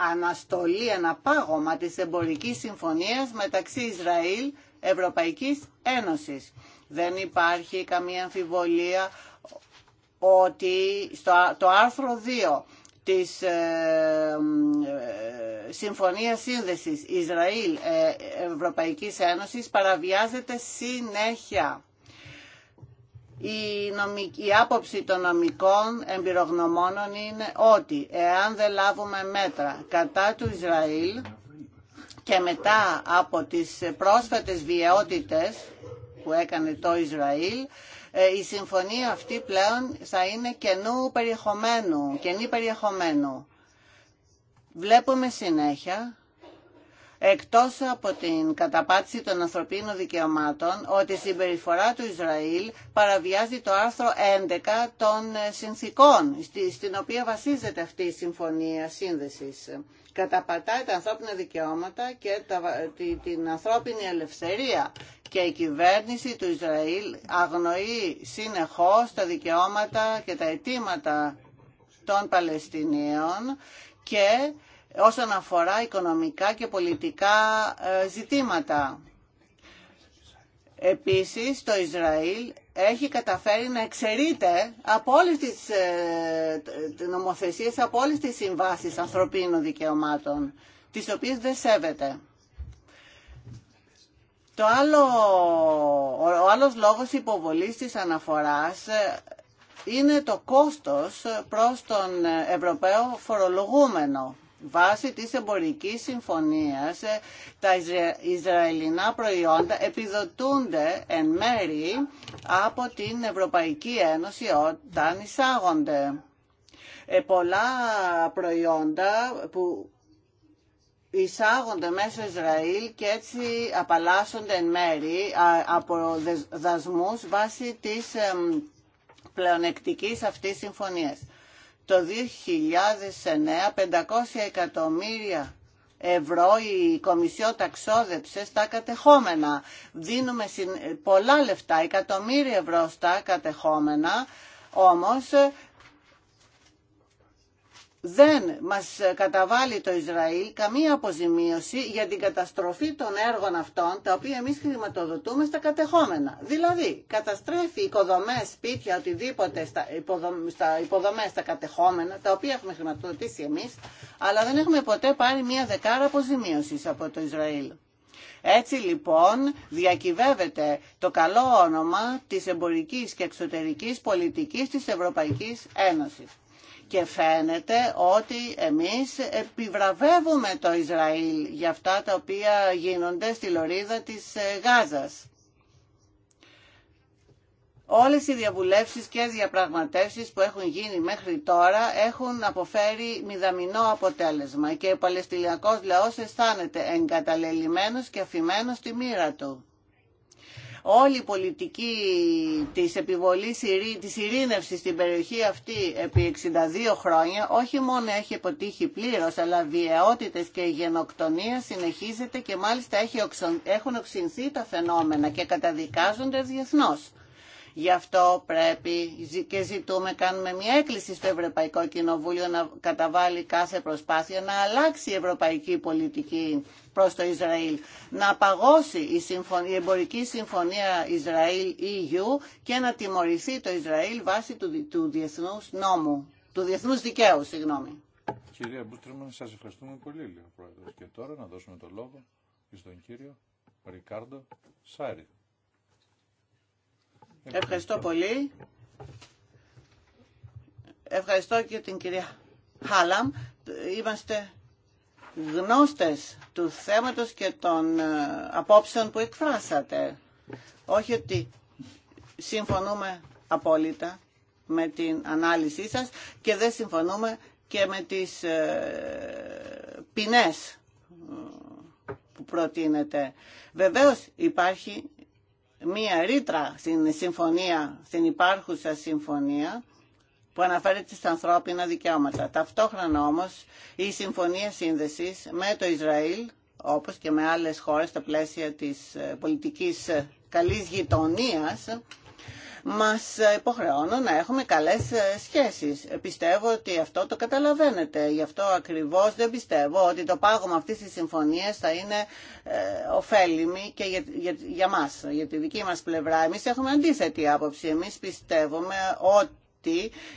αναστολή, πάγωμα της εμπορικής συμφωνίας μεταξύ Ισραήλ Ευρωπαϊκής Ένωσης. Δεν υπάρχει καμία αμφιβολία ότι το άρθρο 2 της ε, ε, Συμφωνίας Σύνδεσης Ισραήλ-Ευρωπαϊκής ε, Ένωσης παραβιάζεται συνέχεια η, άποψη των νομικών εμπειρογνωμόνων είναι ότι εάν δεν λάβουμε μέτρα κατά του Ισραήλ και μετά από τις πρόσφατες βιαιότητες που έκανε το Ισραήλ, ε, η συμφωνία αυτή πλέον θα είναι καινού περιεχομένου, καινή περιεχομένου. Βλέπουμε συνέχεια εκτός από την καταπάτηση των ανθρωπίνων δικαιωμάτων, ότι η συμπεριφορά του Ισραήλ παραβιάζει το άρθρο 11 των ε, συνθήκων, στην οποία βασίζεται αυτή η συμφωνία σύνδεσης. Καταπατάει τα ανθρώπινα δικαιώματα και την ανθρώπινη ελευθερία και η κυβέρνηση του Ισραήλ αγνοεί συνεχώς τα δικαιώματα και τα αιτήματα των Παλαιστινίων και όσον αφορά οικονομικά και πολιτικά ε, ζητήματα. Επίσης, το Ισραήλ έχει καταφέρει να εξαιρείται από όλες τις ε, νομοθεσίες, από όλες τις συμβάσεις ανθρωπίνων δικαιωμάτων, τις οποίες δεν σέβεται. Το άλλο, ο άλλος λόγος υποβολής της αναφοράς ε, είναι το κόστος προς τον Ευρωπαίο φορολογούμενο. Βάσει της εμπορικής συμφωνίας, ε, τα Ισραηλινά προϊόντα επιδοτούνται εν μέρη από την Ευρωπαϊκή Ένωση όταν εισάγονται. Ε, πολλά προϊόντα που εισάγονται μέσω Ισραήλ και έτσι απαλλάσσονται εν μέρη από δασμούς βάσει της πλεονεκτικής αυτής συμφωνίας το 2009 500 εκατομμύρια ευρώ η Κομισιό ταξόδεψε στα κατεχόμενα. Δίνουμε πολλά λεφτά, εκατομμύρια ευρώ στα κατεχόμενα, όμως δεν μας καταβάλει το Ισραήλ καμία αποζημίωση για την καταστροφή των έργων αυτών τα οποία εμείς χρηματοδοτούμε στα κατεχόμενα. Δηλαδή, καταστρέφει οικοδομές, σπίτια, οτιδήποτε στα, υποδομ, στα υποδομές, στα κατεχόμενα, τα οποία έχουμε χρηματοδοτήσει εμείς, αλλά δεν έχουμε ποτέ πάρει μία δεκάρα αποζημίωσης από το Ισραήλ. Έτσι λοιπόν διακυβεύεται το καλό όνομα της εμπορικής και εξωτερικής πολιτικής της Ευρωπαϊκής Ένωσης και φαίνεται ότι εμείς επιβραβεύουμε το Ισραήλ για αυτά τα οποία γίνονται στη λωρίδα της ε, Γάζας. Όλες οι διαβουλεύσεις και διαπραγματεύσεις που έχουν γίνει μέχρι τώρα έχουν αποφέρει μηδαμινό αποτέλεσμα και ο Παλαιστινιακός λαός αισθάνεται εγκαταλελειμμένος και αφημένος στη μοίρα του όλη η πολιτική της επιβολής της ειρήνευσης στην περιοχή αυτή επί 62 χρόνια όχι μόνο έχει αποτύχει πλήρως αλλά βιαιότητες και γενοκτονία συνεχίζεται και μάλιστα έχουν οξυνθεί τα φαινόμενα και καταδικάζονται διεθνώς. Γι' αυτό πρέπει και ζητούμε, κάνουμε μια έκκληση στο Ευρωπαϊκό Κοινοβούλιο να καταβάλει κάθε προσπάθεια να αλλάξει η ευρωπαϊκή πολιτική προς το Ισραήλ, να παγώσει η, συμφωνία, η εμπορική συμφωνία Ισραήλ-EU και να τιμωρηθεί το Ισραήλ βάσει του, του διεθνούς νόμου, του διεθνούς δικαίου, συγγνώμη. Κυρία Μπούστρεμαν, σας ευχαριστούμε πολύ, λέει ο Πρόεδρος. Και τώρα να δώσουμε το λόγο στον κύριο Ρικάρντο Σάρι. Ευχαριστώ πολύ. Ευχαριστώ και την κυρία Χάλαμ. Είμαστε γνώστες του θέματος και των ε, απόψεων που εκφράσατε. Όχι ότι συμφωνούμε απόλυτα με την ανάλυση σας και δεν συμφωνούμε και με τις ε, ποινές ε, που προτείνετε. Βεβαίως υπάρχει μία ρήτρα στην συμφωνία, στην υπάρχουσα συμφωνία που αναφέρεται στα ανθρώπινα δικαιώματα. Ταυτόχρονα όμως η συμφωνία σύνδεσης με το Ισραήλ όπως και με άλλες χώρες στα πλαίσια της ε, πολιτικής ε, καλής γειτονίας μας υποχρεώνουν να έχουμε καλές ε, σχέσεις. Πιστεύω ότι αυτό το καταλαβαίνετε. Γι' αυτό ακριβώς δεν πιστεύω ότι το πάγωμα αυτής της συμφωνίας θα είναι ε, ωφέλιμη και για, για, για μας, για τη δική μας πλευρά. Εμείς έχουμε αντίθετη άποψη. Εμείς πιστεύουμε ότι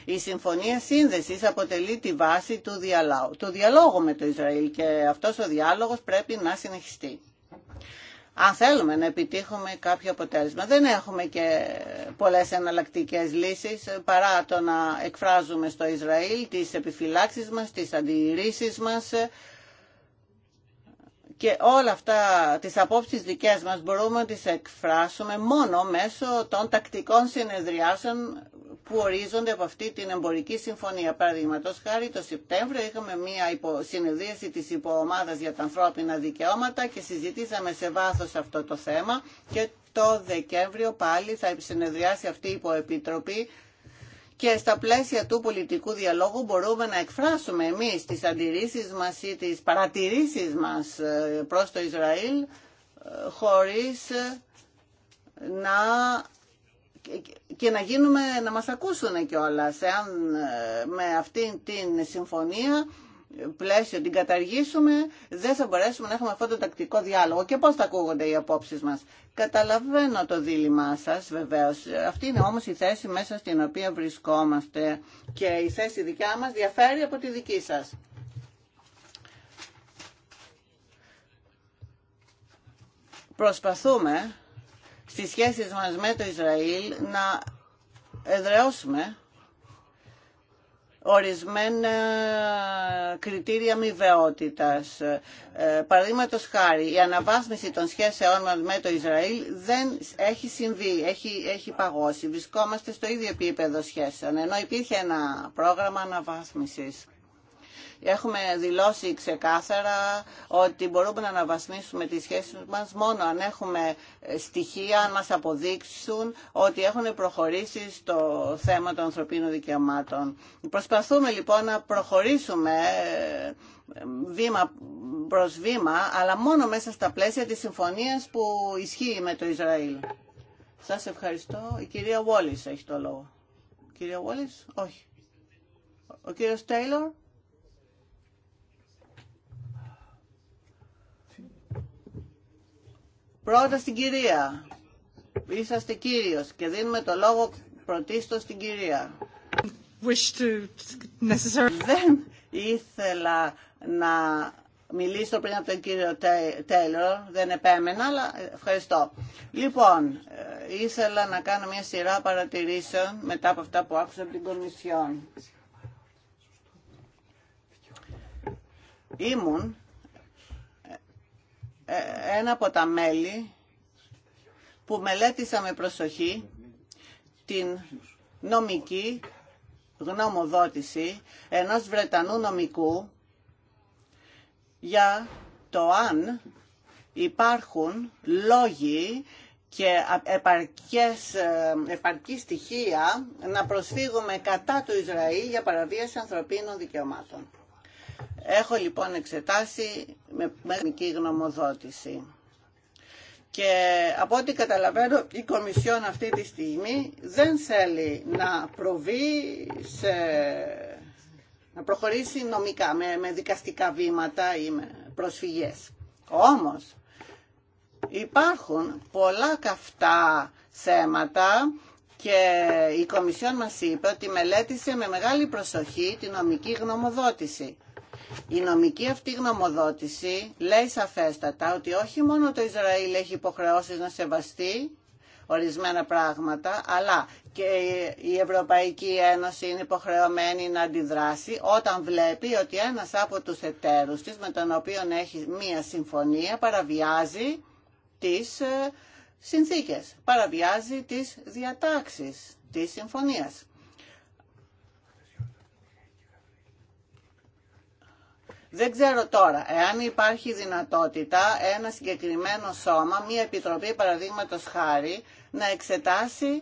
η Συμφωνία Σύνδεσης αποτελεί τη βάση του διαλόγου, του διαλόγου με το Ισραήλ και αυτός ο διάλογος πρέπει να συνεχιστεί αν θέλουμε να επιτύχουμε κάποιο αποτέλεσμα. Δεν έχουμε και πολλές εναλλακτικές λύσεις παρά το να εκφράζουμε στο Ισραήλ τις επιφυλάξεις μας, τις αντιρρήσεις μας και όλα αυτά τις απόψεις δικές μας μπορούμε να τις εκφράσουμε μόνο μέσω των τακτικών συνεδριάσεων που ορίζονται από αυτή την εμπορική συμφωνία. Παραδείγματο χάρη, το Σεπτέμβριο είχαμε μία συνεδρίαση τη υποομάδα για τα ανθρώπινα δικαιώματα και συζητήσαμε σε βάθο αυτό το θέμα και το Δεκέμβριο πάλι θα συνεδριάσει αυτή η υποεπιτροπή και στα πλαίσια του πολιτικού διαλόγου μπορούμε να εκφράσουμε εμείς τις αντιρρήσεις μας ή τις παρατηρήσεις μας ε, προς το Ισραήλ ε, χωρίς ε, να και να, γίνουμε, να μας ακούσουν κιόλα. Εάν ε, με αυτή την συμφωνία πλαίσιο την καταργήσουμε, δεν θα μπορέσουμε να έχουμε αυτό το τακτικό διάλογο. Και πώς θα ακούγονται οι απόψεις μας. Καταλαβαίνω το δίλημά σας βεβαίως. Αυτή είναι όμως η θέση μέσα στην οποία βρισκόμαστε και η θέση δικιά μας διαφέρει από τη δική σας. Προσπαθούμε στις σχέσεις μας με το Ισραήλ να εδραιώσουμε ορισμένα κριτήρια μη Ε, Παραδείγματο χάρη, η αναβάθμιση των σχέσεών μας με το Ισραήλ δεν έχει συμβεί, έχει, έχει παγώσει. Βρισκόμαστε στο ίδιο επίπεδο σχέσεων, ενώ υπήρχε ένα πρόγραμμα αναβάθμισης. Έχουμε δηλώσει ξεκάθαρα ότι μπορούμε να αναβασμίσουμε τις σχέσεις μας μόνο αν έχουμε στοιχεία, αν μας αποδείξουν ότι έχουν προχωρήσει στο θέμα των ανθρωπίνων δικαιωμάτων. Προσπαθούμε λοιπόν να προχωρήσουμε ε, βήμα προς βήμα, αλλά μόνο μέσα στα πλαίσια της συμφωνίας που ισχύει με το Ισραήλ. Σας ευχαριστώ. Η κυρία Βόλης έχει το λόγο. Κυρία Βόλης, όχι. Ο κύριος Τέιλορ. Πρώτα στην κυρία. Είσαστε κύριος και δίνουμε το λόγο πρωτίστως στην κυρία. Δεν ήθελα να μιλήσω πριν από τον κύριο Τέιλορ, δεν επέμενα, αλλά ευχαριστώ. Λοιπόν, ε, ήθελα να κάνω μια σειρά παρατηρήσεων μετά από αυτά που άκουσα από την Κομισιόν. Ήμουν ε, ένα από τα μέλη που μελέτησα με προσοχή την νομική γνωμοδότηση ενός Βρετανού νομικού για το αν υπάρχουν λόγοι και επαρκές, ε, επαρκή στοιχεία να προσφύγουμε κατά του Ισραήλ για παραβίαση ανθρωπίνων δικαιωμάτων. Έχω λοιπόν εξετάσει με μεγάλη γνωμοδότηση. Και από ό,τι καταλαβαίνω η Κομισιόν αυτή τη στιγμή δεν θέλει να προβεί να προχωρήσει νομικά με, με δικαστικά βήματα ή με προσφυγές. Όμως υπάρχουν πολλά καυτά θέματα και η Κομισιόν μας είπε ότι μελέτησε με μεγάλη προσοχή τη νομική γνωμοδότηση. Η νομική αυτή γνωμοδότηση λέει σαφέστατα ότι όχι μόνο το Ισραήλ έχει υποχρεώσεις να σεβαστεί ορισμένα πράγματα, αλλά και η Ευρωπαϊκή Ένωση είναι υποχρεωμένη να αντιδράσει όταν βλέπει ότι ένας από τους εταίρους της με τον οποίο έχει μία συμφωνία παραβιάζει τις ε, συνθήκες, παραβιάζει τις διατάξεις της συμφωνίας. Δεν ξέρω τώρα, εάν υπάρχει δυνατότητα ένα συγκεκριμένο σώμα, μία επιτροπή παραδείγματο χάρη, να εξετάσει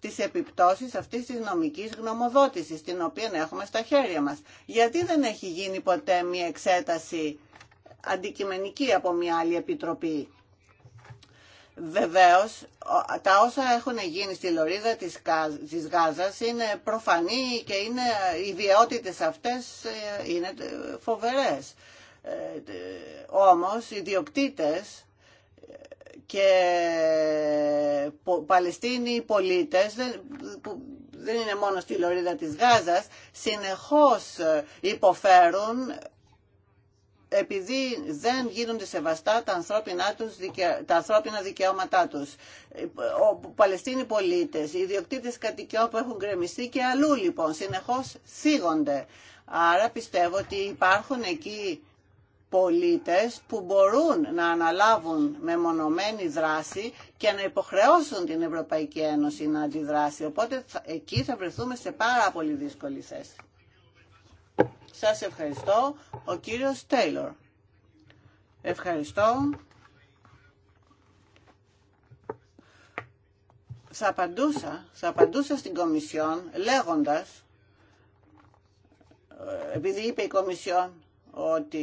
τις επιπτώσεις αυτή της νομική γνωμοδότηση, την οποία έχουμε στα χέρια μας. Γιατί δεν έχει γίνει ποτέ μία εξέταση αντικειμενική από μία άλλη επιτροπή. Βεβαίως, τα όσα έχουν γίνει στη λωρίδα της Γάζας είναι προφανή και είναι, οι βιαιότητες αυτές ε, είναι ε, φοβερές. Ε, όμως, οι διοκτήτες και Παλαιστίνοι πολίτες που δεν είναι μόνο στη λωρίδα της Γάζας συνεχώς υποφέρουν επειδή δεν γίνονται σεβαστά τα ανθρώπινα, τους τα δικαιώματά τους. Ο Παλαιστίνοι πολίτες, οι ιδιοκτήτες κατοικιών που έχουν γκρεμιστεί και αλλού λοιπόν συνεχώς θίγονται. Άρα πιστεύω ότι υπάρχουν εκεί πολίτες που μπορούν να αναλάβουν μεμονωμένη δράση και να υποχρεώσουν την Ευρωπαϊκή Ένωση να αντιδράσει. Οπότε εκεί θα βρεθούμε σε πάρα πολύ δύσκολη θέση. Σας ευχαριστώ. Ο κύριος Τέιλορ. Ευχαριστώ. Θα απαντούσα, στην Κομισιόν λέγοντας, ε, επειδή είπε η Κομισιόν ότι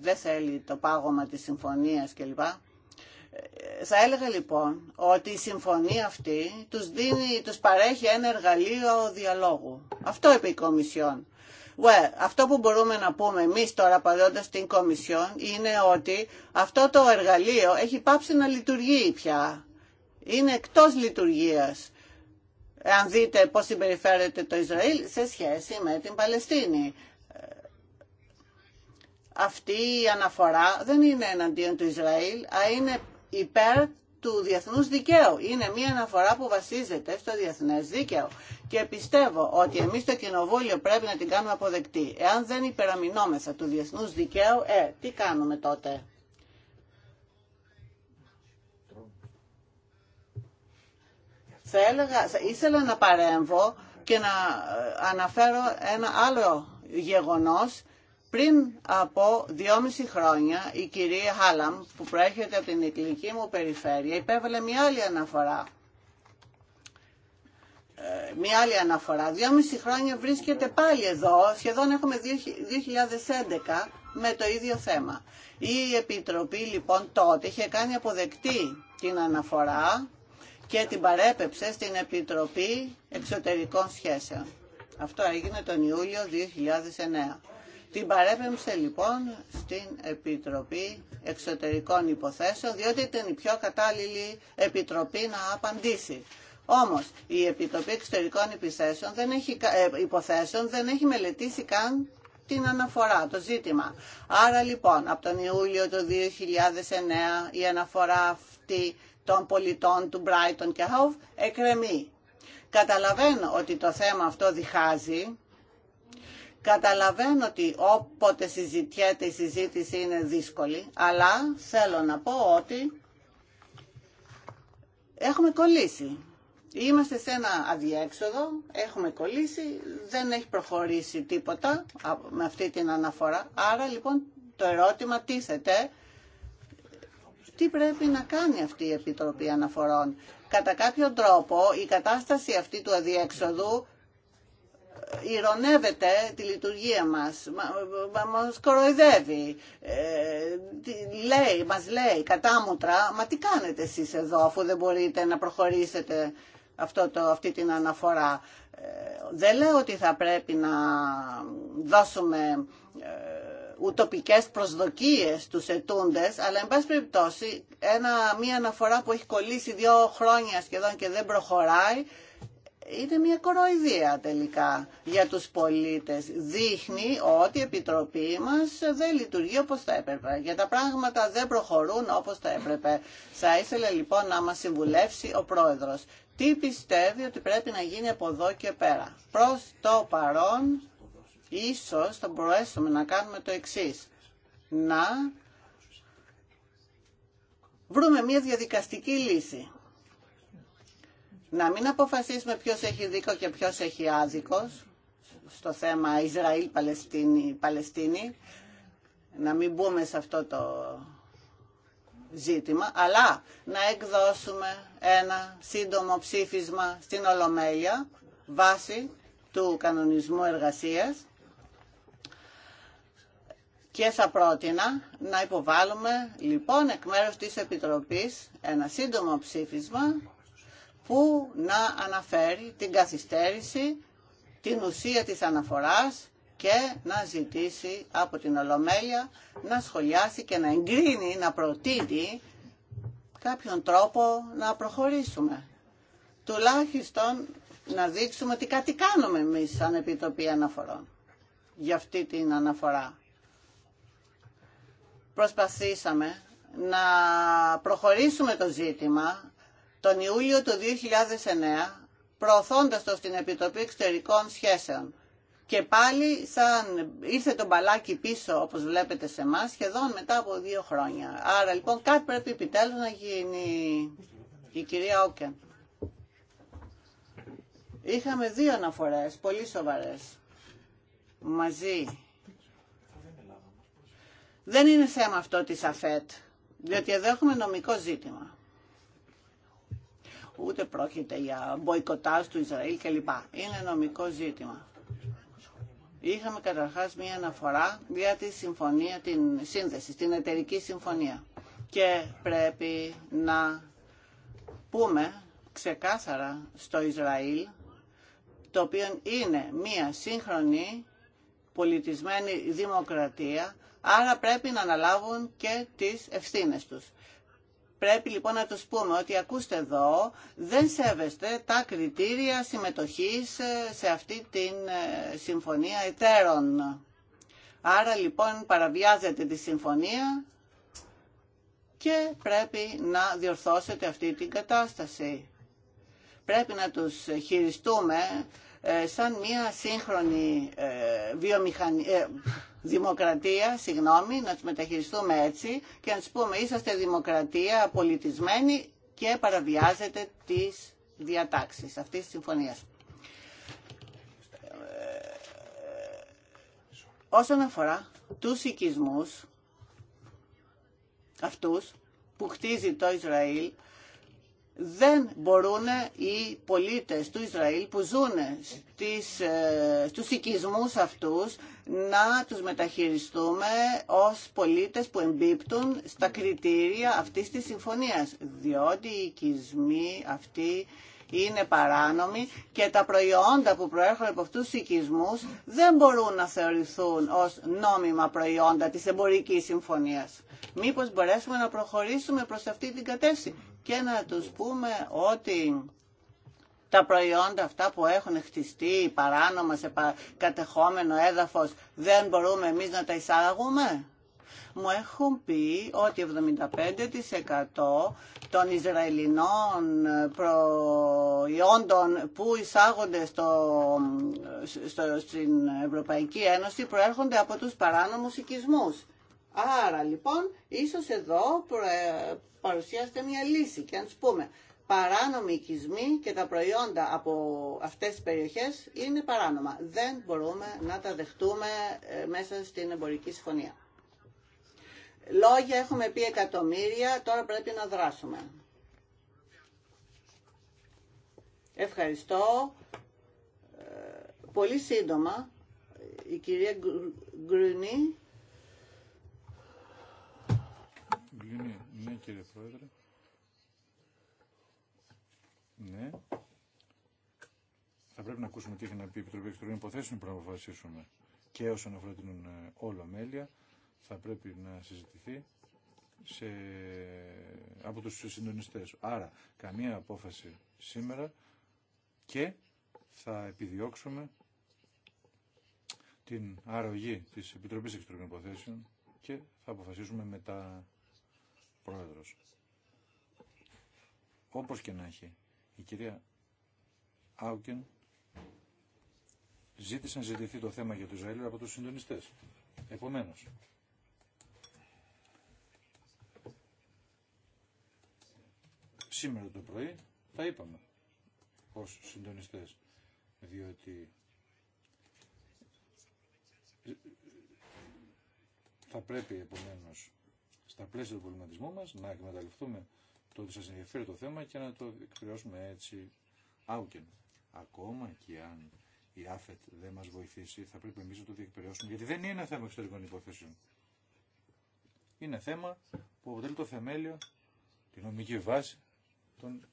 δεν θέλει το πάγωμα της συμφωνίας κλπ. Ε, θα έλεγα λοιπόν ότι η συμφωνία αυτή τους, δίνει, τους παρέχει ένα εργαλείο διαλόγου. Αυτό είπε η Κομισιόν αυτό που μπορούμε να πούμε εμείς τώρα παρόντας στην Κομισιόν είναι ότι αυτό το εργαλείο έχει πάψει να λειτουργεί πια. Είναι εκτός λειτουργίας. Αν δείτε πώς συμπεριφέρεται το Ισραήλ σε σχέση με την Παλαιστίνη. Αυτή η αναφορά δεν είναι εναντίον του Ισραήλ, αλλά είναι υπέρ του διεθνούς δικαίου. Είναι μια αναφορά που βασίζεται στο διεθνές δίκαιο. Και πιστεύω ότι εμείς το Κοινοβούλιο πρέπει να την κάνουμε αποδεκτή. Εάν δεν υπεραμεινόμεθα του διεθνούς δικαίου, ε, τι κάνουμε τότε. Θα ήθελα να παρέμβω και να ε, αναφέρω ένα άλλο γεγονός πριν από δυόμιση χρόνια η κυρία Χάλαμ που προέρχεται από την εκλογική μου περιφέρεια υπέβαλε μια άλλη αναφορά. Ε, μια άλλη αναφορά. Δυόμιση χρόνια βρίσκεται πάλι εδώ, σχεδόν έχουμε 2011 με το ίδιο θέμα. Η Επιτροπή λοιπόν τότε είχε κάνει αποδεκτή την αναφορά και την παρέπεψε στην Επιτροπή Εξωτερικών Σχέσεων. Αυτό έγινε τον Ιούλιο 2009. Την παρέπεμψε λοιπόν στην Επιτροπή Εξωτερικών Υποθέσεων, διότι ήταν η πιο κατάλληλη επιτροπή να απαντήσει. Όμως, η Επιτροπή Εξωτερικών Υποθέσεων δεν έχει, ε, υποθέσεων, δεν έχει μελετήσει καν την αναφορά, το ζήτημα. Άρα λοιπόν, από τον Ιούλιο του 2009 η αναφορά αυτή των πολιτών του Brighton και Hove εκρεμεί. Καταλαβαίνω ότι το θέμα αυτό διχάζει Καταλαβαίνω ότι όποτε συζητιέται η συζήτηση είναι δύσκολη, αλλά θέλω να πω ότι έχουμε κολλήσει. Είμαστε σε ένα αδιέξοδο, έχουμε κολλήσει, δεν έχει προχωρήσει τίποτα με αυτή την αναφορά. Άρα λοιπόν το ερώτημα τίθεται, τι πρέπει να κάνει αυτή η Επιτροπή Αναφορών. Κατά κάποιο τρόπο η κατάσταση αυτή του αδιέξοδου ηρωνεύεται τη λειτουργία μας, μα, μας κοροϊδεύει, ε, λέει, μας λέει κατάμουτρα, μα τι κάνετε εσείς εδώ αφού δεν μπορείτε να προχωρήσετε αυτό το, αυτή την αναφορά. Ε, δεν λέω ότι θα πρέπει να δώσουμε ε, ουτοπικές προσδοκίες τους ετούντες, αλλά εν πάση περιπτώσει μια αναφορά που έχει κολλήσει δύο χρόνια σχεδόν και δεν προχωράει, είναι μια κοροϊδία τελικά για τους πολίτες. Δείχνει ότι η Επιτροπή μας δεν λειτουργεί όπως θα έπρεπε. Για τα πράγματα δεν προχωρούν όπως θα έπρεπε. Θα ήθελε λοιπόν να μας συμβουλεύσει ο Πρόεδρος. Τι πιστεύει ότι πρέπει να γίνει από εδώ και πέρα. Προς το παρόν, ίσως θα μπορέσουμε να κάνουμε το εξής. Να βρούμε μια διαδικαστική λύση να μην αποφασίσουμε ποιος έχει δίκο και ποιος έχει άδικο στο θέμα Ισραήλ-Παλαιστίνη, να μην μπούμε σε αυτό το ζήτημα, αλλά να εκδώσουμε ένα σύντομο ψήφισμα στην Ολομέλεια βάσει του κανονισμού εργασίας και θα πρότεινα να υποβάλουμε λοιπόν εκ μέρους της Επιτροπής ένα σύντομο ψήφισμα που να αναφέρει την καθυστέρηση, την ουσία της αναφοράς και να ζητήσει από την Ολομέλεια να σχολιάσει και να εγκρίνει, να προτείνει κάποιον τρόπο να προχωρήσουμε. Τουλάχιστον να δείξουμε τι κάτι κάνουμε εμείς σαν Επιτροπή Αναφορών για αυτή την αναφορά. Προσπαθήσαμε να προχωρήσουμε το ζήτημα τον Ιούλιο του 2009 προωθώντας το στην Επιτροπή Εξωτερικών Σχέσεων. Και πάλι σαν ήρθε το μπαλάκι πίσω, όπως βλέπετε σε εμά, σχεδόν μετά από δύο χρόνια. Άρα λοιπόν κάτι πρέπει επιτέλους να γίνει η κυρία Όκεν. Είχαμε δύο αναφορές, πολύ σοβαρές, μαζί. Δεν είναι θέμα αυτό της ΑΦΕΤ, διότι εδώ έχουμε νομικό ζήτημα ούτε πρόκειται για μποϊκοτάς του Ισραήλ κλπ. Είναι νομικό ζήτημα. Είχαμε καταρχάς μία αναφορά για τη συμφωνία, την σύνδεση, την εταιρική συμφωνία. Και πρέπει να πούμε ξεκάθαρα στο Ισραήλ, το οποίο είναι μία σύγχρονη πολιτισμένη δημοκρατία, άρα πρέπει να αναλάβουν και τις ευθύνες τους. Πρέπει λοιπόν να τους πούμε ότι ακούστε εδώ, δεν σέβεστε τα κριτήρια συμμετοχής ε, σε αυτή την ε, συμφωνία εταίρων. Άρα λοιπόν παραβιάζετε τη συμφωνία και πρέπει να διορθώσετε αυτή την κατάσταση. Πρέπει να τους χειριστούμε ε, σαν μια σύγχρονη βιομηχανία δημοκρατία, συγγνώμη, να του μεταχειριστούμε έτσι και να του πούμε είσαστε δημοκρατία πολιτισμένη και παραβιάζετε τις διατάξεις αυτής της συμφωνίας. Ε, όσον αφορά τους οικισμούς, αυτούς που χτίζει το Ισραήλ, δεν μπορούν οι πολίτες του Ισραήλ που ζουν στις, ε, στους οικισμούς αυτούς να τους μεταχειριστούμε ως πολίτες που εμπίπτουν στα κριτήρια αυτής της συμφωνίας. Διότι οι οικισμοί αυτοί είναι παράνομοι και τα προϊόντα που προέρχονται από αυτούς τους οικισμούς δεν μπορούν να θεωρηθούν ως νόμιμα προϊόντα της εμπορικής συμφωνίας. Μήπως μπορέσουμε να προχωρήσουμε προς αυτή την κατεύθυνση και να τους πούμε ότι τα προϊόντα αυτά που έχουν χτιστεί παράνομα σε κατεχόμενο έδαφος δεν μπορούμε εμείς να τα εισάγουμε. Μου έχουν πει ότι 75% των Ισραηλινών προϊόντων που εισάγονται στο, στην Ευρωπαϊκή Ένωση προέρχονται από τους παράνομους οικισμούς. Άρα λοιπόν, ίσως εδώ παρουσιάζεται μια λύση και αν σου πούμε παράνομοι οικισμοί και τα προϊόντα από αυτές τις περιοχές είναι παράνομα. Δεν μπορούμε να τα δεχτούμε ε, μέσα στην εμπορική συμφωνία. Λόγια έχουμε πει εκατομμύρια, τώρα πρέπει να δράσουμε. Ευχαριστώ. Ε, πολύ σύντομα η κυρία Γκρουνή ναι κύριε Πρόεδρε. Ναι. Θα πρέπει να ακούσουμε τι έχει να πει η Επιτροπή Εξωτερικών Υποθέσεων πριν να αποφασίσουμε. Και όσον αφορά την ε, Ολομέλεια, θα πρέπει να συζητηθεί σε... από τους συντονιστές. Άρα, καμία απόφαση σήμερα και θα επιδιώξουμε την αρρωγή της Επιτροπής Εξωτερικών Υποθέσεων και θα αποφασίσουμε μετά πρόεδρος. Όπως και να έχει, η κυρία Άουκεν ζήτησε να ζητηθεί το θέμα για το Ισραήλ από τους συντονιστές. Επομένως, σήμερα το πρωί τα είπαμε ως συντονιστές, διότι θα πρέπει επομένως στα πλαίσια του προβληματισμού μας, να εκμεταλλευτούμε το ότι σας ενδιαφέρει το θέμα και να το εκπληρώσουμε έτσι άουκεν. Ακόμα και αν η ΑΦΕΤ δεν μας βοηθήσει, θα πρέπει εμείς να το διεκπαιρεώσουμε, γιατί δεν είναι θέμα εξωτερικών υποθέσεων. Είναι θέμα που αποτελεί το θεμέλιο, τη νομική βάση των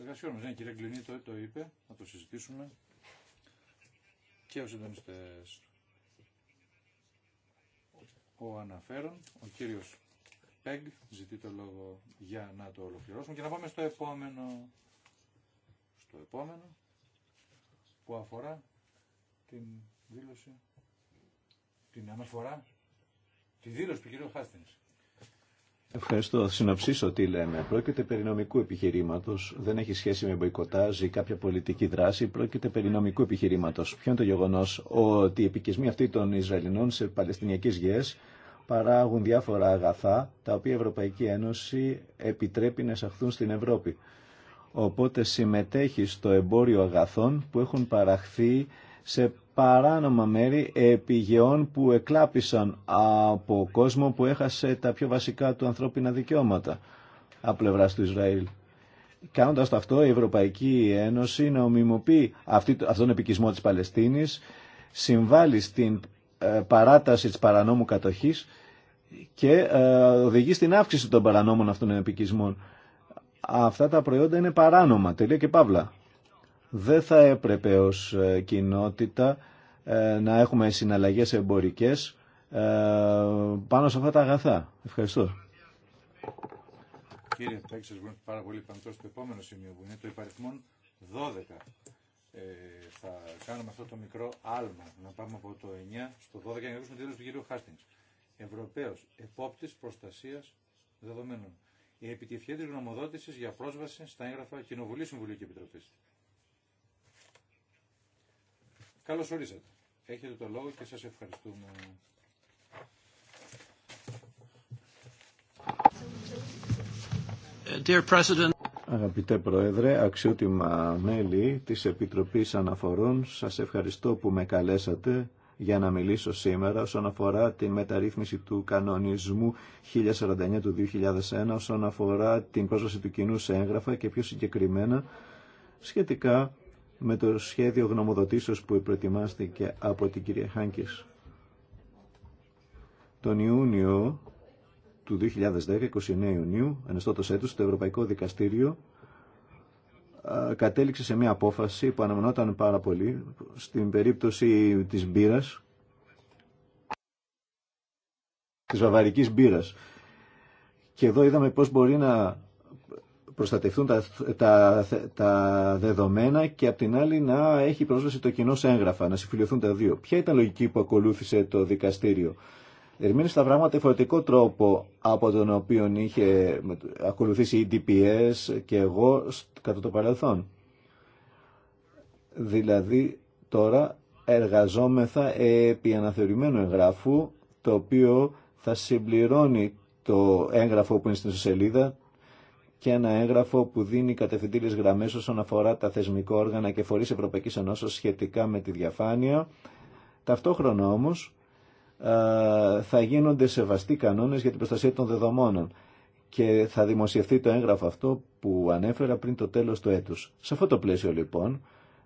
εργασιών μας. Ναι, κύριε Κλινή, το, το είπε, να το συζητήσουμε και ο συντονιστές ο αναφέρον, ο κύριος Πέγγ ζητεί το λόγο για να το ολοκληρώσουμε και να πάμε στο επόμενο, στο επόμενο που αφορά την δήλωση, την αναφορά, τη δήλωση του κυρίου Χάστινης. Ευχαριστώ. Θα συνοψίσω τι λέμε. Πρόκειται περί νομικού επιχειρήματο. Δεν έχει σχέση με μποϊκοτάζ ή κάποια πολιτική δράση. Πρόκειται περί νομικού επιχειρήματο. Ποιο είναι το γεγονό ότι οι επικισμοί αυτοί των Ισραηλινών σε Παλαιστινιακέ γηέ παράγουν διάφορα αγαθά τα οποία η Ευρωπαϊκή Ένωση επιτρέπει να εισαχθούν στην Ευρώπη. Οπότε συμμετέχει στο εμπόριο αγαθών που έχουν παραχθεί σε παράνομα μέρη επιγεών που εκλάπησαν από κόσμο που έχασε τα πιο βασικά του ανθρώπινα δικαιώματα από πλευρά του Ισραήλ. Κάνοντα το αυτό, η Ευρωπαϊκή Ένωση νομιμοποιεί αυτή, αυτόν τον επικισμό της Παλαιστίνης, συμβάλλει στην ε, παράταση της παρανόμου κατοχής και ε, οδηγεί στην αύξηση των παρανόμων αυτών επικισμών. Αυτά τα προϊόντα είναι παράνομα, τελείω και παύλα. Δεν θα έπρεπε ως ε, κοινότητα ε, να έχουμε συναλλαγές εμπορικές ε, πάνω σε αυτά τα αγαθά. Ευχαριστώ. Κύριε Τάξης, βρίσκεται πάρα πολύ Παντός στο επόμενο σημείο που είναι το υπαριθμόν 12. Ε, θα κάνουμε αυτό το μικρό άλμα, να πάμε από το 9 στο 12 και να τη δουλειά του κύριου Χάστινγκς. Ευρωπαίος Επόπτης Προστασίας Δεδομένων. Η επιτυχία τη γνωμοδότησης για πρόσβαση στα έγγραφα Κοινοβουλίου Συμβουλίου και Καλώς ορίσατε. Έχετε το λόγο και σας ευχαριστούμε. Ε, dear President. Αγαπητέ Πρόεδρε, αξιότιμα μέλη της Επιτροπής Αναφορών, σας ευχαριστώ που με καλέσατε για να μιλήσω σήμερα όσον αφορά την μεταρρύθμιση του κανονισμού 1049 του 2001 όσον αφορά την πρόσβαση του κοινού σε έγγραφα και πιο συγκεκριμένα σχετικά με το σχέδιο γνωμοδοτήσεως που προετοιμάστηκε από την κυρία Χάνκης. Τον Ιούνιο του 2010, 29 Ιουνίου, ενεστώτος έτους, το Ευρωπαϊκό Δικαστήριο κατέληξε σε μια απόφαση που αναμενόταν πάρα πολύ στην περίπτωση της μπύρας, της βαβαρικής μπύρας. Και εδώ είδαμε πώς μπορεί να προστατευτούν τα, τα, τα δεδομένα και απ' την άλλη να έχει πρόσβαση το κοινό σε έγγραφα, να συμφιλειωθούν τα δύο. Ποια ήταν η λογική που ακολούθησε το δικαστήριο. Ερμήνε τα πράγματα διαφορετικό τρόπο από τον οποίο είχε ακολουθήσει η DPS και εγώ κατά το παρελθόν. Δηλαδή τώρα εργαζόμεθα επί αναθεωρημένου εγγράφου το οποίο θα συμπληρώνει το έγγραφο που είναι στην σελίδα και ένα έγγραφο που δίνει κατευθυντήριε γραμμέ όσον αφορά τα θεσμικά όργανα και φορεί Ευρωπαϊκή Ενώσεω σχετικά με τη διαφάνεια. Ταυτόχρονα όμω θα γίνονται σεβαστοί κανόνε για την προστασία των δεδομένων και θα δημοσιευθεί το έγγραφο αυτό που ανέφερα πριν το τέλο του έτου. Σε αυτό το πλαίσιο λοιπόν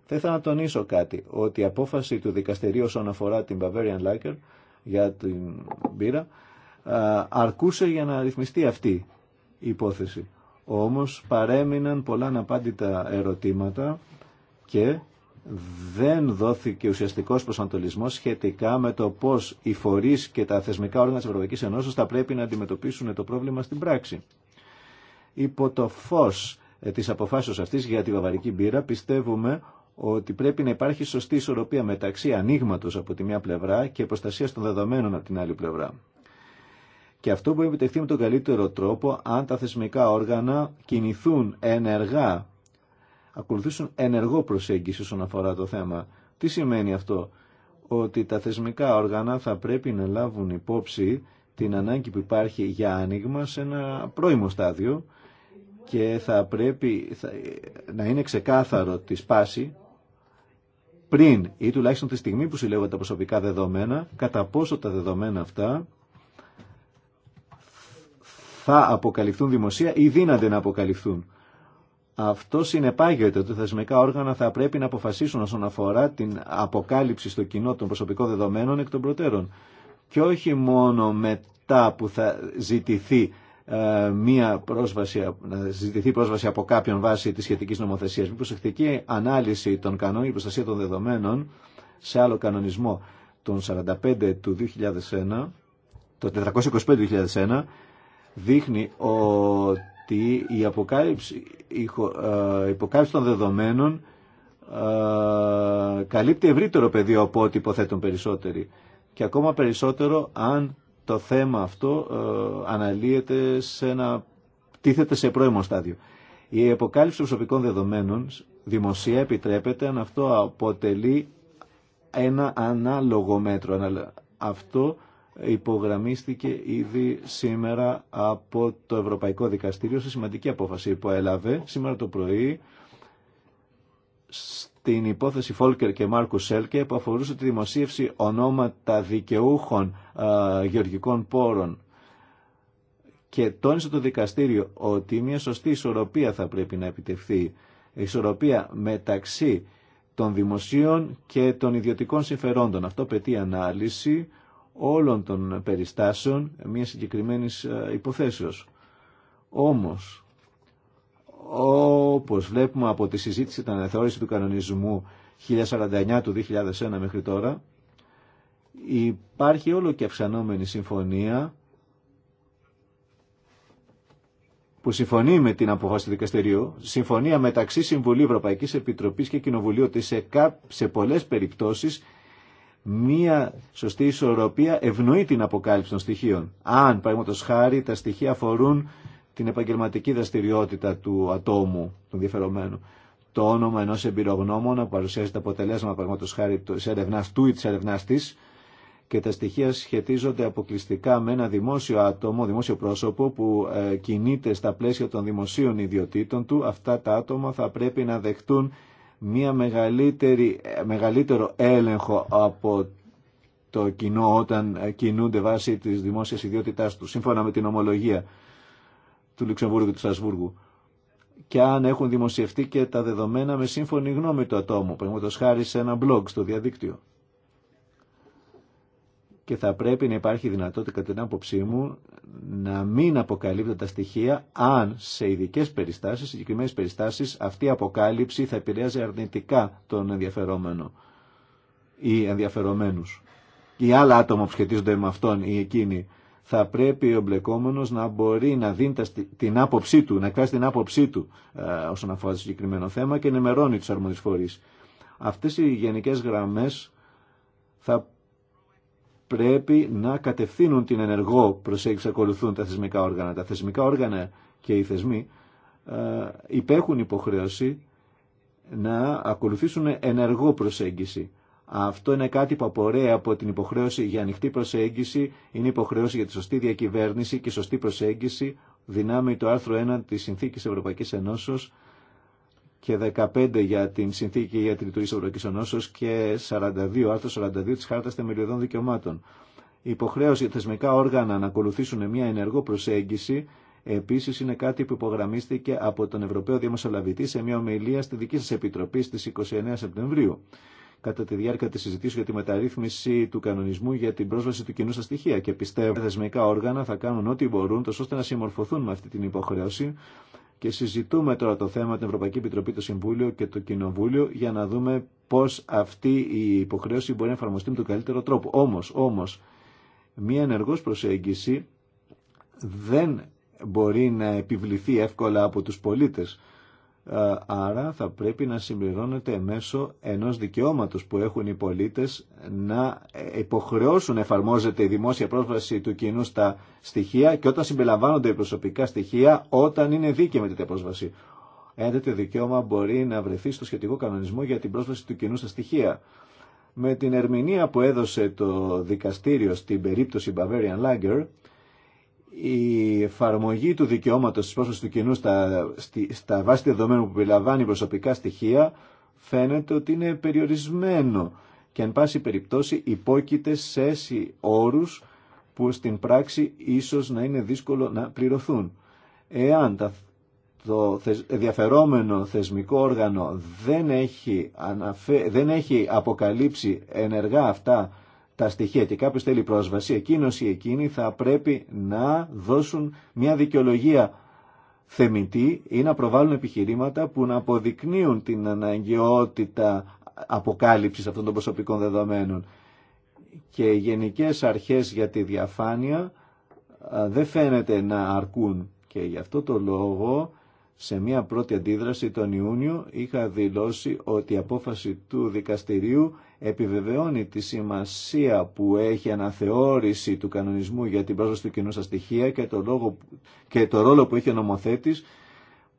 θα ήθελα να τονίσω κάτι, ότι η απόφαση του δικαστηρίου όσον αφορά την Bavarian Liker για την μπύρα αρκούσε για να ρυθμιστεί αυτή η υπόθεση. Όμως παρέμειναν πολλά αναπάντητα ερωτήματα και δεν δόθηκε ουσιαστικός προσανατολισμός σχετικά με το πώς οι φορείς και τα θεσμικά όργανα της Ευρωπαϊκής Ενώσης θα πρέπει να αντιμετωπίσουν το πρόβλημα στην πράξη. Υπό το φως ε, της αποφάσεως αυτής για τη βαβαρική μπύρα πιστεύουμε ότι πρέπει να υπάρχει σωστή ισορροπία μεταξύ ανοίγματο από τη μία πλευρά και προστασία των δεδομένων από την άλλη πλευρά. Και αυτό μπορεί να επιτευχθεί με τον καλύτερο τρόπο αν τα θεσμικά όργανα κινηθούν ενεργά, ακολουθήσουν ενεργό προσέγγιση όσον αφορά το θέμα. Τι σημαίνει αυτό, ότι τα θεσμικά όργανα θα πρέπει να λάβουν υπόψη την ανάγκη που υπάρχει για άνοιγμα σε ένα πρώιμο στάδιο και θα πρέπει να είναι ξεκάθαρο τη σπάση πριν ή τουλάχιστον τη στιγμή που συλλέγονται τα προσωπικά δεδομένα, κατά πόσο τα δεδομένα αυτά θα αποκαλυφθούν δημοσία ή δύναται να αποκαλυφθούν. Αυτό συνεπάγεται ότι τα θεσμικά όργανα θα πρέπει να αποφασίσουν όσον αφορά την αποκάλυψη στο κοινό των προσωπικών δεδομένων εκ των προτέρων. Και όχι μόνο μετά που θα ζητηθεί ε, μία πρόσβαση, να ζητηθεί πρόσβαση από κάποιον βάσει τη σχετικη νομοθεσια μια προσεκτική ανάλυση των κανόνων για προστασία των δεδομένων σε άλλο κανονισμό τον 45 του 2001, το 425 του 2001, δείχνει ότι η αποκάλυψη, η υποκάλυψη των δεδομένων καλύπτει ευρύτερο πεδίο από ό,τι υποθέτουν περισσότεροι. Και ακόμα περισσότερο αν το θέμα αυτό αναλύεται σε ένα, τίθεται σε πρώιμο στάδιο. Η αποκάλυψη προσωπικών δεδομένων δημοσία επιτρέπεται αν αυτό αποτελεί ένα ανάλογο μέτρο. Αυτό υπογραμμίστηκε ήδη σήμερα από το Ευρωπαϊκό Δικαστήριο σε σημαντική απόφαση που έλαβε σήμερα το πρωί στην υπόθεση Φόλκερ και Μάρκου Σέλκε που αφορούσε τη δημοσίευση ονόματα δικαιούχων γεωργικών πόρων και τόνισε το δικαστήριο ότι μια σωστή ισορροπία θα πρέπει να επιτευχθεί. Ισορροπία μεταξύ των δημοσίων και των ιδιωτικών συμφερόντων. Αυτό πετύει ανάλυση όλων των περιστάσεων μια συγκεκριμένη ε, υποθέσεως. Όμως, όπω βλέπουμε από τη συζήτηση την αναθεώρηση του κανονισμού 1049 του 2001 μέχρι τώρα, υπάρχει όλο και αυξανόμενη συμφωνία που συμφωνεί με την αποφάση του δικαστηρίου, συμφωνία μεταξύ Συμβουλίου Ευρωπαϊκής Επιτροπής και Κοινοβουλίου ότι σε, σε πολλές περιπτώσεις μία σωστή ισορροπία ευνοεί την αποκάλυψη των στοιχείων. Αν, παραδείγματο χάρη, τα στοιχεία αφορούν την επαγγελματική δραστηριότητα του ατόμου, του ενδιαφερομένου. Το όνομα ενό εμπειρογνώμονα που παρουσιάζει τα αποτελέσματα, παραδείγματο χάρη, τη έρευνά του ή τη έρευνά τη και τα στοιχεία σχετίζονται αποκλειστικά με ένα δημόσιο άτομο, δημόσιο πρόσωπο που ε, κινείται στα πλαίσια των δημοσίων ιδιωτήτων του. Αυτά τα άτομα θα πρέπει να δεχτούν μια μεγαλύτερη, μεγαλύτερο έλεγχο από το κοινό όταν κινούνται βάσει της δημόσιας ιδιότητάς του, σύμφωνα με την ομολογία του Λουξεμβούργου και του Σασβούργου Και αν έχουν δημοσιευτεί και τα δεδομένα με σύμφωνη γνώμη του ατόμου, παραδείγματο χάρη σε ένα blog στο διαδίκτυο και θα πρέπει να υπάρχει δυνατότητα κατά την άποψή μου να μην αποκαλύπτουν τα στοιχεία αν σε ειδικέ περιστάσει, συγκεκριμένε περιστάσει, αυτή η αποκάλυψη θα επηρεάζει αρνητικά τον ενδιαφερόμενο ή ενδιαφερομένου ή άλλα άτομα που σχετίζονται με αυτόν ή εκείνη. Θα πρέπει ο εμπλεκόμενο να μπορεί να δίνει την άποψή του, να εκφράσει την άποψή του ε, όσον αφορά το συγκεκριμένο θέμα και ενημερώνει του αρμονισφορεί. Αυτέ οι γενικέ γραμμέ θα πρέπει να κατευθύνουν την ενεργό προσέγγιση ακολουθούν τα θεσμικά όργανα. Τα θεσμικά όργανα και οι θεσμοί ε, υπέχουν υποχρέωση να ακολουθήσουν ενεργό προσέγγιση. Αυτό είναι κάτι που απορρέει από την υποχρέωση για ανοιχτή προσέγγιση, είναι υποχρέωση για τη σωστή διακυβέρνηση και σωστή προσέγγιση δυνάμει το άρθρο 1 της Συνθήκης Ευρωπαϊκής Ενώσεως και 15 για την Συνθήκη για τη Λειτουργία τη Ευρωπαϊκή Ενώσεω και 42, άρθρο 42 τη χάρτα Θεμελιωδών Δικαιωμάτων. Η υποχρέωση για θεσμικά όργανα να ακολουθήσουν μια ενεργό προσέγγιση επίση είναι κάτι που υπογραμμίστηκε από τον Ευρωπαίο Διαμεσολαβητή σε μια ομιλία στη δική σα επιτροπή στι 29 Σεπτεμβρίου κατά τη διάρκεια τη συζητήση για τη μεταρρύθμιση του κανονισμού για την πρόσβαση του κοινού στα στοιχεία. Και πιστεύω ότι τα θεσμικά όργανα θα κάνουν ό,τι μπορούν, τόσο ώστε να συμμορφωθούν με αυτή την υποχρέωση, και συζητούμε τώρα το θέμα την Ευρωπαϊκή Επιτροπή, το Συμβούλιο και το Κοινοβούλιο για να δούμε πώς αυτή η υποχρέωση μπορεί να εφαρμοστεί με τον καλύτερο τρόπο. Όμως, όμως, μία ενεργός προσέγγιση δεν μπορεί να επιβληθεί εύκολα από τους πολίτες. Ε, άρα θα πρέπει να συμπληρώνεται μέσω ενός δικαιώματος που έχουν οι πολίτες να ε, υποχρεώσουν εφαρμόζεται η δημόσια πρόσβαση του κοινού στα στοιχεία και όταν συμπεριλαμβάνονται οι προσωπικά στοιχεία όταν είναι δίκαιη με τέτοια πρόσβαση. Ένα το δικαίωμα μπορεί να βρεθεί στο σχετικό κανονισμό για την πρόσβαση του κοινού στα στοιχεία. Με την ερμηνεία που έδωσε το δικαστήριο στην περίπτωση Bavarian Lager, η εφαρμογή του δικαιώματος της του κοινού στα, στη, στα βάση δεδομένου που περιλαμβάνει προσωπικά στοιχεία φαίνεται ότι είναι περιορισμένο και εν πάση περιπτώσει υπόκειται σε όρους που στην πράξη ίσως να είναι δύσκολο να πληρωθούν. Εάν το διαφερόμενο θεσμικό όργανο δεν έχει, αναφε... δεν έχει αποκαλύψει ενεργά αυτά τα στοιχεία και κάποιο θέλει πρόσβαση, εκείνο ή εκείνη θα πρέπει να δώσουν μια δικαιολογία θεμητή ή να προβάλλουν επιχειρήματα που να αποδεικνύουν την αναγκαιότητα αποκάλυψης αυτών των προσωπικών δεδομένων. Και οι γενικές αρχές για τη διαφάνεια δεν φαίνεται να αρκούν και γι' αυτό το λόγο σε μια πρώτη αντίδραση τον Ιούνιο είχα δηλώσει ότι η απόφαση του δικαστηρίου επιβεβαιώνει τη σημασία που έχει αναθεώρηση του κανονισμού για την πρόσβαση του κοινού στα στοιχεία και το, λόγο, και το ρόλο που έχει ο νομοθέτης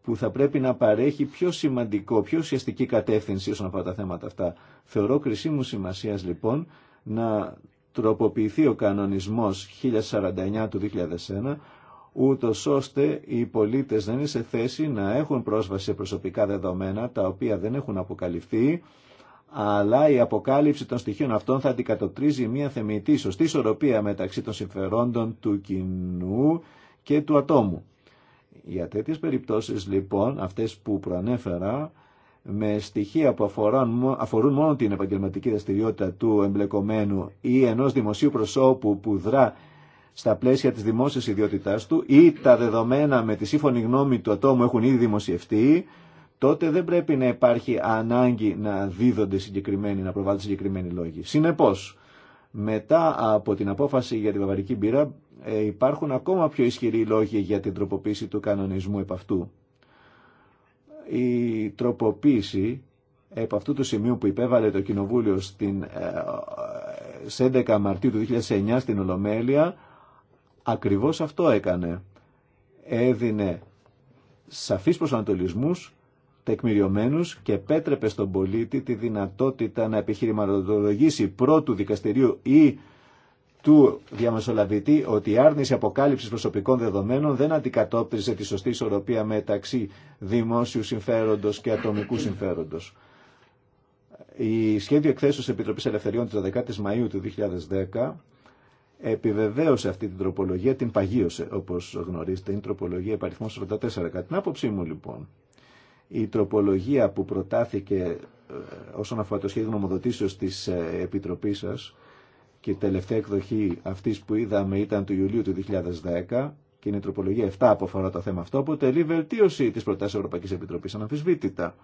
που θα πρέπει να παρέχει πιο σημαντικό, πιο ουσιαστική κατεύθυνση όσον αφορά τα θέματα αυτά. Θεωρώ κρισίμου σημασία λοιπόν να τροποποιηθεί ο κανονισμός 1049 του 2001 ούτω ώστε οι πολίτες να είναι σε θέση να έχουν πρόσβαση σε προσωπικά δεδομένα τα οποία δεν έχουν αποκαλυφθεί αλλά η αποκάλυψη των στοιχείων αυτών θα αντικατοπτρίζει μια θεμητή σωστή ισορροπία μεταξύ των συμφερόντων του κοινού και του ατόμου. Για τέτοιες περιπτώσεις λοιπόν, αυτές που προανέφερα, με στοιχεία που αφορούν, αφορούν μόνο την επαγγελματική δραστηριότητα του εμπλεκομένου ή ενός δημοσίου προσώπου που δρά στα πλαίσια της δημόσιας ιδιότητάς του ή τα δεδομένα με τη σύμφωνη γνώμη του ατόμου έχουν ήδη δημοσιευτεί, τότε δεν πρέπει να υπάρχει ανάγκη να δίδονται συγκεκριμένοι, να προβάλλονται συγκεκριμένοι λόγοι. Συνεπώ, μετά από την απόφαση για την βαβαρική μπύρα ε, υπάρχουν ακόμα πιο ισχυροί λόγοι για την τροποποίηση του κανονισμού επ' αυτού. Η τροποποίηση επ' αυτού του σημείου που υπέβαλε το Κοινοβούλιο στην, σε 11 ε, Μαρτίου του 2009 στην Ολομέλεια ακριβώς αυτό έκανε. Έδινε σαφείς προσανατολισμούς τεκμηριωμένου και επέτρεπε στον πολίτη τη δυνατότητα να επιχειρηματολογήσει πρώτου δικαστηρίου ή του διαμεσολαβητή ότι η άρνηση αποκάλυψης προσωπικών δεδομένων δεν αντικατόπτριζε τη σωστή ισορροπία μεταξύ δημόσιου συμφέροντος και ατομικού συμφέροντος. Η αρνηση αποκαλυψη προσωπικων δεδομενων δεν εκθέσεως δημοσιου συμφεροντο και ατομικου συμφεροντος η σχεδιο τη επιτροπη ελευθεριων της 12 η Μαΐου του 2010 επιβεβαίωσε αυτή την τροπολογία, την παγίωσε όπω γνωρίζετε, είναι τροπολογία επαριθμό 44. Κατά την άποψή μου λοιπόν, η τροπολογία που προτάθηκε ε, όσον αφορά το σχέδιο νομοδοτήσεως της ε, Επιτροπής σας και η τελευταία εκδοχή αυτής που είδαμε ήταν του Ιουλίου του 2010 και είναι η τροπολογία 7 που αφορά το θέμα αυτό, αποτελεί βελτίωση της της Ευρωπαϊκής Επιτροπής, αναμφισβήτητα.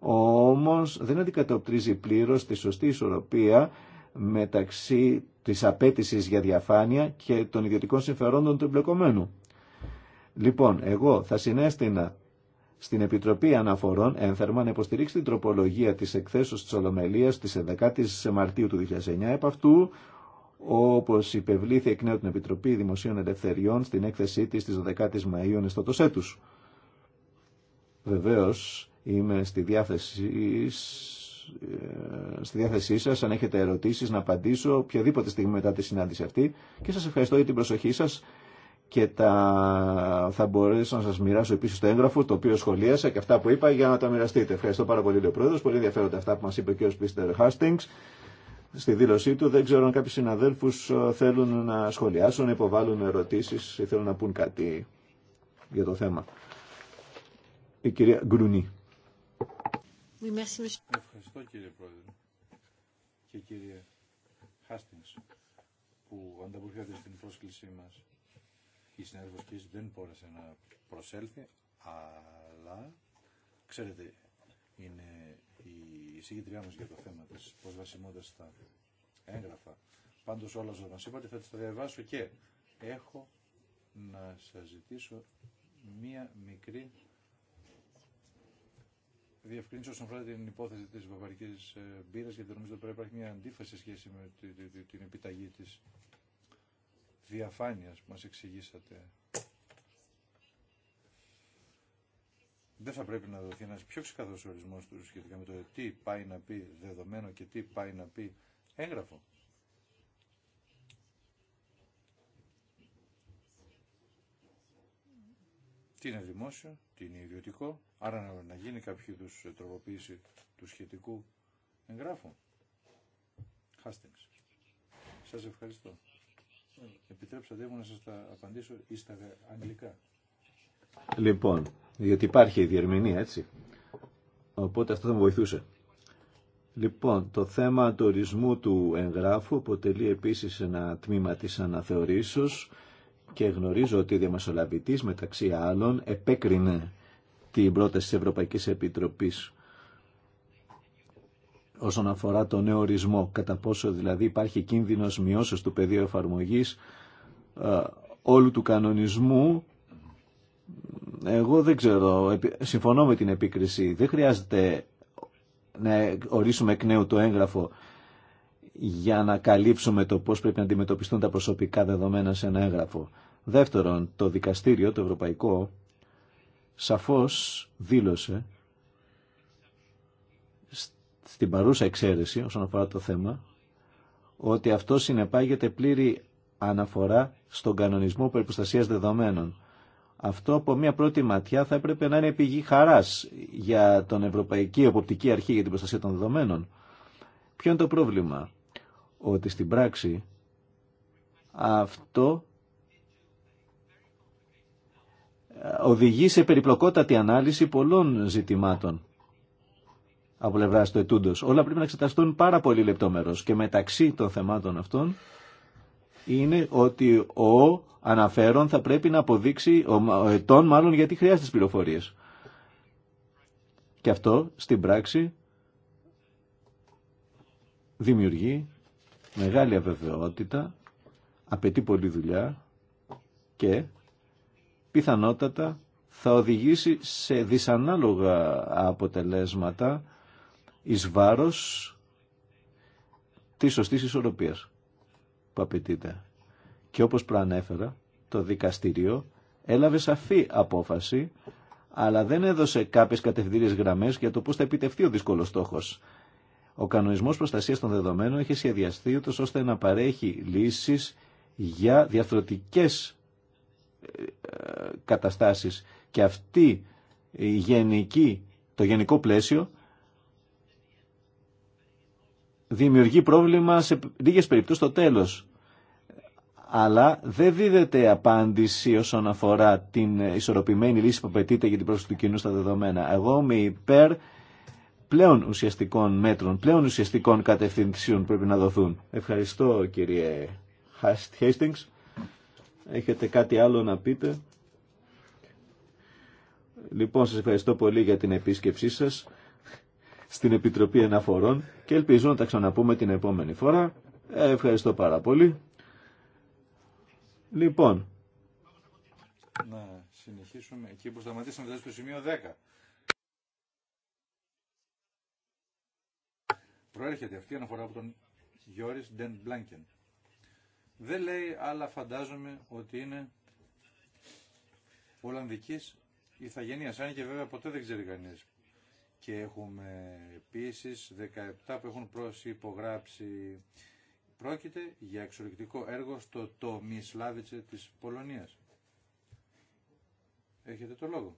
Όμως δεν αντικατοπτρίζει πλήρως τη σωστή ισορροπία μεταξύ της απέτηση για διαφάνεια και των ιδιωτικών συμφερόντων του εμπλεκομένου. Λοιπόν, εγώ θα συνέστηνα στην Επιτροπή Αναφορών ένθερμα να υποστηρίξει την τροπολογία της εκθέσεως της Ολομελίας της 11 η Μαρτίου του 2009 επ' αυτού, όπως υπευλήθη εκ νέου την Επιτροπή Δημοσίων Ελευθεριών στην έκθεσή της της 12 η Μαΐου του έτους. Βεβαίως, είμαι στη διάθεση ε, στη διάθεσή σας, αν έχετε ερωτήσεις να απαντήσω οποιαδήποτε στιγμή μετά τη συνάντηση αυτή και σας ευχαριστώ για την προσοχή σας και θα μπορέσω να σας μοιράσω επίσης το έγγραφο το οποίο σχολίασα και αυτά που είπα για να τα μοιραστείτε. Ευχαριστώ πάρα πολύ, ο Πρόεδρος. Πολύ ενδιαφέροντα αυτά που μας είπε και ο Πίστερ Χάστινγκ στη δήλωσή του. Δεν ξέρω αν κάποιοι συναδέλφους ε, θέλουν να σχολιάσουν, να υποβάλουν ερωτήσεις ή θέλουν να πούν κάτι για το θέμα. Η κυρία Γκρουνή. Ευχαριστώ κύριε Πρόεδρε και κύριε Χάστινγκ που ανταποκριθεί στην πρόσκλησή μας η συνάδελφος δεν μπόρεσε να προσέλθει, αλλά ξέρετε, είναι η συγκεντριά μας για το θέμα της προσβασιμότητα στα έγγραφα. Πάντως όλα όσα μας είπατε θα τα διαβάσω και έχω να σας ζητήσω μία μικρή διευκρίνηση όσον αφορά την υπόθεση της βαβαρικής ε, μπύρας, γιατί νομίζω ότι πρέπει να υπάρχει μια αντίφαση σχέση με την επιταγή της διαφάνειας που μας εξηγήσατε. Δεν θα πρέπει να δοθεί ένας πιο ξεκαθαρός ορισμός του σχετικά με το τι πάει να πει δεδομένο και τι πάει να πει έγγραφο. Τι είναι δημόσιο, τι είναι ιδιωτικό, άρα να γίνει κάποιο είδου τροποποίηση του σχετικού εγγράφου. Χάστινγκς. Σας ευχαριστώ. Επιτρέψατε μου να σας τα απαντήσω ή στα αγγλικά. Λοιπόν, γιατί υπάρχει διερμηνία, έτσι. Οπότε αυτό θα μου βοηθούσε. Λοιπόν, το θέμα του ορισμού του εγγράφου αποτελεί επίσης ένα τμήμα της αναθεωρήσεως και γνωρίζω ότι ο διαμεσολαβητής μεταξύ άλλων επέκρινε την πρόταση της Ευρωπαϊκής Επιτροπής όσον αφορά το νέο ορισμό, κατά πόσο δηλαδή υπάρχει κίνδυνος μειώσεως του πεδίου εφαρμογής ε, όλου του κανονισμού, εγώ δεν ξέρω, συμφωνώ με την επίκριση, δεν χρειάζεται να ορίσουμε εκ νέου το έγγραφο για να καλύψουμε το πώς πρέπει να αντιμετωπιστούν τα προσωπικά δεδομένα σε ένα έγγραφο. Δεύτερον, το δικαστήριο, το ευρωπαϊκό, σαφώς δήλωσε στην παρούσα εξαίρεση όσον αφορά το θέμα ότι αυτό συνεπάγεται πλήρη αναφορά στον κανονισμό περιπροστασίας δεδομένων. Αυτό από μια πρώτη ματιά θα έπρεπε να είναι πηγή χαράς για τον Ευρωπαϊκή Εποπτική Αρχή για την Προστασία των Δεδομένων. Ποιο είναι το πρόβλημα, ότι στην πράξη αυτό οδηγεί σε περιπλοκότατη ανάλυση πολλών ζητημάτων από πλευρά του ετούντο. Όλα πρέπει να εξεταστούν πάρα πολύ λεπτόμερο. Και μεταξύ των θεμάτων αυτών είναι ότι ο αναφέρον θα πρέπει να αποδείξει, ο ετών μάλλον γιατί χρειάζεται τι πληροφορίες. Και αυτό στην πράξη δημιουργεί μεγάλη αβεβαιότητα, απαιτεί πολλή δουλειά και πιθανότατα θα οδηγήσει σε δυσανάλογα αποτελέσματα εις βάρος της σωστής ισορροπίας που απαιτείται. Και όπως προανέφερα, το δικαστήριο έλαβε σαφή απόφαση, αλλά δεν έδωσε κάποιες κατευθυντήριες γραμμές για το πώς θα επιτευθεί ο δύσκολος στόχος. Ο κανονισμός προστασίας των δεδομένων έχει σχεδιαστεί ούτως ώστε να παρέχει λύσεις για διαθροτικές ε, ε, καταστάσεις. Και αυτή η γενική, το γενικό πλαίσιο δημιουργεί πρόβλημα σε λίγες περιπτώσεις στο τέλος. Αλλά δεν δίδεται απάντηση όσον αφορά την ισορροπημένη λύση που απαιτείται για την πρόσφαση του κοινού στα δεδομένα. Εγώ είμαι υπέρ πλέον ουσιαστικών μέτρων, πλέον ουσιαστικών κατευθυνσίων πρέπει να δοθούν. Ευχαριστώ κύριε Hastings. Έχετε κάτι άλλο να πείτε. Λοιπόν, σας ευχαριστώ πολύ για την επίσκεψή σας στην Επιτροπή Εναφορών και ελπίζω να τα ξαναπούμε την επόμενη φορά. Ε, ευχαριστώ πάρα πολύ. Λοιπόν. Να συνεχίσουμε εκεί που σταματήσαμε, δηλαδή στο σημείο 10. Προέρχεται αυτή η αναφορά από τον Γιώρης Ντεν Μπλάνκεν. Δεν λέει, αλλά φαντάζομαι ότι είναι Ολλανδικής ηθαγενείας. Αν και βέβαια ποτέ δεν ξέρει κανείς και έχουμε επίσης 17 που έχουν προσυπογράψει. Πρόκειται για εξορρυκτικό έργο στο το μισλάβιτσε της Πολωνίας. Έχετε το λόγο.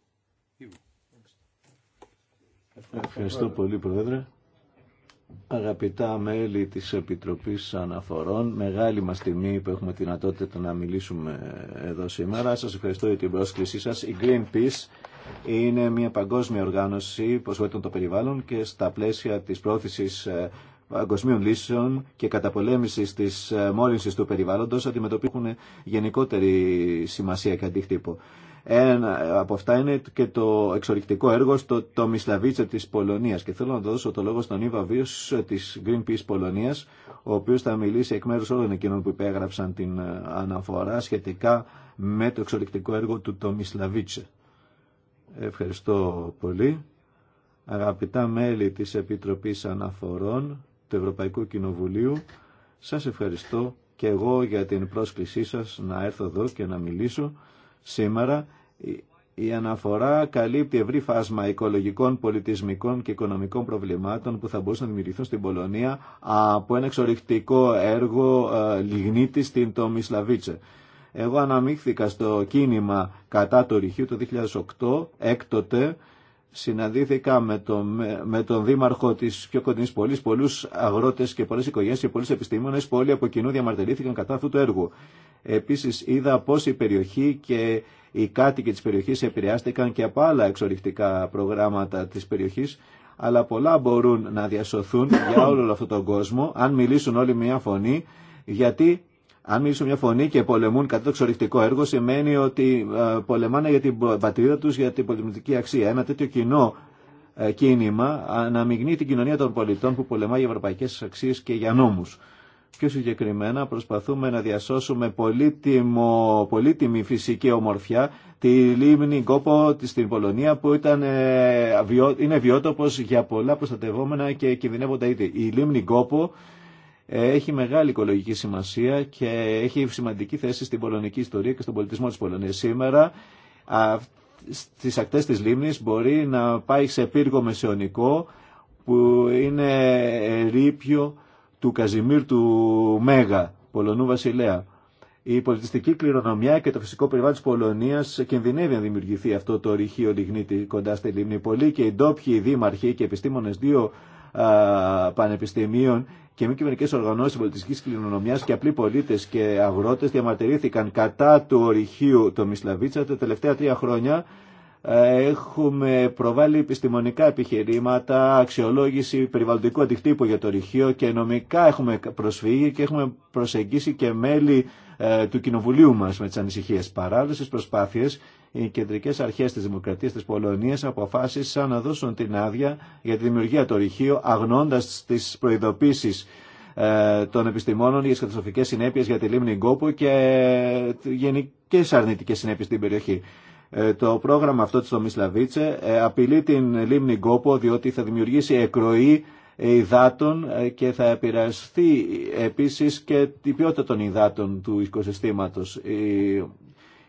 Ευχαριστώ πολύ Πρόεδρε. Αγαπητά μέλη της Επιτροπής Αναφορών, μεγάλη μας τιμή που έχουμε τη δυνατότητα να μιλήσουμε εδώ σήμερα. Σας ευχαριστώ για την πρόσκλησή σας. Η Greenpeace είναι μια παγκόσμια οργάνωση προσβέτων των περιβάλλων και στα πλαίσια της πρόθεσης ε, παγκοσμίων λύσεων και καταπολέμησης τη ε, μόλυνση του περιβάλλοντο αντιμετωπίζουν γενικότερη σημασία και αντίκτυπο. Ένα ε, από αυτά είναι και το εξορρυκτικό έργο στο το Μισλαβίτσε της Πολωνίας και θέλω να δώσω το λόγο στον Ηβα Βίος της Greenpeace Πολωνίας ο οποίος θα μιλήσει εκ μέρους όλων εκείνων που υπέγραψαν την αναφορά σχετικά με το εξορρυκτικό έργο του Τομισλαβίτσε. Ευχαριστώ πολύ. Αγαπητά μέλη της Επιτροπής Αναφορών του Ευρωπαϊκού Κοινοβουλίου, σας ευχαριστώ και εγώ για την πρόσκλησή σας να έρθω εδώ και να μιλήσω σήμερα. Η αναφορά καλύπτει ευρύ φάσμα οικολογικών, πολιτισμικών και οικονομικών προβλημάτων που θα μπορούσαν να δημιουργηθούν στην Πολωνία από ένα εξορυχτικό έργο ε, λιγνίτη στην Τόμισλαβίτσε. Εγώ αναμίχθηκα στο κίνημα κατά το ρηχείο το 2008, έκτοτε συναντήθηκα με, με, τον δήμαρχο της πιο κοντινής πόλης, πολλούς αγρότες και πολλές οικογένειες και πολλούς επιστήμονες που όλοι από κοινού διαμαρτυρήθηκαν κατά αυτού του έργου. Επίσης είδα πώς η περιοχή και οι κάτοικοι της περιοχής επηρεάστηκαν και από άλλα εξορρυκτικά προγράμματα της περιοχής αλλά πολλά μπορούν να διασωθούν για όλο αυτόν τον κόσμο αν μιλήσουν όλοι μια φωνή γιατί αν μιλήσουν μια φωνή και πολεμούν κατά το ξορυχτικό έργο, σημαίνει ότι ε, πολεμάνε για την πατρίδα του, για την πολιτιστική αξία. Ένα τέτοιο κοινό ε, κίνημα αναμειγνύει την κοινωνία των πολιτών που πολεμά για ευρωπαϊκέ αξίε και για νόμου. Πιο συγκεκριμένα προσπαθούμε να διασώσουμε πολύτιμο, πολύτιμη φυσική ομορφιά τη λίμνη Γκόπο στην Πολωνία που ήταν, ε, είναι βιότοπος για πολλά προστατευόμενα και κινδυνεύοντα είδη. Η λίμνη Γκόπο έχει μεγάλη οικολογική σημασία και έχει σημαντική θέση στην πολωνική ιστορία και στον πολιτισμό της Πολωνίας. Σήμερα στις ακτές της λίμνης μπορεί να πάει σε πύργο μεσαιωνικό που είναι ρήπιο του Καζιμίρ του Μέγα, Πολωνού Βασιλέα. Η πολιτιστική κληρονομιά και το φυσικό περιβάλλον τη Πολωνία κινδυνεύει να δημιουργηθεί αυτό το ρηχείο λιγνίτη κοντά στη λίμνη. Πολλοί και οι ντόπιοι δήμαρχοι και επιστήμονε δύο πανεπιστημίων και μη κυβερνικέ οργανώσει πολιτιστική κληρονομιά και απλοί πολίτε και αγρότε διαμαρτυρήθηκαν κατά του ορυχείου το Μισλαβίτσα τα τελευταία τρία χρόνια. Ε, έχουμε προβάλει επιστημονικά επιχειρήματα, αξιολόγηση περιβαλλοντικού αντικτύπου για το ρηχείο και νομικά έχουμε προσφύγει και έχουμε προσεγγίσει και μέλη ε, του Κοινοβουλίου μας με τις ανησυχίες. Παράλληλες προσπάθειες οι Κεντρικέ αρχέ τη Δημοκρατία, τη Πολωνία αποφάσισαν να δώσουν την άδεια για τη δημιουργία του ρηχείου αγνώντας τις προειδοποίησεις ε, των επιστημόνων για τι καταστροφικέ συνέπειε για τη λίμνη Γκόπου και ε, γενικέ αρνητικέ συνέπειες στην περιοχή. Ε, το πρόγραμμα αυτό της Τομισλαβίτσε απειλεί την λίμνη Γκόπο διότι θα δημιουργήσει εκροή υδάτων και θα επηρεαστεί επίσης και την ποιότητα των υδάτων του οικοσυστήματος.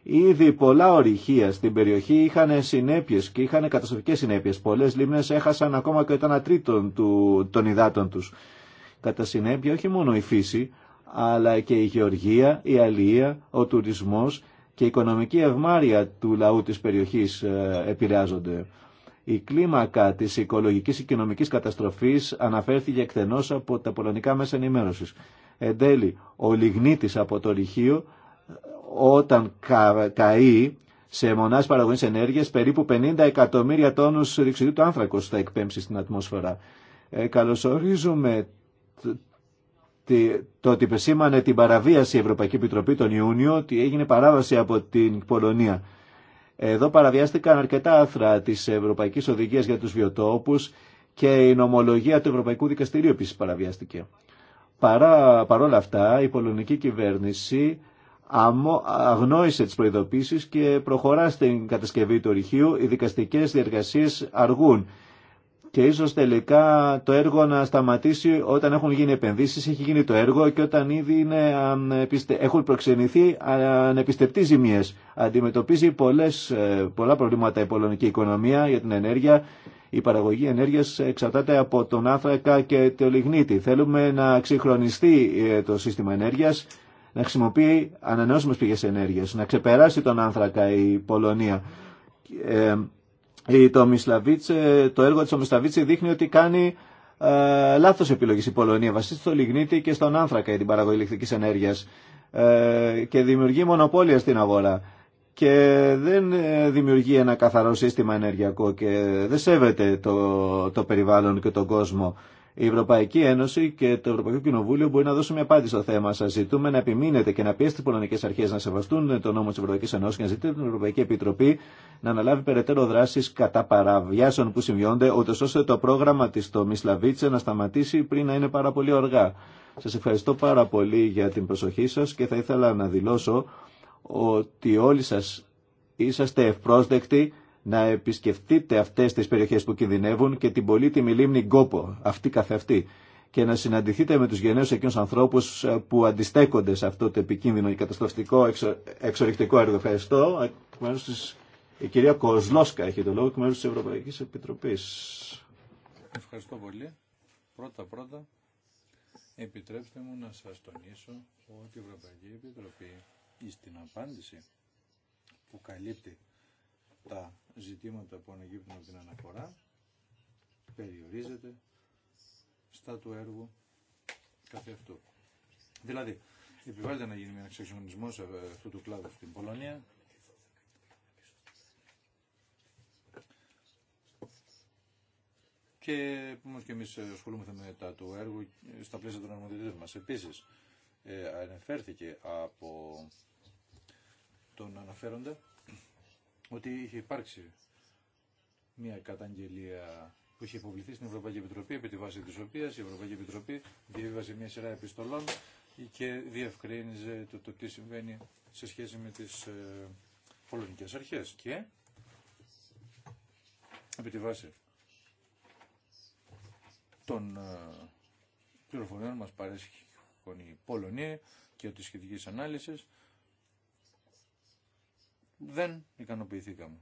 Ήδη πολλά ορυχεία στην περιοχή είχαν συνέπειε και είχαν καταστροφικέ συνέπειε. Πολλέ λίμνε έχασαν ακόμα και το 1 τρίτο του, των υδάτων του. Κατά συνέπεια, όχι μόνο η φύση, αλλά και η γεωργία, η αλληλεία, ο τουρισμό και η οικονομική ευμάρεια του λαού τη περιοχή ε, επηρεάζονται. Η κλίμακα τη οικολογική και κοινωνική καταστροφή αναφέρθηκε εκτενώ από τα πολωνικά μέσα ενημέρωση. Εν τέλει, ο λιγνίτη από το ρηχείο όταν κα, καεί σε μονάδε παραγωγή ενέργεια περίπου 50 εκατομμύρια τόνου διοξιδίου του άνθρακο θα εκπέμψει στην ατμόσφαιρα. Ε, καλωσορίζουμε το ότι πεσήμανε την παραβίαση η Ευρωπαϊκή Επιτροπή τον Ιούνιο ότι έγινε παράβαση από την Πολωνία. Εδώ παραβιάστηκαν αρκετά άθρα τη Ευρωπαϊκή Οδηγία για τους βιοτόπους και η νομολογία του Ευρωπαϊκού Δικαστηρίου επίση παραβιάστηκε. Παρά, παρόλα αυτά η πολωνική κυβέρνηση αγνόησε τις προειδοποίησεις και προχωρά στην κατασκευή του ορυχείου. Οι δικαστικές διεργασίες αργούν και ίσως τελικά το έργο να σταματήσει όταν έχουν γίνει επενδύσεις, έχει γίνει το έργο και όταν ήδη είναι, έχουν προξενηθεί ανεπιστευτεί ζημίες. Αντιμετωπίζει πολλές, ε, πολλά προβλήματα η πολωνική οικονομία για την ενέργεια. Η παραγωγή ενέργειας εξαρτάται από τον άνθρακα και το λιγνίτη. Θέλουμε να ξεχρονιστεί ε, το σύστημα ενέργειας να χρησιμοποιεί ανανεώσιμες πηγές ενέργειας, να ξεπεράσει τον άνθρακα η Πολωνία. Ε, το, το έργο της Ομισλαβίτσε δείχνει ότι κάνει ε, λάθος επιλογής η Πολωνία. Βασίζεται στο λιγνίτη και στον άνθρακα για την παραγωγή ηλεκτρικής ενέργειας ε, και δημιουργεί μονοπόλια στην αγορά και δεν ε, δημιουργεί ένα καθαρό σύστημα ενεργειακό και δεν σέβεται το, το περιβάλλον και τον κόσμο. Η Ευρωπαϊκή Ένωση και το Ευρωπαϊκό Κοινοβούλιο μπορεί να δώσουν μια απάντηση στο θέμα. Σα ζητούμε να επιμείνετε και να πιέσετε τι πολωνικέ αρχέ να σεβαστούν τον νόμο τη Ευρωπαϊκή Ένωση και να ζητείτε την Ευρωπαϊκή Επιτροπή να αναλάβει περαιτέρω δράσει κατά παραβιάσεων που συμβιώνται, ώστε το πρόγραμμα τη στο Μισλαβίτσε να σταματήσει πριν να είναι πάρα πολύ αργά. Σα ευχαριστώ πάρα πολύ για την προσοχή σα και θα ήθελα να δηλώσω ότι όλοι σα είσαστε ευπρόσδεκτοι να επισκεφτείτε αυτέ τι περιοχέ που κινδυνεύουν και την πολύτιμη λίμνη Γκόπο, αυτή καθεαυτή και να συναντηθείτε με του γενναίου εκείνους ανθρώπους που αντιστέκονται σε αυτό το επικίνδυνο και καταστροφικό εξο, έργο. Ευχαριστώ. η κυρία Κοσλόσκα έχει το λόγο εκ μέρου τη Ευρωπαϊκή Επιτροπή. Επιτροπής. Ευχαριστώ πολύ. Πρώτα-πρώτα, επιτρέψτε μου να σα τονίσω ότι η Ευρωπαϊκή Επιτροπή στην απάντηση που καλύπτει τα ζητήματα που αναγύπτουν από την αναφορά περιορίζεται στα του έργου καθ' αυτού. Δηλαδή, επιβάλλεται να γίνει ένα σε αυτού του κλάδου στην Πολωνία. Και όμω και εμεί ασχολούμαστε με τα του έργου ε, στα πλαίσια των αρμοδιοτήτων μα. Επίση, ε, αναφέρθηκε από τον αναφέροντα ότι είχε υπάρξει μια καταγγελία που είχε υποβληθεί στην Ευρωπαϊκή Επιτροπή, επί τη βάση της οποίας η Ευρωπαϊκή Επιτροπή διέβασε μια σειρά επιστολών και διευκρίνιζε το, το τι συμβαίνει σε σχέση με τις ε, πολωνικές αρχές. Και επί τη βάση των ε, πληροφοριών μα παρέσχει η Πολωνία και τη σχετική ανάλυση δεν ικανοποιηθήκαμε.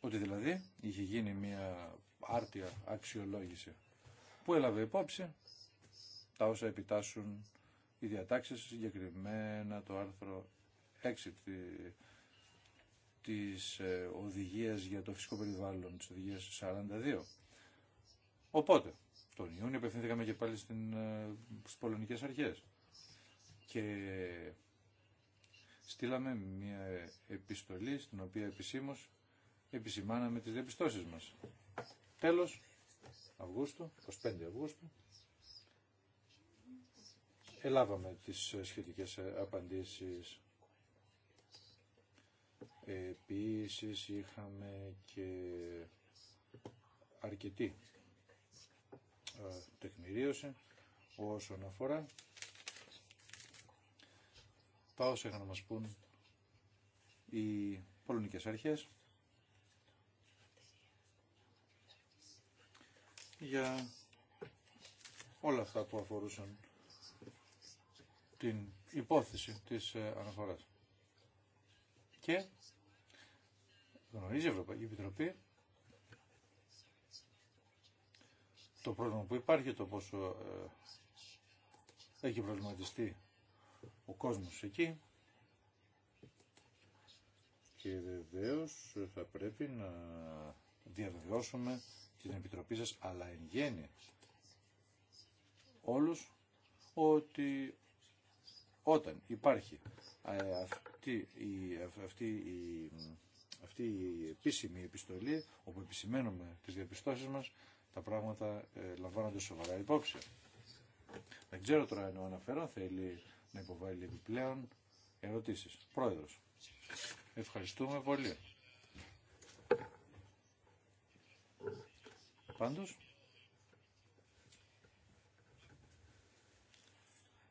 Ότι δηλαδή είχε γίνει μια άρτια αξιολόγηση που έλαβε υπόψη τα όσα επιτάσσουν οι διατάξεις συγκεκριμένα το άρθρο 6 τη, της ε, οδηγίας για το φυσικό περιβάλλον της οδηγίας 42. Οπότε, τον Ιούνιο απευθυνθήκαμε και πάλι στην, ε, στις πολωνικές αρχές και στείλαμε μια επιστολή στην οποία επισήμως επισημάναμε τις διαπιστώσεις μας. Τέλος Αυγούστου, 25 Αυγούστου, ελάβαμε τις σχετικές απαντήσεις. Επίσης είχαμε και αρκετή ε, τεκμηρίωση όσον αφορά τα όσα είχαν να μας πούν οι πολωνικές αρχές για όλα αυτά που αφορούσαν την υπόθεση της ε, αναφοράς. Και γνωρίζει η Ευρωπαϊκή Επιτροπή το πρόβλημα που υπάρχει, το πόσο ε, έχει προβληματιστεί ο κόσμος εκεί και βεβαίως θα πρέπει να διαβεβαιώσουμε την Επιτροπή σας αλλά εν γέννη όλους ότι όταν υπάρχει ε, αυτή η, αυτή η, αυτή η επίσημη επιστολή όπου επισημαίνουμε τις διαπιστώσεις μας τα πράγματα ε, λαμβάνονται σοβαρά υπόψη. Δεν ξέρω τώρα αν ο αναφέρον θέλει να υποβάλει επιπλέον ερωτήσεις. Πρόεδρος, ευχαριστούμε πολύ. Πάντως,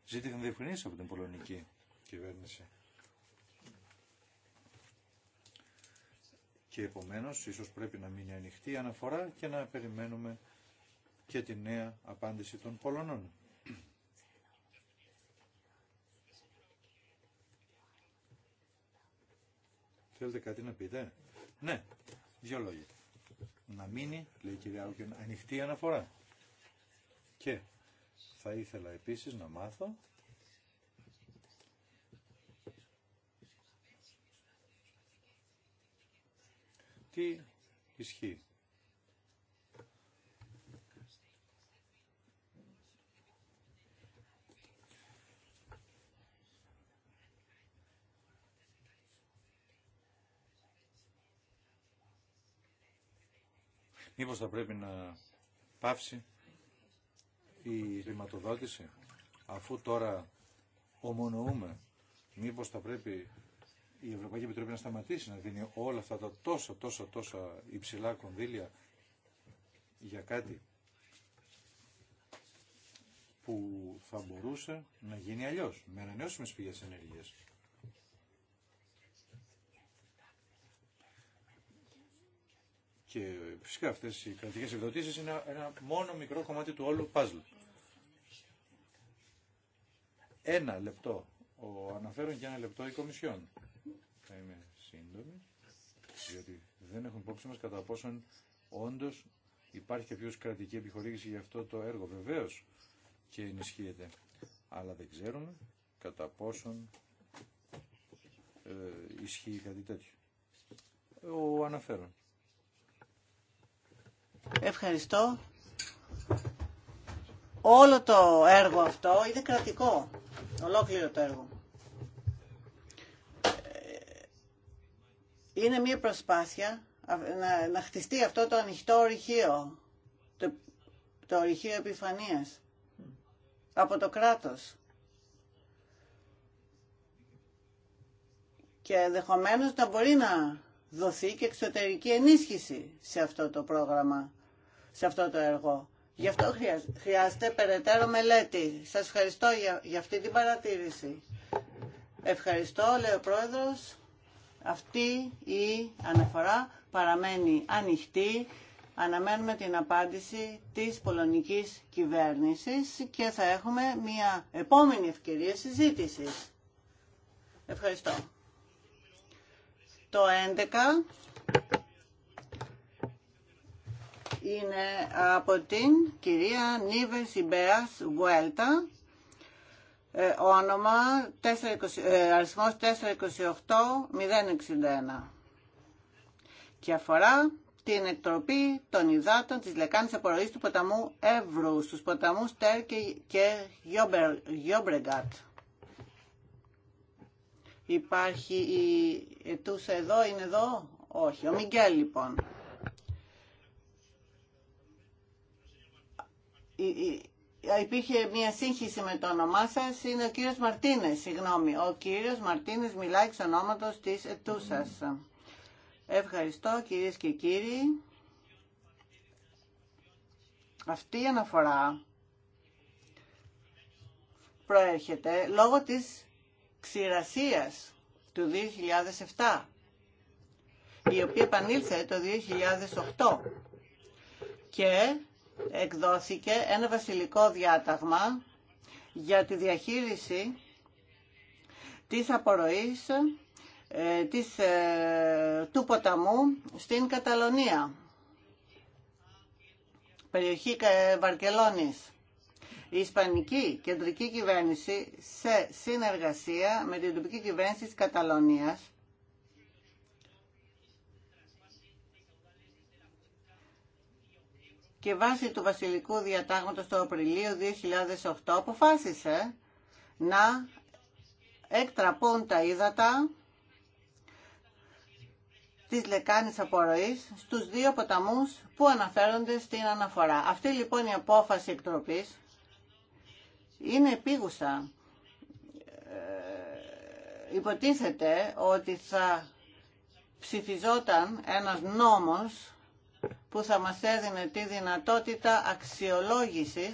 ζήτηκαν διευκρινήσεις από την πολωνική κυβέρνηση. Και επομένως, ίσως πρέπει να μείνει ανοιχτή η αναφορά και να περιμένουμε και τη νέα απάντηση των Πολωνών. Θέλετε κάτι να πείτε. Ναι, δύο λόγια. Να μείνει, λέει η κυρία Άουκεν, ανοιχτή αναφορά. Και θα ήθελα επίσης να μάθω τι ισχύει Μήπως θα πρέπει να πάψει η χρηματοδότηση αφού τώρα ομονοούμε. Μήπως θα πρέπει η Ευρωπαϊκή Επιτροπή να σταματήσει να δίνει όλα αυτά τα τόσα τόσα τόσα υψηλά κονδύλια για κάτι που θα μπορούσε να γίνει αλλιώς με ανανεώσιμες πηγές ενέργειας. Και φυσικά αυτέ οι κρατικέ επιδοτήσει είναι ένα μόνο μικρό κομμάτι του όλου παζλ. Ένα λεπτό ο αναφέρον και ένα λεπτό η Κομισιόν. Θα είμαι σύντομη, γιατί δεν έχουν υπόψη μα κατά πόσον όντω υπάρχει κάποιο κρατική επιχορήγηση για αυτό το έργο. βεβαίω. και ενισχύεται. Αλλά δεν ξέρουμε κατά πόσον ε, ισχύει κάτι τέτοιο. Ο αναφέρον. Ευχαριστώ. Όλο το έργο αυτό είναι κρατικό. Ολόκληρο το έργο. Ε, είναι μια προσπάθεια να, να χτιστεί αυτό το ανοιχτό ορυχείο, το, το ορυχείο επιφανείας από το κράτος. Και ενδεχομένω να μπορεί να δοθεί και εξωτερική ενίσχυση σε αυτό το πρόγραμμα, σε αυτό το έργο. Γι' αυτό χρειάζεται περαιτέρω μελέτη. Σας ευχαριστώ για, αυτή την παρατήρηση. Ευχαριστώ, λέει ο Πρόεδρος. Αυτή η αναφορά παραμένει ανοιχτή. Αναμένουμε την απάντηση της πολωνικής κυβέρνησης και θα έχουμε μια επόμενη ευκαιρία συζήτησης. Ευχαριστώ. Το 11 είναι από την κυρία Νίβε Σιμπέας Γουέλτα, ε, όνομα 4, ε, αριθμός 428-061 και αφορά την εκτροπή των υδάτων της λεκάνης απορροής του ποταμού Εύρου στους ποταμούς Τέρ και Γιόμπρεγκάτ. Υπάρχει η ετούσα εδώ, είναι εδώ. Όχι, ο Μιγγέλ λοιπόν. Υπήρχε μια σύγχυση με το όνομά σα, είναι ο κύριος Μαρτίνες, συγγνώμη. Ο κύριος Μαρτίνες μιλάει εξ ονόματος της ετούσας. Ευχαριστώ κυρίες και κύριοι. Αυτή η αναφορά προέρχεται λόγω της ξηρασίας του 2007, η οποία επανήλθε το 2008 και εκδόθηκε ένα βασιλικό διάταγμα για τη διαχείριση της απορροής ε, της, ε, του ποταμού στην Καταλωνία, περιοχή ε, Βαρκελόνης η Ισπανική κεντρική κυβέρνηση σε συνεργασία με την τοπική κυβέρνηση της Καταλωνίας και βάσει του βασιλικού διατάγματος το Απριλίου 2008 αποφάσισε να εκτραπούν τα ύδατα της λεκάνης απορροής στους δύο ποταμούς που αναφέρονται στην αναφορά. Αυτή λοιπόν η απόφαση εκτροπής είναι επίγουσα. Ε, υποτίθεται ότι θα ψηφιζόταν ένας νόμος που θα μας έδινε τη δυνατότητα αξιολόγησης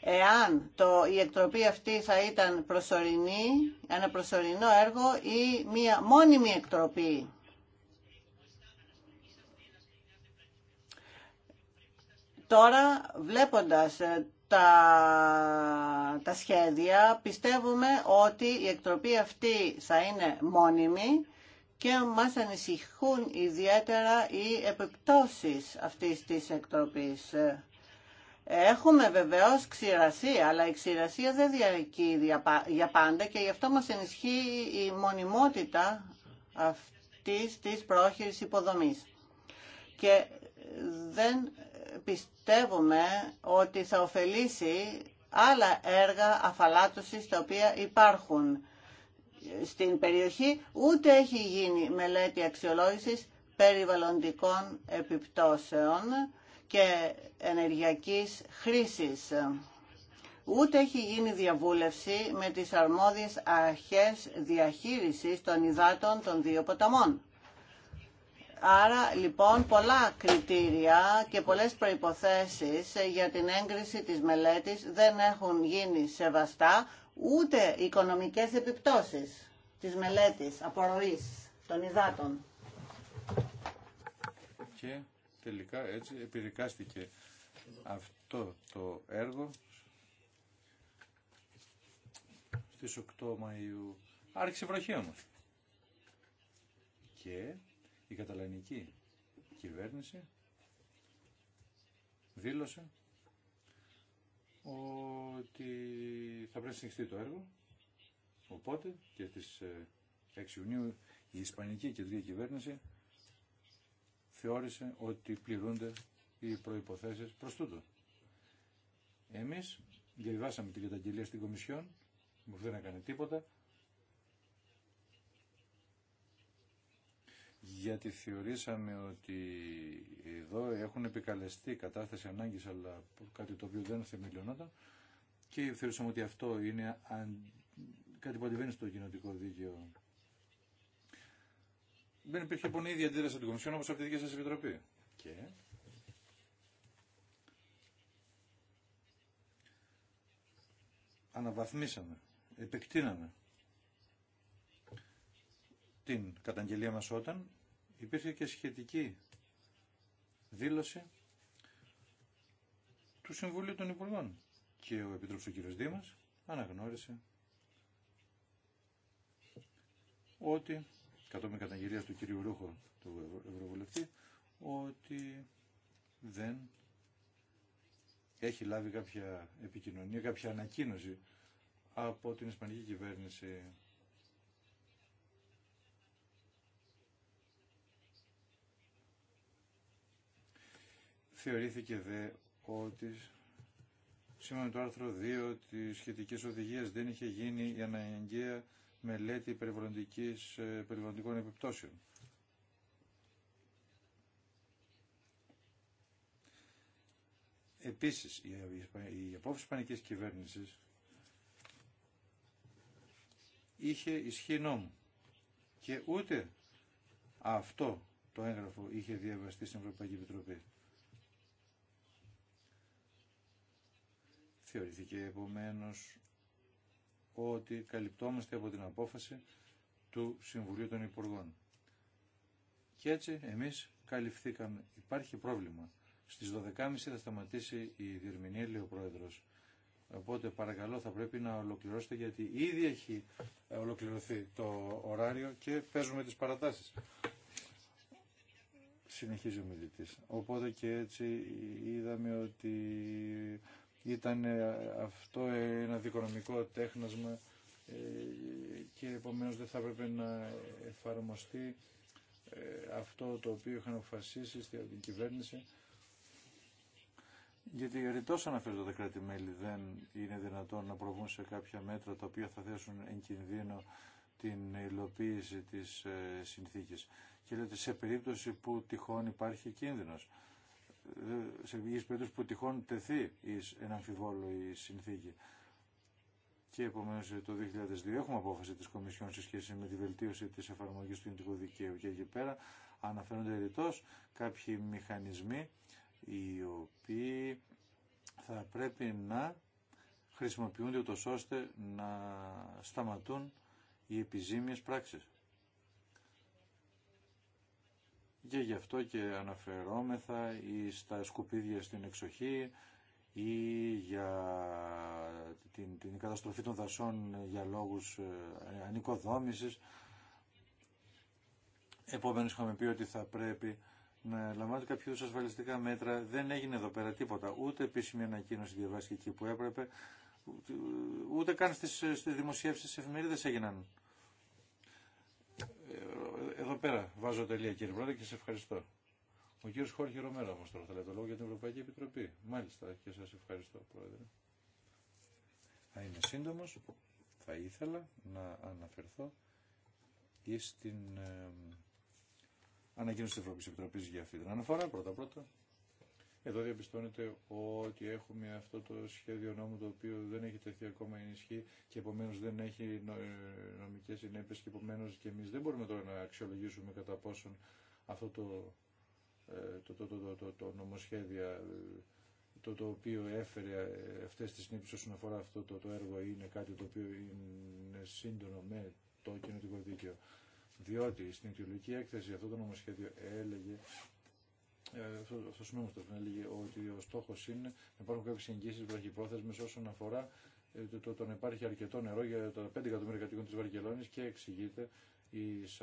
εάν το, η εκτροπή αυτή θα ήταν προσωρινή, ένα προσωρινό έργο ή μία μόνιμη εκτροπή. Τώρα, βλέποντας ε, τα, σχέδια. Πιστεύουμε ότι η εκτροπή αυτή θα είναι μόνιμη και μας ανησυχούν ιδιαίτερα οι επιπτώσεις αυτής της εκτροπής. Έχουμε βεβαίως ξηρασία, αλλά η ξηρασία δεν διαρκεί για πάντα και γι' αυτό μας ενισχύει η μονιμότητα αυτής της πρόχειρης υποδομής. Και δεν πιστεύουμε ότι θα ωφελήσει άλλα έργα αφαλάτωσης τα οποία υπάρχουν στην περιοχή, ούτε έχει γίνει μελέτη αξιολόγησης περιβαλλοντικών επιπτώσεων και ενεργειακής χρήσης. Ούτε έχει γίνει διαβούλευση με τις αρμόδιες αρχές διαχείρισης των υδάτων των δύο ποταμών. Άρα λοιπόν πολλά κριτήρια και πολλές προϋποθέσεις για την έγκριση της μελέτης δεν έχουν γίνει σεβαστά ούτε οικονομικές επιπτώσεις της μελέτης απορροής των υδάτων. Και τελικά έτσι επιδικάστηκε αυτό το έργο στις 8 Μαΐου. Άρχισε βροχή όμως. Και η καταλανική κυβέρνηση δήλωσε ότι θα πρέπει να συνεχιστεί το έργο, οπότε και στις 6 ε, Ιουνίου η Ισπανική Κεντρική Κυβέρνηση θεώρησε ότι πληρούνται οι προϋποθέσεις προς τούτο. Εμείς διαβάσαμε την καταγγελία στην Κομισιόν, που δεν έκανε τίποτα, γιατί θεωρήσαμε ότι εδώ έχουν επικαλεστεί κατάσταση ανάγκης αλλά κάτι το οποίο δεν θεμελιωνόταν και θεωρήσαμε ότι αυτό είναι κάτι που αντιβαίνει στο κοινοτικό δίκαιο. Δεν υπήρχε πονή λοιπόν ίδια αντίδραση από την Κομισιόν όπως από τη δική σας Επιτροπή. Και... Αναβαθμίσαμε, επεκτείναμε την καταγγελία μας όταν υπήρχε και σχετική δήλωση του Συμβουλίου των Υπουργών και ο Επιτρόπος ο κ. Δήμας αναγνώρισε ότι κατόπιν καταγγελία του κ. Ρούχο του Ευρωβουλευτή ότι δεν έχει λάβει κάποια επικοινωνία, κάποια ανακοίνωση από την Ισπανική κυβέρνηση Θεωρήθηκε δε ότι σήμερα το άρθρο 2 της σχετική οδηγίας δεν είχε γίνει η αναγκαία μελέτη ε, περιβαλλοντικών επιπτώσεων. Επίσης, η απόφαση Ισπανικής κυβέρνησης είχε ισχύ νόμου και ούτε αυτό το έγγραφο είχε διαβαστεί στην Ευρωπαϊκή Επιτροπή. θεωρήθηκε επομένως ότι καλυπτόμαστε από την απόφαση του Συμβουλίου των Υπουργών. Και έτσι εμείς καλυφθήκαμε. Υπάρχει πρόβλημα. Στις 12.30 θα σταματήσει η διερμηνία, λέει ο Πρόεδρος. Οπότε παρακαλώ θα πρέπει να ολοκληρώσετε γιατί ήδη έχει ε, ολοκληρωθεί το ωράριο και παίζουμε τις παρατάσεις. Συνεχίζει ο μιλητής. Οπότε και έτσι είδαμε ότι ήταν ε, αυτό ένα δικονομικό τέχνασμα ε, και επομένως δεν θα έπρεπε να εφαρμοστεί ε, αυτό το οποίο είχαν αποφασίσει στην κυβέρνηση. Γιατί ρητός αναφέρεται τα κράτη-μέλη δεν είναι δυνατόν να προβούν σε κάποια μέτρα τα οποία θα θέσουν εν κινδύνο την υλοποίηση της συνθήκης. Και λέτε σε περίπτωση που τυχόν υπάρχει κίνδυνος. Ε, σε υγιείς περίπτωση που τυχόν τεθεί εις εν αμφιβόλο η συνθήκη. Και επομένω ε, το 2002 έχουμε απόφαση τη Κομισιόν σε σχέση με τη βελτίωση τη εφαρμογή του ιδιωτικού δικαίου. Και εκεί πέρα αναφέρονται ρητό κάποιοι μηχανισμοί οι οποίοι θα πρέπει να χρησιμοποιούνται ούτως ώστε να σταματούν οι επιζήμιες πράξεις. και γι' αυτό και αναφερόμεθα ή στα σκουπίδια στην εξοχή ή για την, την καταστροφή των δασών για λόγους ε, ανοικοδόμησης. Επόμενος είχαμε πει ότι θα πρέπει να λαμβάνονται κάποιο ασφαλιστικά μέτρα. Δεν έγινε εδώ πέρα τίποτα. Ούτε επίσημη ανακοίνωση διαβάστηκε εκεί που έπρεπε. Ούτε καν στις, στις δημοσιεύσεις εφημερίδες έγιναν εδώ πέρα βάζω τελεία κύριε Πρόεδρε και σε ευχαριστώ. Ο κύριος Χόρχη Ρομέρο όμως τώρα λέει το λόγο για την Ευρωπαϊκή Επιτροπή. Μάλιστα και σας ευχαριστώ Πρόεδρε. Θα είμαι σύντομος. Θα ήθελα να αναφερθώ και στην ε, ανακοίνωση της Ευρωπαϊκής Επιτροπής για αυτή την αναφορά πρώτα-πρώτα εδώ διαπιστώνεται ότι έχουμε αυτό το σχέδιο νόμου το οποίο δεν έχει τεθεί ακόμα ενισχύ και επομένω δεν έχει ε, νομικέ συνέπειε και επομένω και εμεί δεν μπορούμε τώρα να αξιολογήσουμε κατά πόσον αυτό το, ε, το, το, το, το, το νομοσχέδιο ε, το, το οποίο έφερε αυτές τις συνέπειες όσον αφορά αυτό το, το έργο είναι κάτι το οποίο είναι σύντονο με το κοινωτικό δίκαιο. Διότι στην αιτιολογική έκθεση αυτό το νομοσχέδιο έλεγε ε, αυτό, αυτό έλεγε ότι ο στόχο είναι να υπάρχουν κάποιε εγγύσει βραχυπρόθεσμε όσον αφορά ε, το, το, να υπάρχει αρκετό νερό για τα 5 εκατομμύρια κατοίκων τη Βαρκελόνη και εξηγείται εις,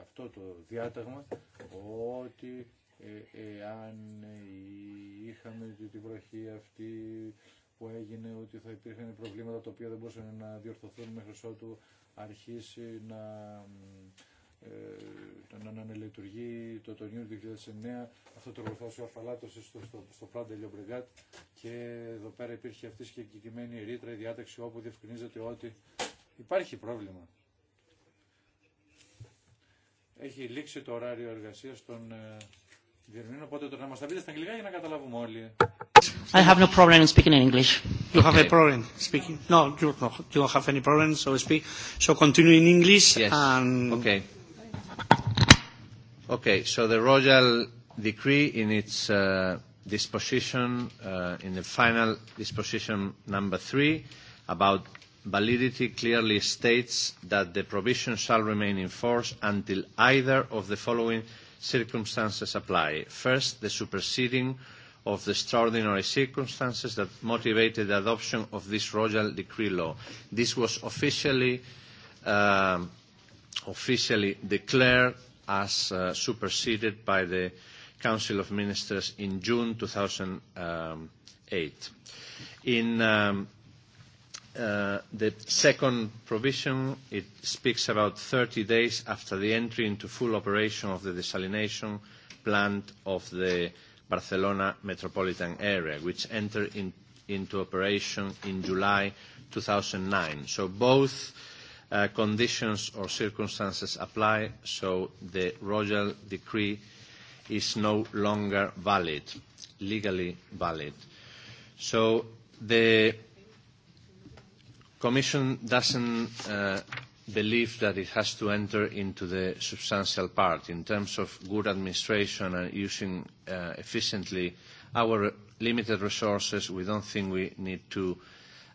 αυτό το διάταγμα ότι ε, εάν είχαμε τη, τη βροχή αυτή που έγινε ότι θα υπήρχαν προβλήματα τα οποία δεν μπορούσαν να διορθωθούν μέχρι ότου αρχίσει να τον ε, να λειτουργεί το τον Ιούνιο 2009 αυτό το εργοστάσιο αφαλάτωσε στο, στο, στο Πράντε Λιομπρεγκάτ και εδώ πέρα υπήρχε αυτή η συγκεκριμένη ρήτρα, η διάταξη όπου διευκρινίζεται ότι υπάρχει πρόβλημα. Έχει λήξει το ωράριο εργασίας των ε, διερμηνών, οπότε τώρα να μας τα πείτε στα αγγλικά για να καταλάβουμε όλοι. I have no problem in speaking in English. You have a problem speaking? No, you don't have any problem, so speak. So continue in English. Yes. And... Okay. Okay, so the royal decree in its disposition, in the final disposition number three about validity clearly states that the provision shall remain in force until either of the following circumstances apply. First, the superseding of the extraordinary circumstances that motivated the adoption of this royal decree law. This was officially officially declared as superseded by the Council of Ministers in June 2008. In the second provision, it speaks about 30 days after the entry into full operation of the desalination plant of the Barcelona metropolitan area, which entered into operation in July 2009. So both conditions or circumstances apply, so the royal decree is no longer valid, legally valid. So the Commission doesn't believe that it has to enter into the substantial part in terms of good administration and using efficiently our limited resources. We don't think we need to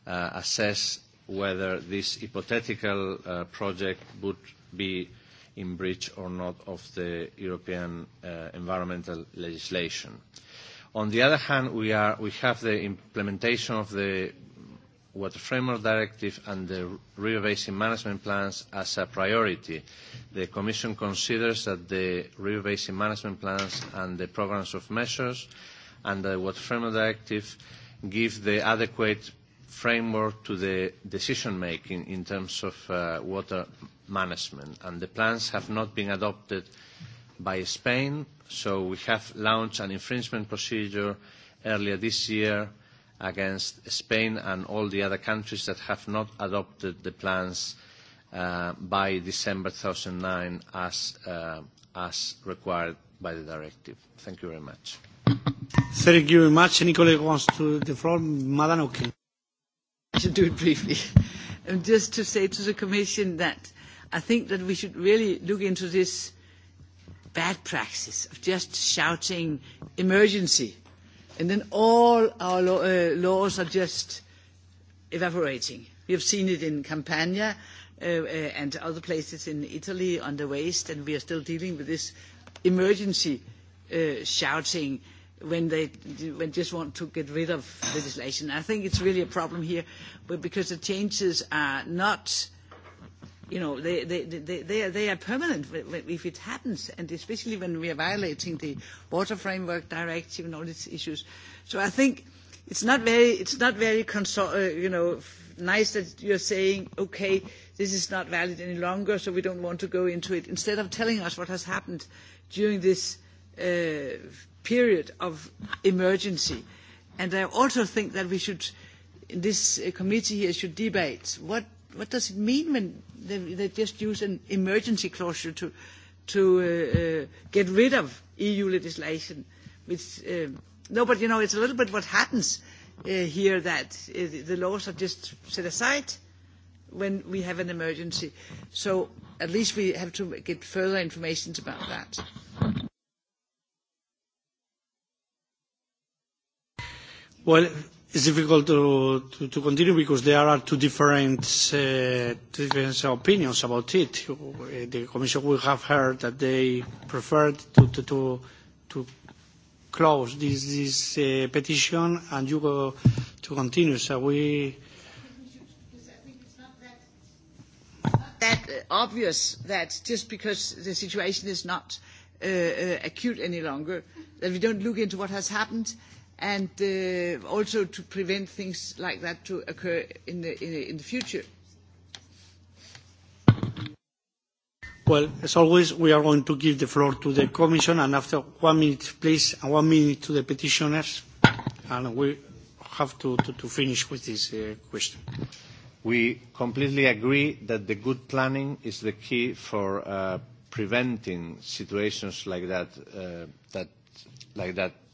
assess whether this hypothetical project would be in breach or not of the European environmental legislation. On the other hand, we have the implementation of the Water Framework Directive and the river basin management plans as a priority. The Commission considers that the river basin management plans and the programs of measures and the Water Framework Directive give the adequate framework to the decision-making in terms of water management. And the plans have not been adopted by Spain, so we have launched an infringement procedure earlier this year against Spain and all the other countries that have not adopted the plans by December 2009 as required by the directive. Thank you very much. Thank you very much. wants to the floor. Madam O'Keefe should do it briefly. Just to say to the Commission that I think that we should really look into this bad practice of just shouting emergency, and then all our laws are just evaporating. We have seen it in Campania and other places in Italy on the waste, and we are still dealing with this emergency shouting when they just want to get rid of legislation. I think it's really a problem here because the changes are not, you know, they are permanent if it happens, and especially when we are violating the Water Framework Directive and all these issues. So I think it's not very, it's not very, you know, nice that you're saying, okay, this is not valid any longer, so we don't want to go into it, instead of telling us what has happened during this period of emergency. And I also think that we should, in this committee here, should debate what what does it mean when they just use an emergency clause to to get rid of EU legislation, which no, but you know it's a little bit what happens here that the laws are just set aside when we have an emergency. So at least we have to get further information about that. Well, it's difficult to continue because there are two different opinions about it. The Commission will have heard that they preferred to close this petition and you go to continue. So we that obvious that just because the situation is not acute any longer, that we don't look into what has happened and also to prevent things like that to occur in the future. Well, as always, we are going to give the floor to the Commission, and after one minute, please, one minute to the petitioners, and we have to finish with this question. We completely agree that the good planning is the key for preventing situations like that like that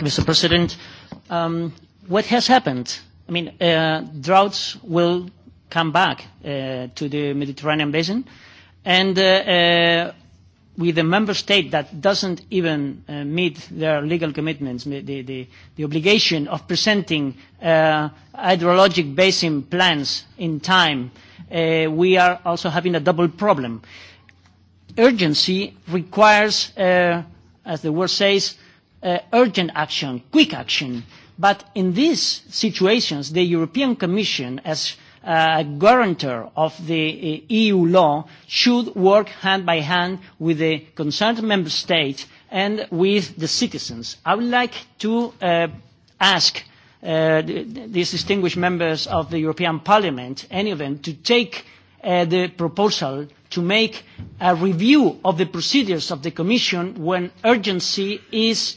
Mr. President. What has happened? I mean, droughts will come back to the Mediterranean basin, and with a member state that doesn't even meet their legal commitments, the obligation of presenting hydrologic basin plans in time, we are also having a double problem. Urgency requires, as the word says, urgent action, quick action. But in these situations, the European Commission, as a guarantor of the EU law, should work hand by hand with the concerned member states and with the citizens. I would like to ask the distinguished members of the European Parliament, any of them, to take the proposal to make a review of the procedures of the Commission when urgency is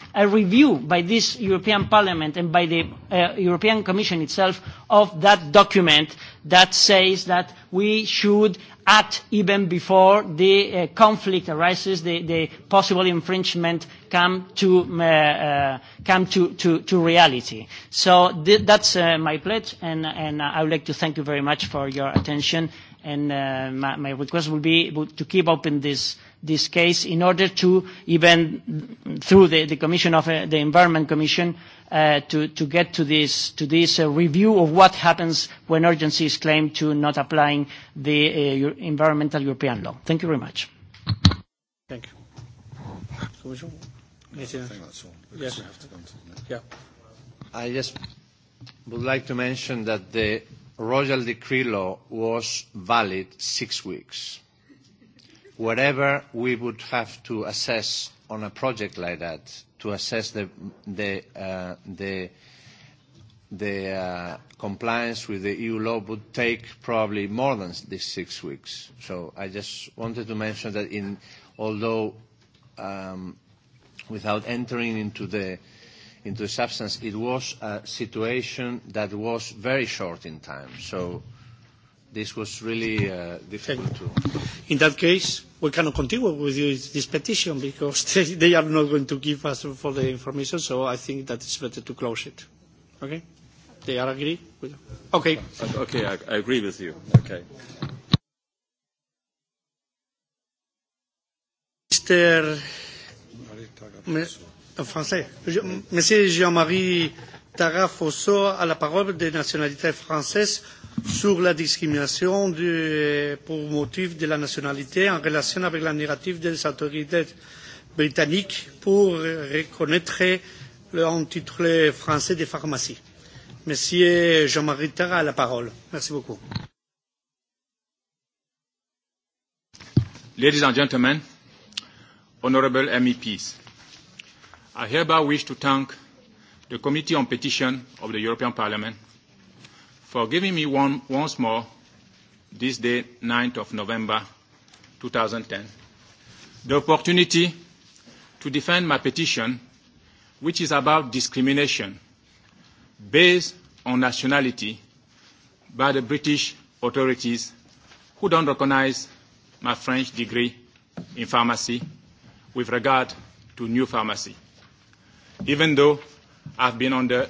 a review by this European Parliament and by the European Commission itself of that document that says that we should act even before the conflict arises, the possible infringement come to reality. So that's my pledge, and I would like to thank you very much for your attention, and my request will be to keep open this this case in order to even through the Commission of the Environment Commission to get to this to this review of what happens when urgency is claimed to not applying the environmental European law. Thank you very much. Thank you. I just would like to mention that the Royal Decree Law was valid six weeks Whatever we would have to assess on a project like that, to assess the compliance with the EU law would take probably more than these six weeks. So I just wanted to mention that in, although without entering into the into the substance, it was a situation that was very short in time. So this was really difficult to. In that case, we cannot continue with this petition because they are not going to give us the information, so I think that it's better to close it. Okay? They are agree? Okay. Okay, I agree with you. Okay. Mr. Français. Monsieur Jean-Marie Tarrafosso a la parole des nationalités françaises sur la discrimination pour motif de la nationalité en relation avec la négative des autorités britanniques pour reconnaître l'intitulé français des pharmacies. Monsieur Jean-Marie a la parole. Merci beaucoup. Ladies and gentlemen, honourable MEPs, I hereby wish to thank the Committee on Petition of the European Parliament for giving me once more this day, 9th of November 2010, the opportunity to defend my petition, which is about discrimination based on nationality by the British authorities who don't recognize my French degree in pharmacy with regard to new pharmacy, even though I've been under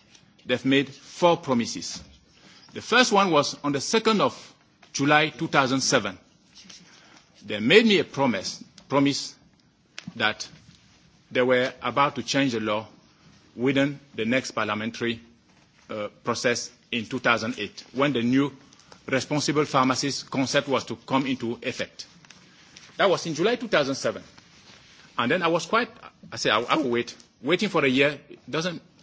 they've made four promises. The first one was on the 2nd of July 2007. They made me a promise that they were about to change the law within the next parliamentary process in 2008, when the new responsible pharmacist concept was to come into effect. That was in July 2007. And then I was quite, I said, I will wait. Waiting for a year doesn't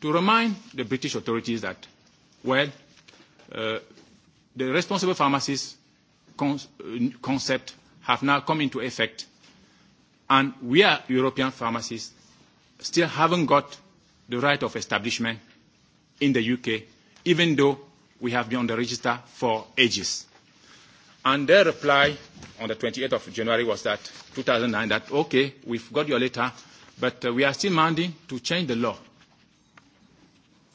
to remind the British authorities that, well, the responsible pharmacist concept have now come into effect, and we are European pharmacists still haven't got the right of establishment in the UK, even though we have been on the register for ages. And their reply on the 28th of January was that 2009 that okay, we've got your letter, but we are still demanding to change the law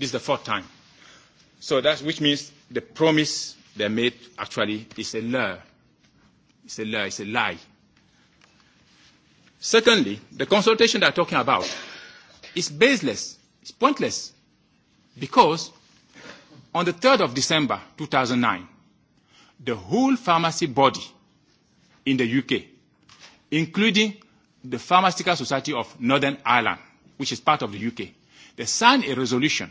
This is the fourth time. So that's which means the promise they made actually is a lie, It's a lure, it's a lie. Secondly, the consultation they're talking about is baseless, it's pointless, because on the 3rd of December 2009, the whole pharmacy body in the UK, including the Pharmaceutical Society of Northern Ireland, which is part of the UK, they signed a resolution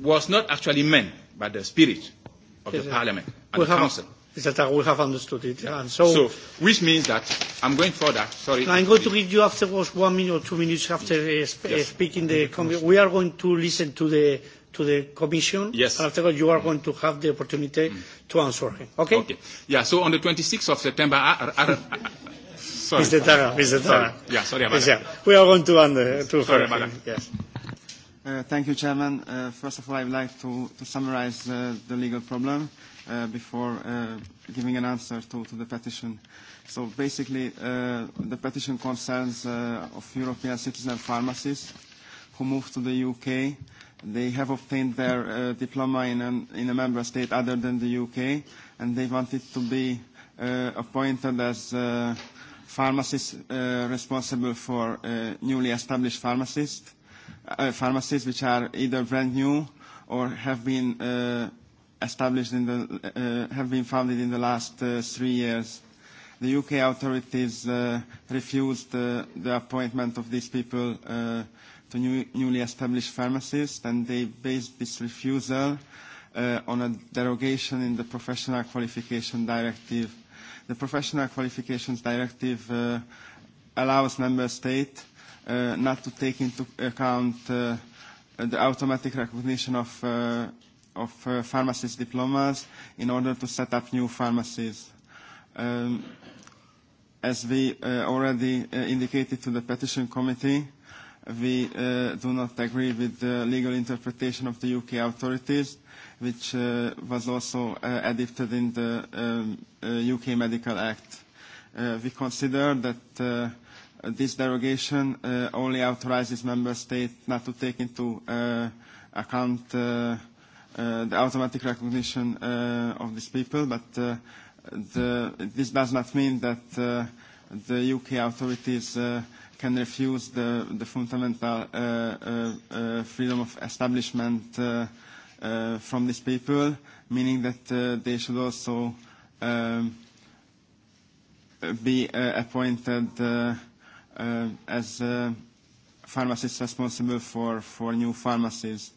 was not actually meant by the spirit of the Parliament and the Council. We have understood it. So, which means that I'm going further. Sorry. I'm going to read you afterwards one minute or two minutes after speaking the Commission. We are going to listen to the to the Commission. Yes. And afterwards you are going to have the opportunity to answer him. Okay? Okay. Yeah. So on the 26th of September. Mr. Tara. Mr. Tara. Yeah. Sorry about that. We are going to answer to Yes. Thank you, Chairman. First of all, I would like to summarize the legal problem before giving an answer to the petition. So basically, the petition concerns of European citizen pharmacists who moved to the U.K. They have obtained their diploma in a member state other than the U.K., and they wanted to be appointed as pharmacists responsible for newly established pharmacists pharmacies which are either brand new or have been established in have been founded in the last three years. The UK authorities refused the appointment of these people to newly established pharmacies, and they based this refusal on a derogation in the Professional Qualification Directive. The Professional Qualifications Directive allows member states not to take into account the automatic recognition of of pharmacist diplomas in order to set up new pharmacies. As we already indicated to the petition committee, we do not agree with the legal interpretation of the UK authorities, which was also adopted in the UK Medical Act. We consider that this derogation only authorizes member states not to take into account the automatic recognition of these people, but this does not mean that the UK authorities can refuse the fundamental freedom of establishment from these people, meaning that they should also be appointed as a pharmacist responsible for for new pharmacies.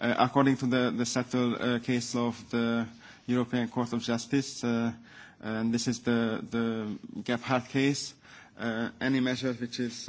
According to the the settled case of the European Court of Justice, and this is the the Gephardt case, any measure which is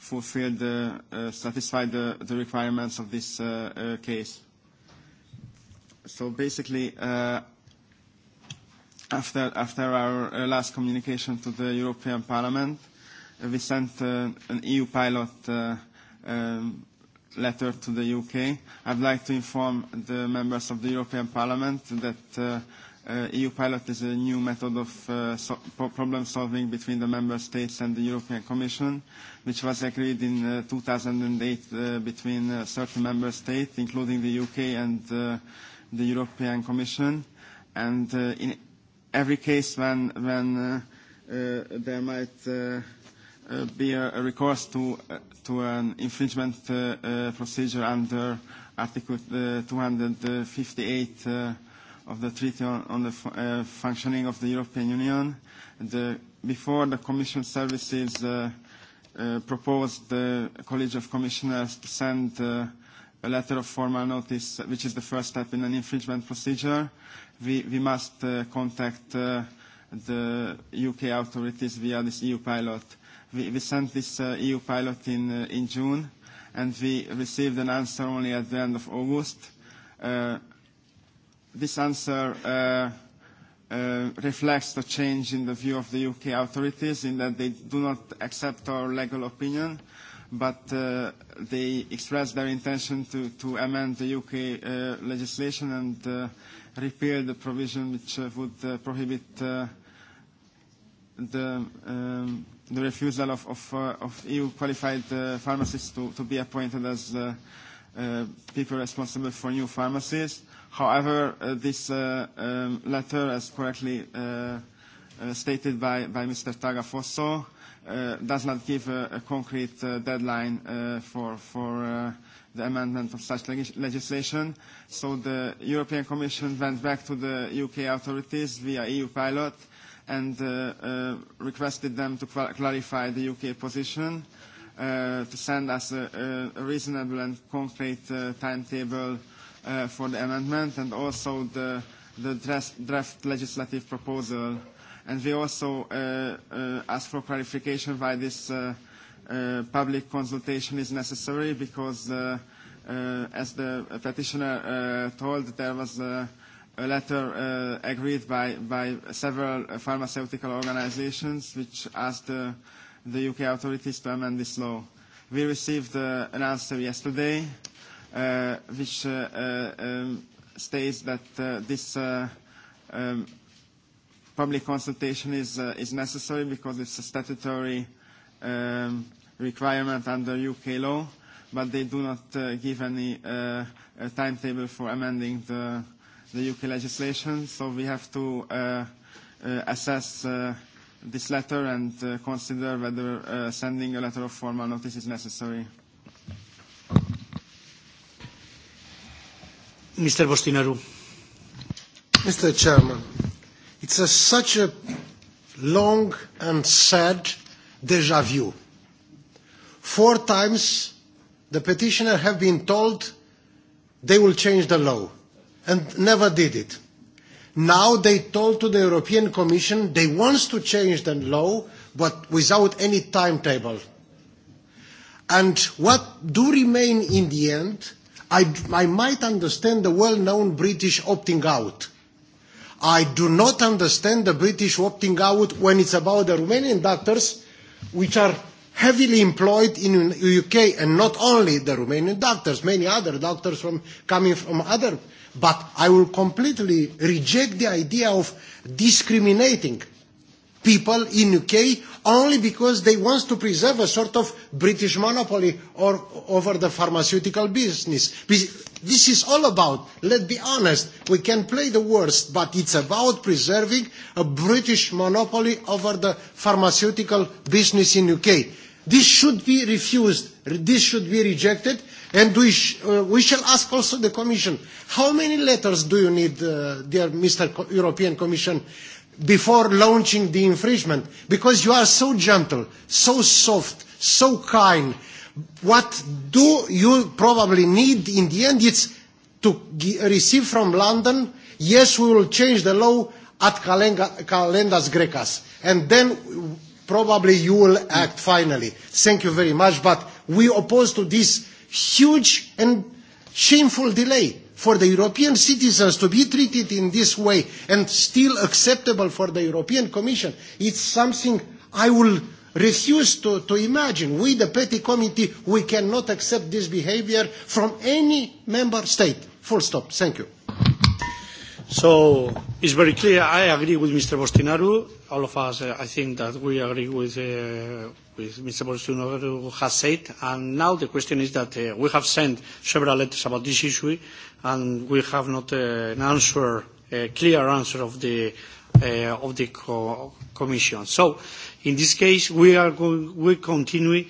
fulfilled, the, satisfy the, the requirements of this case. So basically, after, after our last communication to the European Parliament, we sent an EU pilot letter to the UK. I'd like to inform the members of the European Parliament that EU pilot is a new method of problem solving between the member states and the European Commission, which was agreed in 2008 between certain member states, including the UK and the European Commission. And in every case when when there might be a recourse to to an infringement procedure under Article 258 of the Treaty on the Functioning of the European Union. Before the Commission services proposed the College of Commissioners to send a letter of formal notice, which is the first step in an infringement procedure. We must contact the UK authorities via this EU pilot. We sent this EU pilot in June, and we received an answer only at the end of August this answer reflects the change in the view of the UK authorities in that they do not accept our legal opinion, but they express their intention to amend the UK legislation and repeal the provision which would prohibit the refusal of EU-qualified pharmacists to be appointed as people responsible for new pharmacies. However, this letter, as correctly stated by Mr. Tagafosso, does not give a concrete deadline for the amendment of such legislation. So the European Commission went back to the UK authorities via EU pilot and requested them to clarify the UK position to send us a reasonable and concrete timetable for the amendment and also the draft legislative proposal. And we also ask for clarification why this public consultation is necessary because, as the petitioner told, there was a letter agreed by several pharmaceutical organizations which asked the UK authorities to amend this law. We received an answer yesterday which states that this public consultation is is necessary because it's a statutory requirement under UK law, but they do not give any timetable for amending the UK legislation, so we have to assess this letter and consider whether sending a letter of formal notice is necessary. Mr. Bostinaru. Mr. Chairman, it's such a long and sad déjà vu. Four times the petitioner have been told they will change the law and never did it Now they told to the European Commission they want to change the law, but without any timetable. And what do remain in the end? I might understand the well-known British opting out. I do not understand the British opting out when it's about the Romanian doctors, which are heavily employed in the UK, and not only the Romanian doctors, many other doctors from coming from other But I will completely reject the idea of discriminating people in UK only because they want to preserve a sort of British monopoly or over the pharmaceutical business. This is all about, let's be honest, we can play the worst, but it's about preserving a British monopoly over the pharmaceutical business in UK. This should be refused, this should be rejected, And we shall ask also the Commission, how many letters do you need, dear Mr. European Commission, before launching the infringement? Because you are so gentle, so soft, so kind. What do you probably need in the end? It's to receive from London, yes, we will change the law at Calendas Grecas. And then probably you will act finally. Thank you very much. But we oppose to this huge and shameful delay for the European citizens to be treated in this way and still acceptable for the European Commission. It's something I will refuse to imagine. We, the Petty Committee, we cannot accept this behavior from any member state. Full stop. Thank you. So it's very clear. I agree with Mr. Bostinaru. All of us, I think that we agree with Mr. Bostinaru has said. And now the question is that we have sent several letters about this issue, and we have not an answer, a clear answer of the of the Commission. So in this case, we are going we continue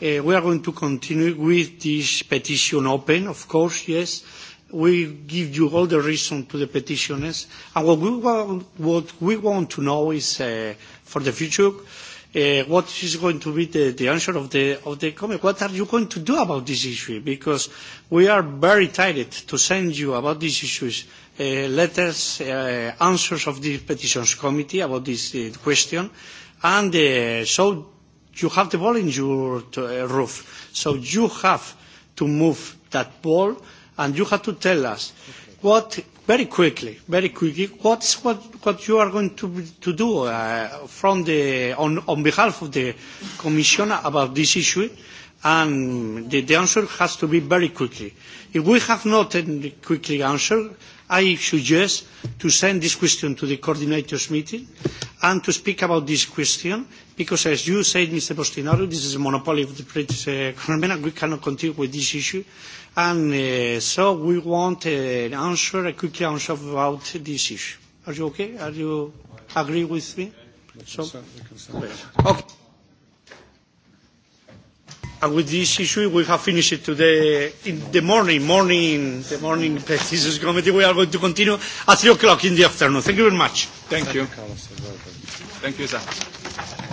we are going to continue with this petition open, of course, yes we give you all the reason to the petitioners. And what we want, what we want to know is for the future, what is going to be the answer of the of the What are you going to do about this issue? Because we are very tired to send you about these issues letters, answers of the petitions committee about this question, and so you have the ball in your roof. So you have to move that ball and you have to tell us what very quickly, very quickly, what's what what you are going to do from the on on behalf of the Commission about this issue, and the answer has to be very quickly. If we have not a quickly answer, I suggest to send this question to the coordinators' meeting and to speak about this question, because as you said, Mr. Postinaro, this is a monopoly of the British government and we cannot continue with this issue. And so we want an answer, a quick answer about this issue. Are you okay? Are you agree with me? Okay with this issue, we have finished today in the morning, morning, the morning petitions committee. We are going to continue at 3 o'clock in the afternoon. Thank you very much. Thank you. Thank you, sir.